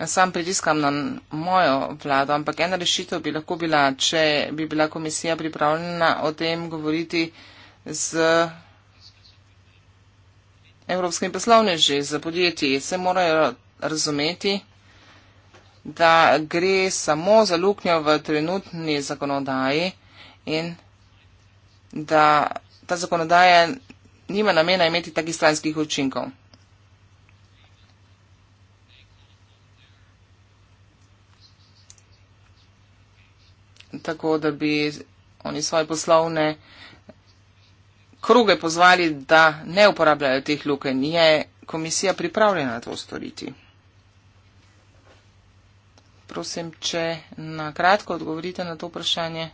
Sam pritiskam na mojo vlado, ampak ena rešitev bi lahko bila, če bi bila komisija pripravljena o tem govoriti z evropskimi poslovneži, z podjetji. Se morajo razumeti, da gre samo za luknjo v trenutni zakonodaji in da ta zakonodaja nima namena imeti takih stranskih učinkov. Tako da bi oni svoje poslovne kruge pozvali, da ne uporabljajo teh lukenj. Je komisija pripravljena to storiti? Prosim, če na kratko odgovorite na to vprašanje.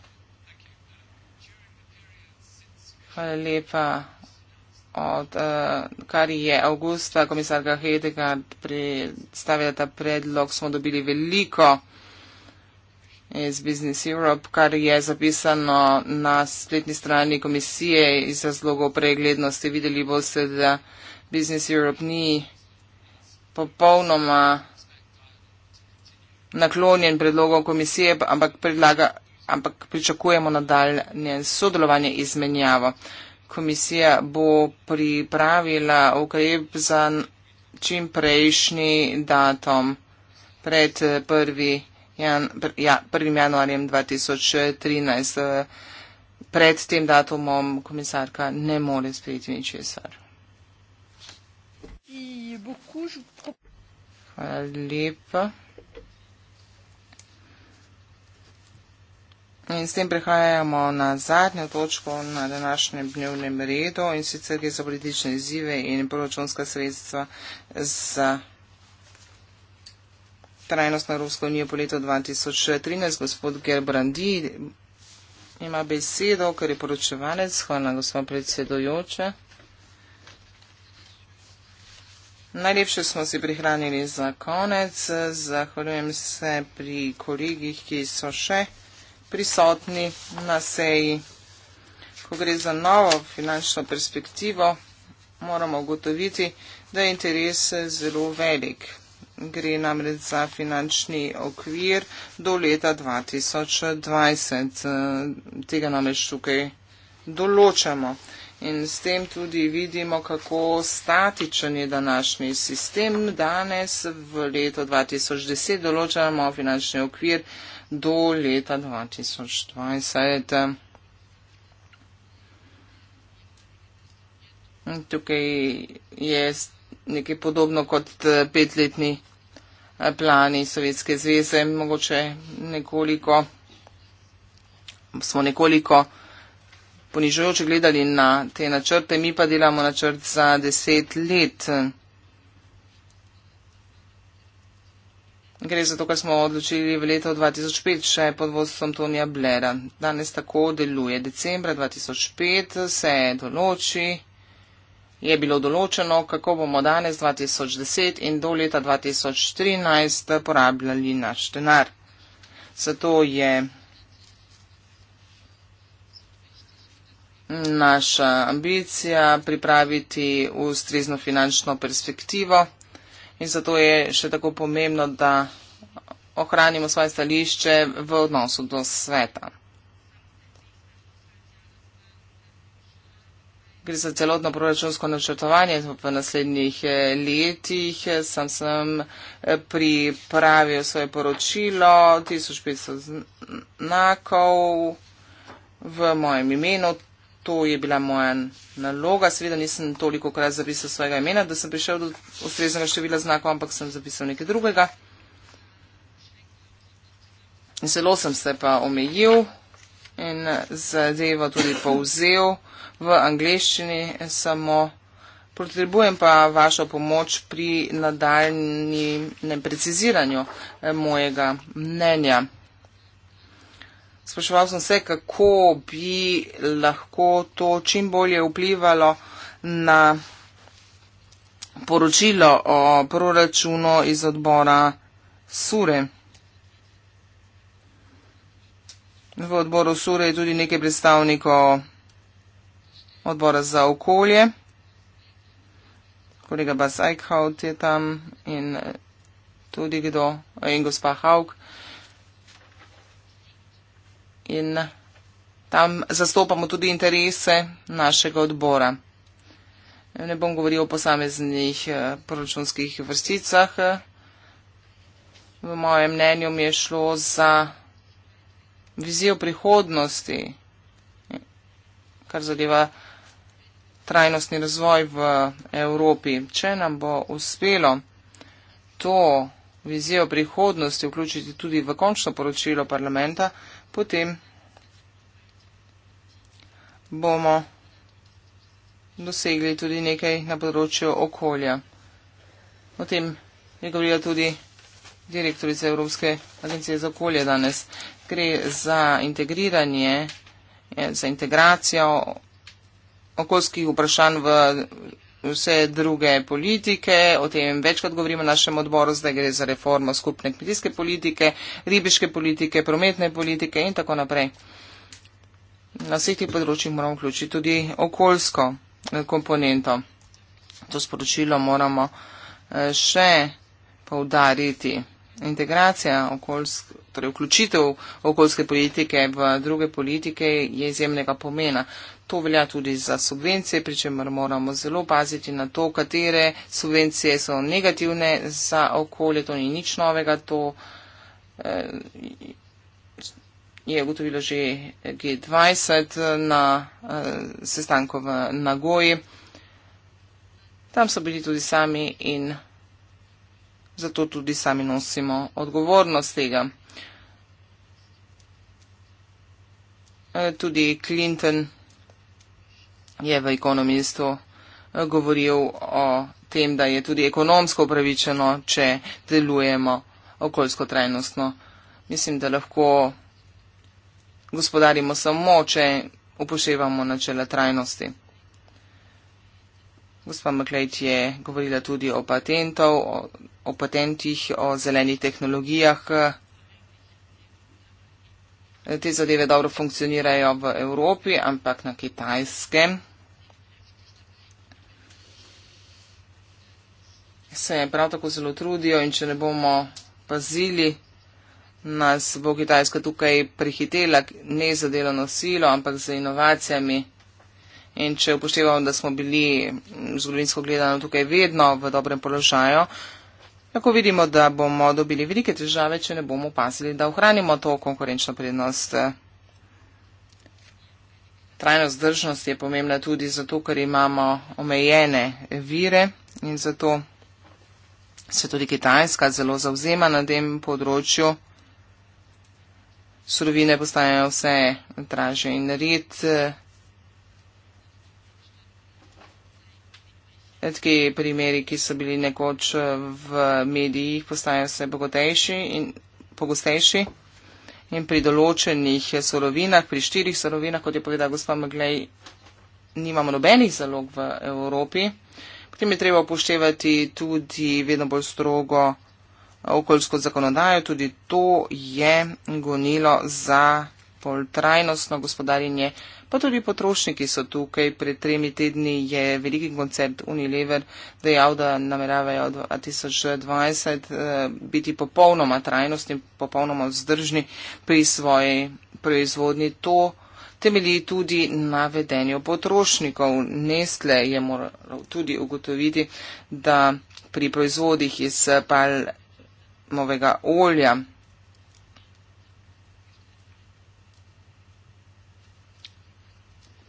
Hvala lepa. Od, uh, kar je avgusta komisarka Hedega predstavila ta predlog, smo dobili veliko iz Business Europe, kar je zapisano na spletni strani komisije iz razlogov preglednosti. Videli boste, da Business Europe ni popolnoma naklonjen predlogom komisije, ampak predlaga ampak pričakujemo nadaljne sodelovanje izmenjavo. Komisija bo pripravila ukrep za čim prejšnji datum pred 1. Ja, januarjem 2013. Eh, pred tem datumom komisarka ne more sprejeti ničesar. Hvala lepa. In s tem prehajamo na zadnjo točko na današnjem dnevnem redu in sicer gre za politične izzive in proračunska sredstva za trajnostno Evropsko unijo po letu 2013. Gospod Gerbrandi ima besedo, ker je poročevalec. Hvala, gospod predsedujoče. Najlepše smo si prihranili za konec. Zahvaljujem se pri kolegih, ki so še prisotni na seji. Ko gre za novo finančno perspektivo, moramo ugotoviti, da je interes zelo velik. Gre namreč za finančni okvir do leta 2020. Tega namreč tukaj določamo. In s tem tudi vidimo, kako statičen je današnji sistem. Danes v letu 2010 določamo finančni okvir do leta 2020. Tukaj je nekaj podobno kot petletni eh, plani Sovjetske zveze, mogoče nekoliko, smo nekoliko ponižujoče gledali na te načrte, mi pa delamo načrt za deset let. Gre za to, kar smo odločili v letu 2005 še pod vodstvom Tonija Blera. Danes tako deluje. Decembra 2005 se določi, je bilo določeno, kako bomo danes 2010 in do leta 2013 porabljali naš denar. Zato je naša ambicija pripraviti ustrezno finančno perspektivo. In zato je še tako pomembno, da ohranimo svoje stališče v odnosu do sveta. Gre za celotno proračunsko načrtovanje v naslednjih eh, letih. Sam sem eh, pripravil svoje poročilo, 1500 znakov v mojem imenu, to je bila moja naloga. Seveda nisem toliko krat zapisal svojega imena, da sem prišel do ustreznega števila znakov, ampak sem zapisal nekaj drugega. Zelo sem se pa omejil in zadevo tudi povzel v angleščini samo. Potrebujem pa vašo pomoč pri nadaljnjem preciziranju eh, mojega mnenja. Spraševal sem se, kako bi lahko to čim bolje vplivalo na poročilo o proračunu iz odbora Sure. V odboru Sure je tudi nekaj predstavnikov odbora za okolje. Kolega Bas Eichhout je tam in tudi kdo, in gospa Hauk in tam zastopamo tudi interese našega odbora. Ne bom govoril o posameznih eh, proračunskih vrsticah. V mojem mnenju mi je šlo za vizijo prihodnosti, kar zadeva trajnostni razvoj v Evropi. Če nam bo uspelo to vizijo prihodnosti vključiti tudi v končno poročilo parlamenta, potem bomo dosegli tudi nekaj na področju okolja. O tem je govorila tudi direktorica Evropske agencije za okolje danes. Gre za integriranje, eh, za integracijo okoljskih vprašanj v vse druge politike, o tem večkrat govorimo na našem odboru, zdaj gre za reformo skupne kmetijske politike, ribiške politike, prometne politike in tako naprej. Na vseh tih področjih moramo vključiti tudi okoljsko eh, komponento. To sporočilo moramo eh, še poudariti. Integracija okoljsko, torej vključitev okoljske politike v druge politike je izjemnega pomena. To velja tudi za subvencije, pri čemer moramo zelo paziti na to, katere subvencije so negativne za okolje. To ni nič novega, to eh, je ugotovilo že G20 eh, na eh, sestanku v Nagoji. Tam so bili tudi sami in zato tudi sami nosimo odgovornost tega. Eh, tudi Clinton je v ekonomistu eh, govoril o tem, da je tudi ekonomsko upravičeno, če delujemo okoljsko trajnostno. Mislim, da lahko gospodarimo samo, če upoštevamo načela trajnosti. Gospa Maklejt je govorila tudi o, patentov, o, o patentih, o zelenih tehnologijah te zadeve dobro funkcionirajo v Evropi, ampak na kitajskem se prav tako zelo trudijo in če ne bomo pazili, nas bo kitajska tukaj prihitela ne za delovno silo, ampak za inovacijami. In če upoštevamo, da smo bili zgodovinsko gledano tukaj vedno v dobrem položaju, Tako vidimo, da bomo dobili velike težave, če ne bomo pasili, da ohranimo to konkurenčno prednost. Trajna zdržnost je pomembna tudi zato, ker imamo omejene vire in zato se tudi Kitajska zelo zauzema na tem področju. Surovine postajajo vse dražje in red. ti primeri, ki so bili nekoč eh, v medijih, postajajo vse bogatejši in pogostejši. In pri določenih eh, sorovinah, pri štirih sorovinah, kot je povedala gospa Maglej, nimamo nobenih zalog v Evropi. Potem je treba upoštevati tudi vedno bolj strogo eh, okoljsko zakonodajo, tudi to je gonilo za poltrajnostno gospodarjenje pa tudi potrošniki so tukaj. Pred tremi tedni je veliki koncert Unilever dejal, da nameravajo 2020 eh, biti popolnoma trajnostni, popolnoma vzdržni pri svoji proizvodni. To temelji tudi na vedenju potrošnikov. Nestle je moral tudi ugotoviti, da pri proizvodih iz palmovega olja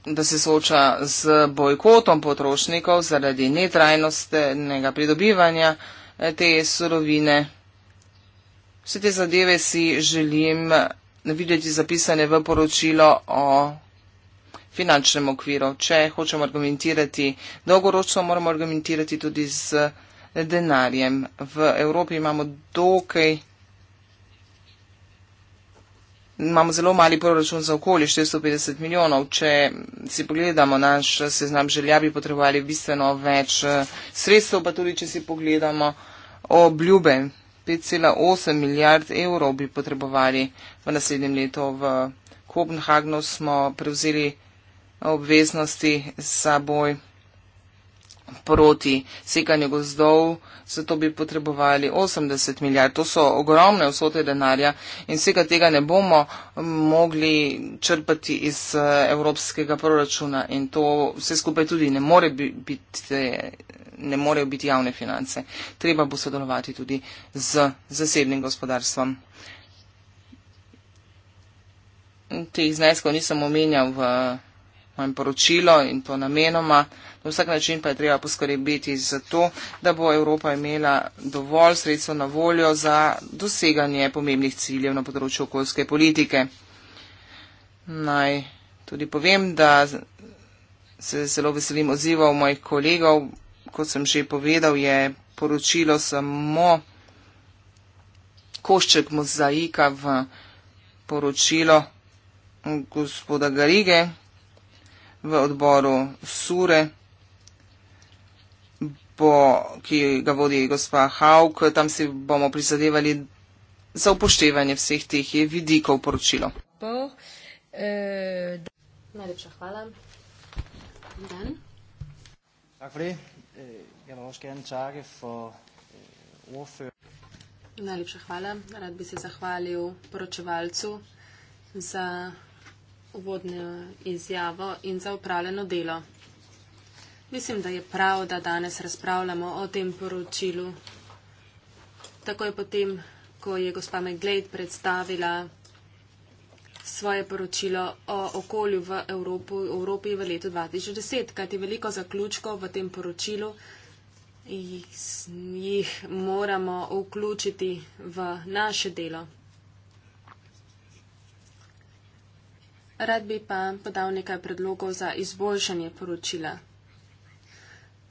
da se sooča z bojkotom potrošnikov zaradi netrajnostnega pridobivanja eh, te surovine. Vse te zadeve si želim eh, videti zapisane v poročilo o finančnem okviru. Če hočemo argumentirati dolgoročno, moramo argumentirati tudi z denarjem. V Evropi imamo dokaj Imamo zelo mali proračun za okoli 450 milijonov. Če si pogledamo naš seznam želja, bi potrebovali bistveno več eh, sredstev, pa tudi če si pogledamo obljube. 5,8 milijard evrov bi potrebovali v naslednjem letu. V Kopenhagnu smo prevzeli obveznosti za boj proti sekanju gozdov se to bi potrebovali 80 milijard. To so ogromne vsote denarja in vsega tega ne bomo mogli črpati iz eh, evropskega proračuna in to vse skupaj tudi ne more biti. Ne morejo biti javne finance. Treba bo sodelovati tudi z zasebnim gospodarstvom. Teh zneskov nisem omenjal v moje poročilo in to namenoma. Na vsak način pa je treba poskrbeti za to, da bo Evropa imela dovolj sredstev na voljo za doseganje pomembnih ciljev na področju okoljske politike. Naj tudi povem, da se zelo veselim odzivov mojih kolegov. Kot sem že povedal, je poročilo samo košček mozaika v poročilo gospoda Garige, v odboru Sure, bo, ki ga vodi gospa Hauk. Tam si bomo prizadevali za upoštevanje vseh teh vidikov poročilo. Bo, eh, Najlepša hvala. Dan. Tak for det. Eh, jeg vil også gerne takke for eh, ordfører. Najlepša hvala. Rad bi se zahvalil poročevalcu za uvodno izjavo in za upravljeno delo. Mislim, da je prav, da danes razpravljamo o tem poročilu. Tako je potem, ko je gospa Megled predstavila svoje poročilo o okolju v Evropu, Evropi v letu 2010, kajti veliko zaključkov v tem poročilu jih, jih moramo vključiti v naše delo. Rad bi pa podal nekaj predlogov za izboljšanje poročila.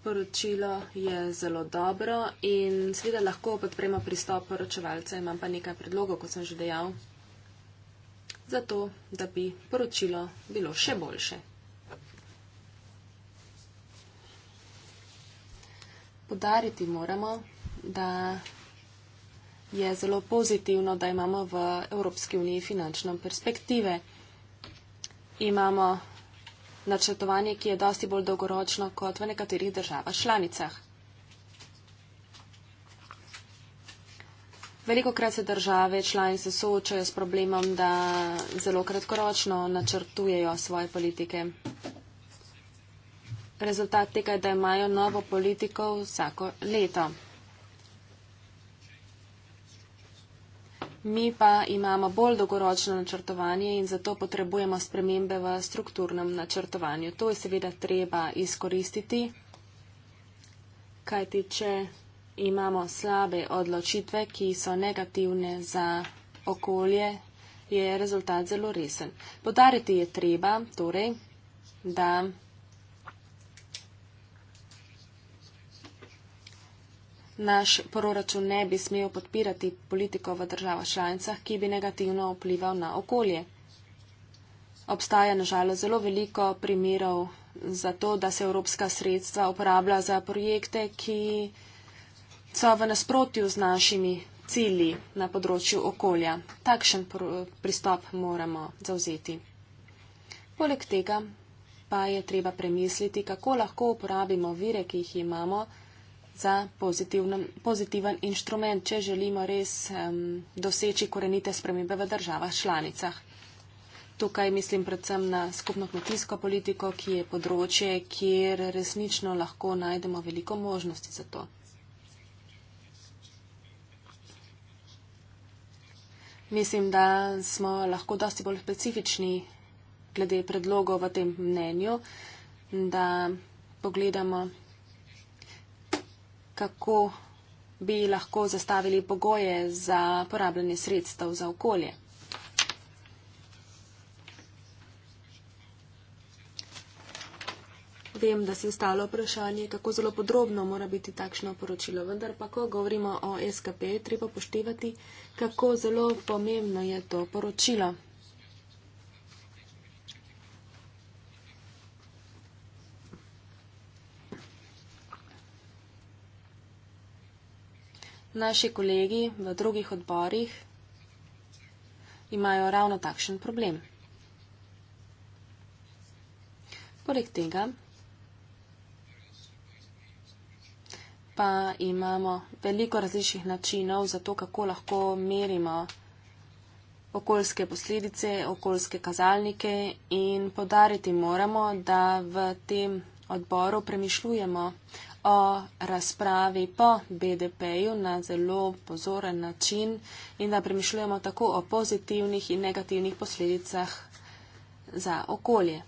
Poročilo je zelo dobro in seveda lahko podpremo pristop poročevalca, imam pa nekaj predlogov, kot sem že dejal, zato, da bi poročilo bilo še boljše. Podariti moramo, da je zelo pozitivno, da imamo v Evropski uniji finančno perspektive imamo načrtovanje, ki je dosti bolj dolgoročno kot v nekaterih državah članicah. Veliko krat se države članice soočajo s problemom, da zelo kratkoročno načrtujejo svoje politike. Rezultat tega je, da imajo novo politiko vsako leto. Mi pa imamo bolj dolgoročno načrtovanje in zato potrebujemo spremembe v strukturnem načrtovanju. To je seveda treba izkoristiti, kajti če imamo slabe odločitve, ki so negativne za okolje, je rezultat zelo resen. Podariti je treba torej, da naš proračun ne bi smel podpirati politiko v državah članicah, ki bi negativno vplival na okolje. Obstaja nažalost zelo veliko primerov za to, da se evropska sredstva uporablja za projekte, ki so v nasprotju z našimi cilji na področju okolja. Takšen pristop moramo zauzeti. Poleg tega pa je treba premisliti, kako lahko uporabimo vire, ki jih imamo, za pozitiven inštrument, če želimo res um, doseči korenite spremembe v državah članicah. Tukaj mislim predvsem na skupno kmetijsko politiko, ki je področje, kjer resnično lahko najdemo veliko možnosti za to. Mislim, da smo lahko dosti bolj specifični glede predlogov v tem mnenju, da pogledamo kako bi lahko zastavili pogoje za porabljanje sredstev za okolje. Vem, da si ostalo vprašanje, kako zelo podrobno mora biti takšno poročilo, vendar pa, ko govorimo o SKP, treba poštevati, kako zelo pomembno je to poročilo. naši kolegi v drugih odborih imajo ravno takšen problem. Poleg tega pa imamo veliko različnih načinov za to, kako lahko merimo okoljske posledice, okoljske kazalnike in podariti moramo, da v tem odboru premišljujemo, o razpravi po BDP-ju na zelo pozoren način in da premišljujemo tako o pozitivnih in negativnih posledicah za okolje.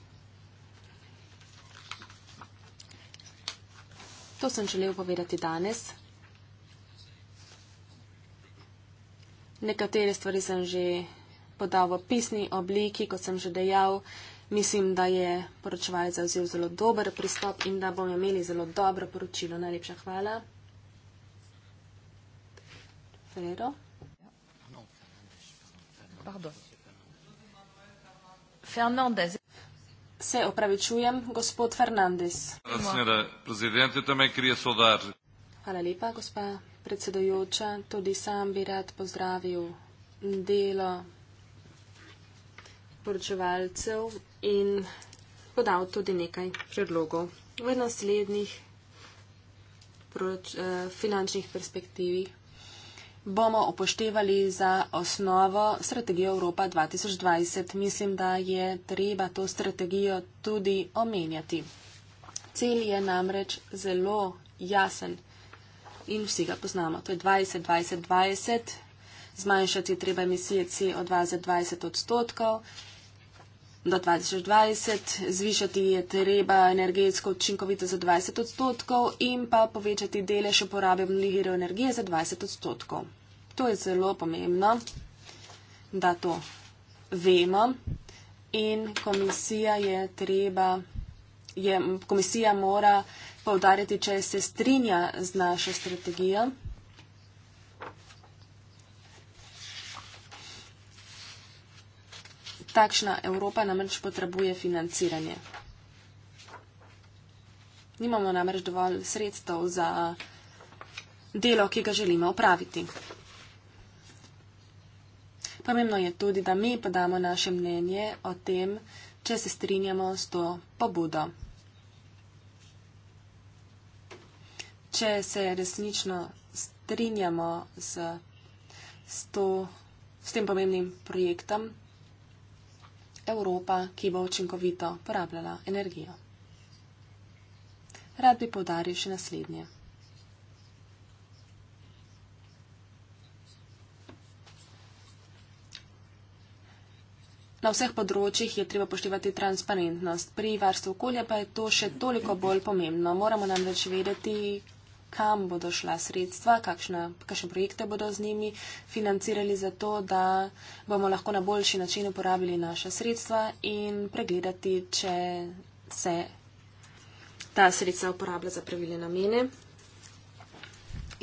To sem želel povedati danes. Nekatere stvari sem že podal v pisni obliki, kot sem že dejal. Mislim, da je poročevalec zauzel zelo dober pristop in da bomo imeli zelo dobro poročilo. Najlepša hvala. Ferrero. Fernandez. Se opravičujem, gospod Fernandez. Hvala lepa, gospa predsedojoča. Tudi sam bi rad pozdravil delo poročevalcev in podal tudi nekaj predlogov v naslednjih proč, eh, finančnih perspektivih bomo upoštevali za osnovo strategijo Evropa 2020. Mislim, da je treba to strategijo tudi omenjati. Cilj je namreč zelo jasen in vsi ga poznamo. To je 2020-2020, zmanjšati treba emisije CO2 za 20 odstotkov do 2020, zvišati je treba energetsko učinkovito za 20 odstotkov in pa povečati delež uporabe mlihirov energije za 20 odstotkov. To je zelo pomembno, da to vemo in komisija je treba, je, komisija mora povdariti, če se strinja z našo strategijo. takšna Evropa namreč potrebuje financiranje. Nimamo namreč dovolj sredstev za delo, ki ga želimo opraviti. Pomembno je tudi, da mi podamo naše mnenje o tem, če se strinjamo s to pobudo. Če se resnično strinjamo s, s, to, s tem pomembnim projektom, Evropa, ki bo učinkovito porabljala energijo. Rad bi povdaril še naslednje. Na vseh področjih je treba poštevati transparentnost. Pri varstvu okolja pa je to še toliko bolj pomembno. Moramo namreč vedeti, kam bodo šla sredstva, kakšna, kakšne projekte bodo z njimi financirali za to, da bomo lahko na boljši način uporabili naša sredstva in pregledati, če se ta sredstva uporablja za pravile namene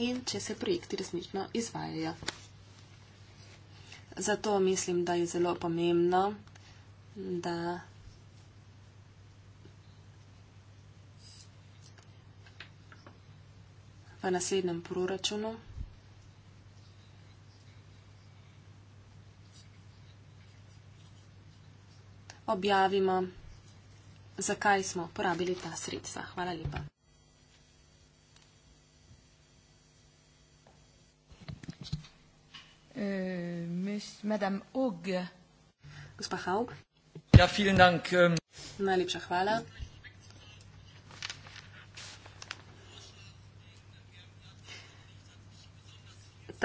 in če se projekti resnično izvajajo. Zato mislim, da je zelo pomembno, da v naslednjem proračunu. Objavimo, zakaj smo porabili ta sredstva. Hvala lepa. Eh, Gospa Haug. Ja, ähm. Najlepša hvala.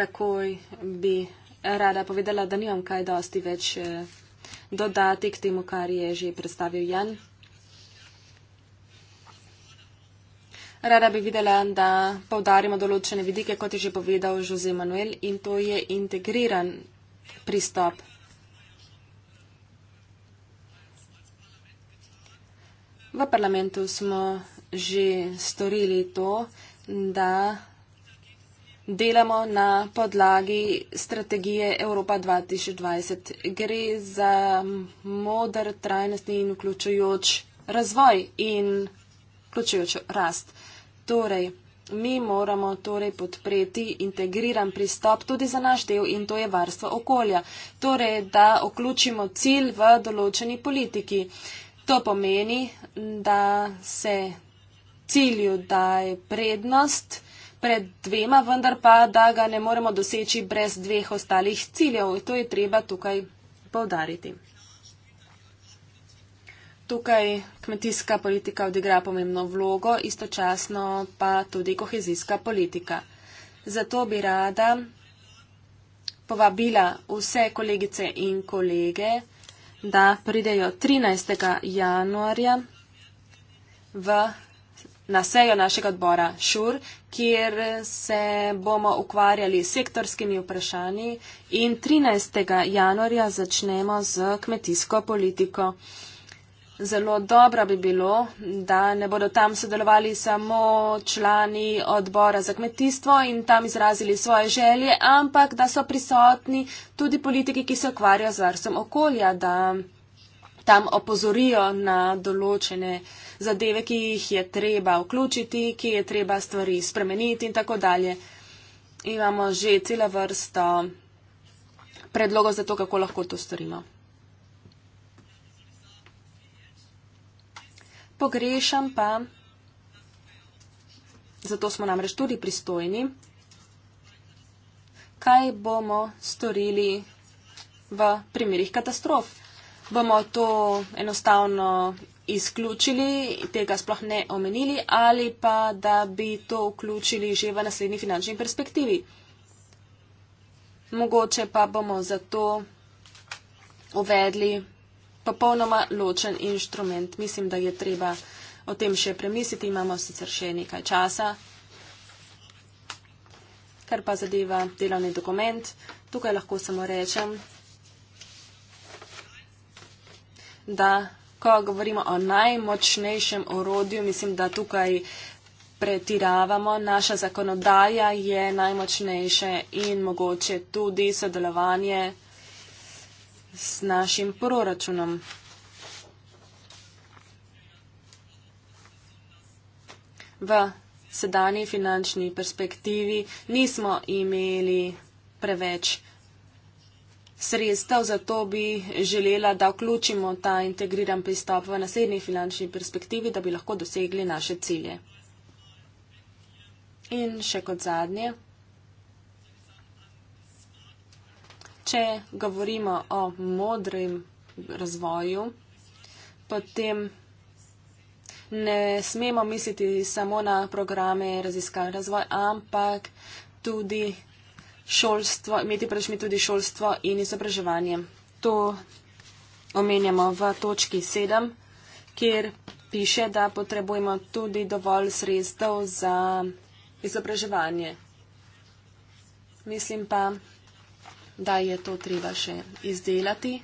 takoj bi rada povedala, da nimam kaj dosti več eh, dodati k temu, kar je že predstavil Jan. Rada bi videla, da povdarimo določene vidike, kot je že povedal Jose Manuel, in to je integriran pristop. V parlamentu smo že storili to, da delamo na podlagi strategije Evropa 2020. Gre za modr, trajnostni in vključujoč razvoj in vključujoč rast. Torej, mi moramo torej podpreti integriran pristop tudi za naš del in to je varstvo okolja. Torej, da vključimo cilj v določeni politiki. To pomeni, da se cilju daje prednost, pred dvema, vendar pa, da ga ne moremo doseči brez dveh ostalih ciljev. To je treba tukaj povdariti. Tukaj kmetijska politika odigra pomembno vlogo, istočasno pa tudi kohezijska politika. Zato bi rada povabila vse kolegice in kolege, da pridejo 13. januarja v, na sejo našega odbora ŠUR, kjer se bomo ukvarjali s sektorskimi vprašanji in 13. januarja začnemo z kmetijsko politiko. Zelo dobro bi bilo, da ne bodo tam sodelovali samo člani odbora za kmetijstvo in tam izrazili svoje želje, ampak da so prisotni tudi politiki, ki se ukvarjajo z varstvom okolja, da tam opozorijo na določene zadeve, ki jih je treba vključiti, ki je treba stvari spremeniti in tako dalje. Imamo že cela vrsta predlogov za to, kako lahko to storimo. Pogrešam pa, zato smo namreč tudi pristojni, kaj bomo storili v primerih katastrof. Bomo to enostavno izključili, tega sploh ne omenili ali pa da bi to vključili že v naslednji finančni perspektivi. Mogoče pa bomo zato uvedli popolnoma ločen inštrument. Mislim, da je treba o tem še premisliti, imamo sicer še nekaj časa. Kar pa zadeva delovni dokument, tukaj lahko samo rečem, da ko govorimo o najmočnejšem orodju, mislim, da tukaj pretiravamo. Naša zakonodaja je najmočnejše in mogoče tudi sodelovanje s našim proračunom. V sedanji finančni perspektivi nismo imeli preveč sredstev, zato bi želela, da vključimo ta integriran pristop v naslednji finančni perspektivi, da bi lahko dosegli naše cilje. In še kot zadnje. Če govorimo o modrem razvoju, potem ne smemo misliti samo na programe raziskav razvoj, ampak tudi šolstvo, imeti pač mi tudi šolstvo in izobraževanje. To omenjamo v točki 7, kjer piše, da potrebujemo tudi dovolj sredstev za izobraževanje. Mislim pa, da je to treba še izdelati.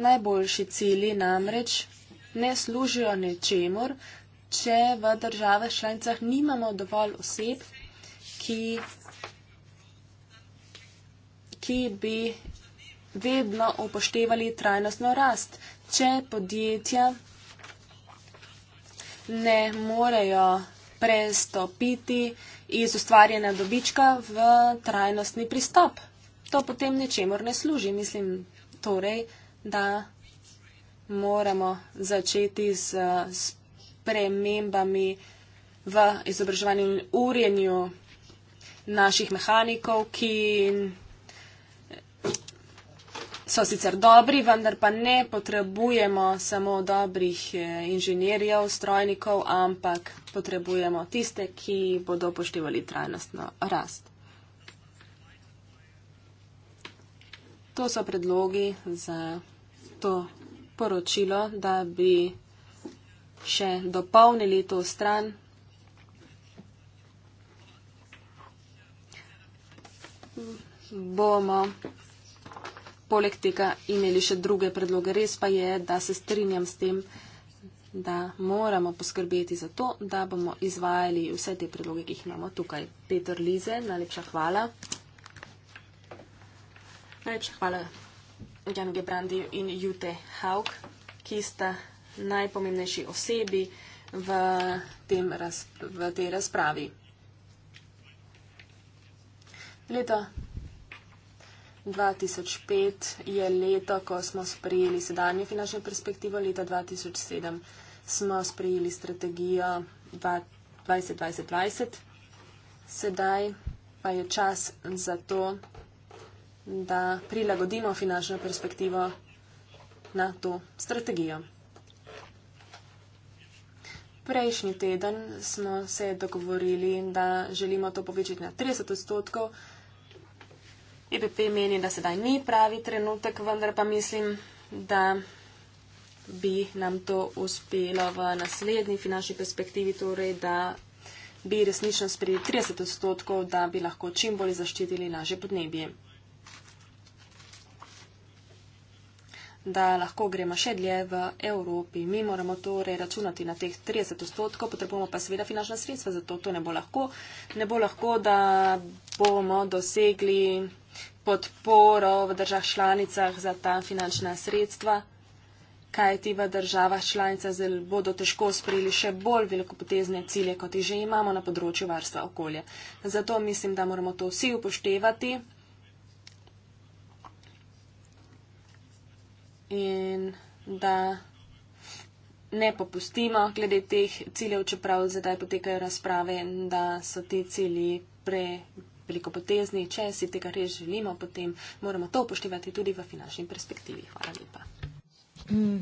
Najboljši cilji namreč ne služijo nečemur, če v državah članicah nimamo dovolj oseb, ki, ki bi vedno upoštevali trajnostno rast. Če podjetja ne morejo prestopiti iz ustvarjena dobička v trajnostni pristop, to potem ničemor ne služi. Mislim torej, da moramo začeti z spremembami v izobraževanju in urjenju naših mehanikov, ki so sicer dobri, vendar pa ne potrebujemo samo dobrih eh, inženirjev, strojnikov, ampak potrebujemo tiste, ki bodo upoštevali trajnostno rast. To so predlogi za to poročilo, da bi še dopolnili to stran. bomo poleg tega imeli še druge predloge. Res pa je, da se strinjam s tem, da moramo poskrbeti za to, da bomo izvajali vse te predloge, ki jih imamo tukaj. Peter Lize, najlepša hvala. Najlepša hvala Jan Gebrandi in Jute Haug, ki sta najpomembnejši osebi v, tem, v tej razpravi. Leta 2005 je leto, ko smo sprejeli sedanje finančne perspektive, leta 2007 smo sprejeli strategijo 2020-2020. Sedaj pa je čas za to, da prilagodimo finančno perspektivo na to strategijo. Prejšnji teden smo se dogovorili, da želimo to povečati na 30 odstotkov. EPP meni, da sedaj ni pravi trenutek, vendar pa mislim, da bi nam to uspelo v naslednji finančni perspektivi, torej da bi resnično sprejeli 30 odstotkov, da bi lahko čim bolj zaščitili naše podnebje. Da lahko gremo še dlje v Evropi. Mi moramo torej računati na teh 30 odstotkov, potrebujemo pa seveda finančna sredstva, zato to ne bo lahko. Ne bo lahko, da bomo dosegli podporo v državah članicah za ta finančna sredstva, kaj ti v državah članicah bodo težko sprejeli še bolj velikopotezne cilje, kot jih že imamo na področju varstva okolja. Zato mislim, da moramo to vsi upoštevati. In da ne popustimo glede teh ciljev, čeprav zdaj potekajo razprave, da so ti cilji pre, velikopotezni, če si tega res želimo, potem moramo to upoštevati tudi v finančni perspektivi. Hvala lepa. Mm,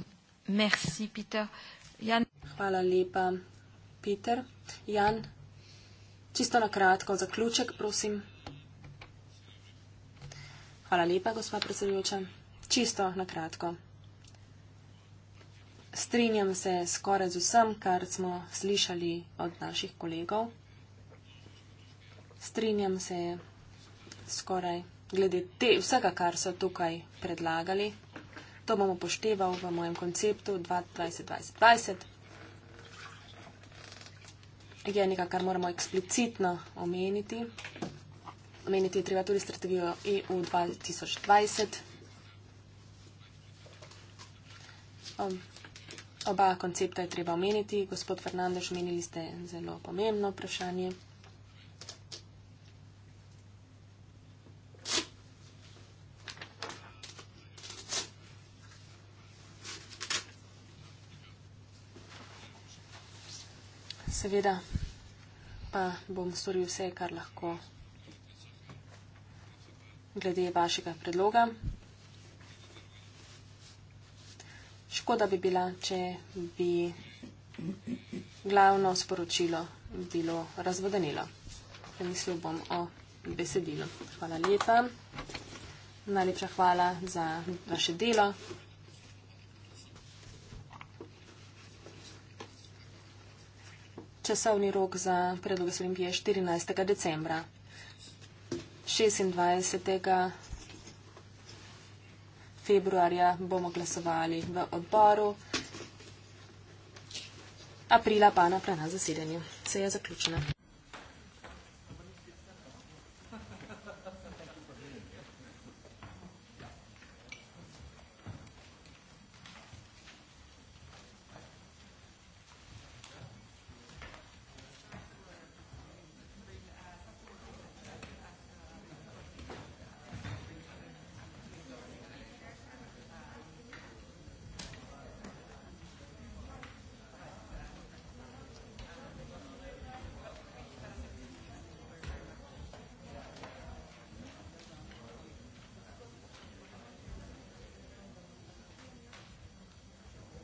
merci, Peter. Jan... Hvala lepa, Peter. Jan, čisto na kratko, zaključek, prosim. Hvala lepa, gospa predsedujoča. Čisto na kratko. Strinjam se skoraj z vsem, kar smo slišali od naših kolegov strinjam se skoraj glede te, vsega, kar so tukaj predlagali. To bom upošteval v mojem konceptu 2020-2020. Je nekaj, kar moramo eksplicitno omeniti. Omeniti je treba tudi strategijo EU 2020. Oba koncepta je treba omeniti. Gospod Fernandež, omenili ste zelo pomembno vprašanje. Seveda, pa bom storil vse, kar lahko glede vašega predloga. Škoda bi bila, če bi glavno sporočilo bilo razvodenilo. Premislil bom o besedilu. Hvala lepa. Najlepša hvala za vaše delo. časovni rok za predlog Slimpije 14. decembra. 26. februarja bomo glasovali v odboru, aprila pa na plena zasedanju. Se je zaključena.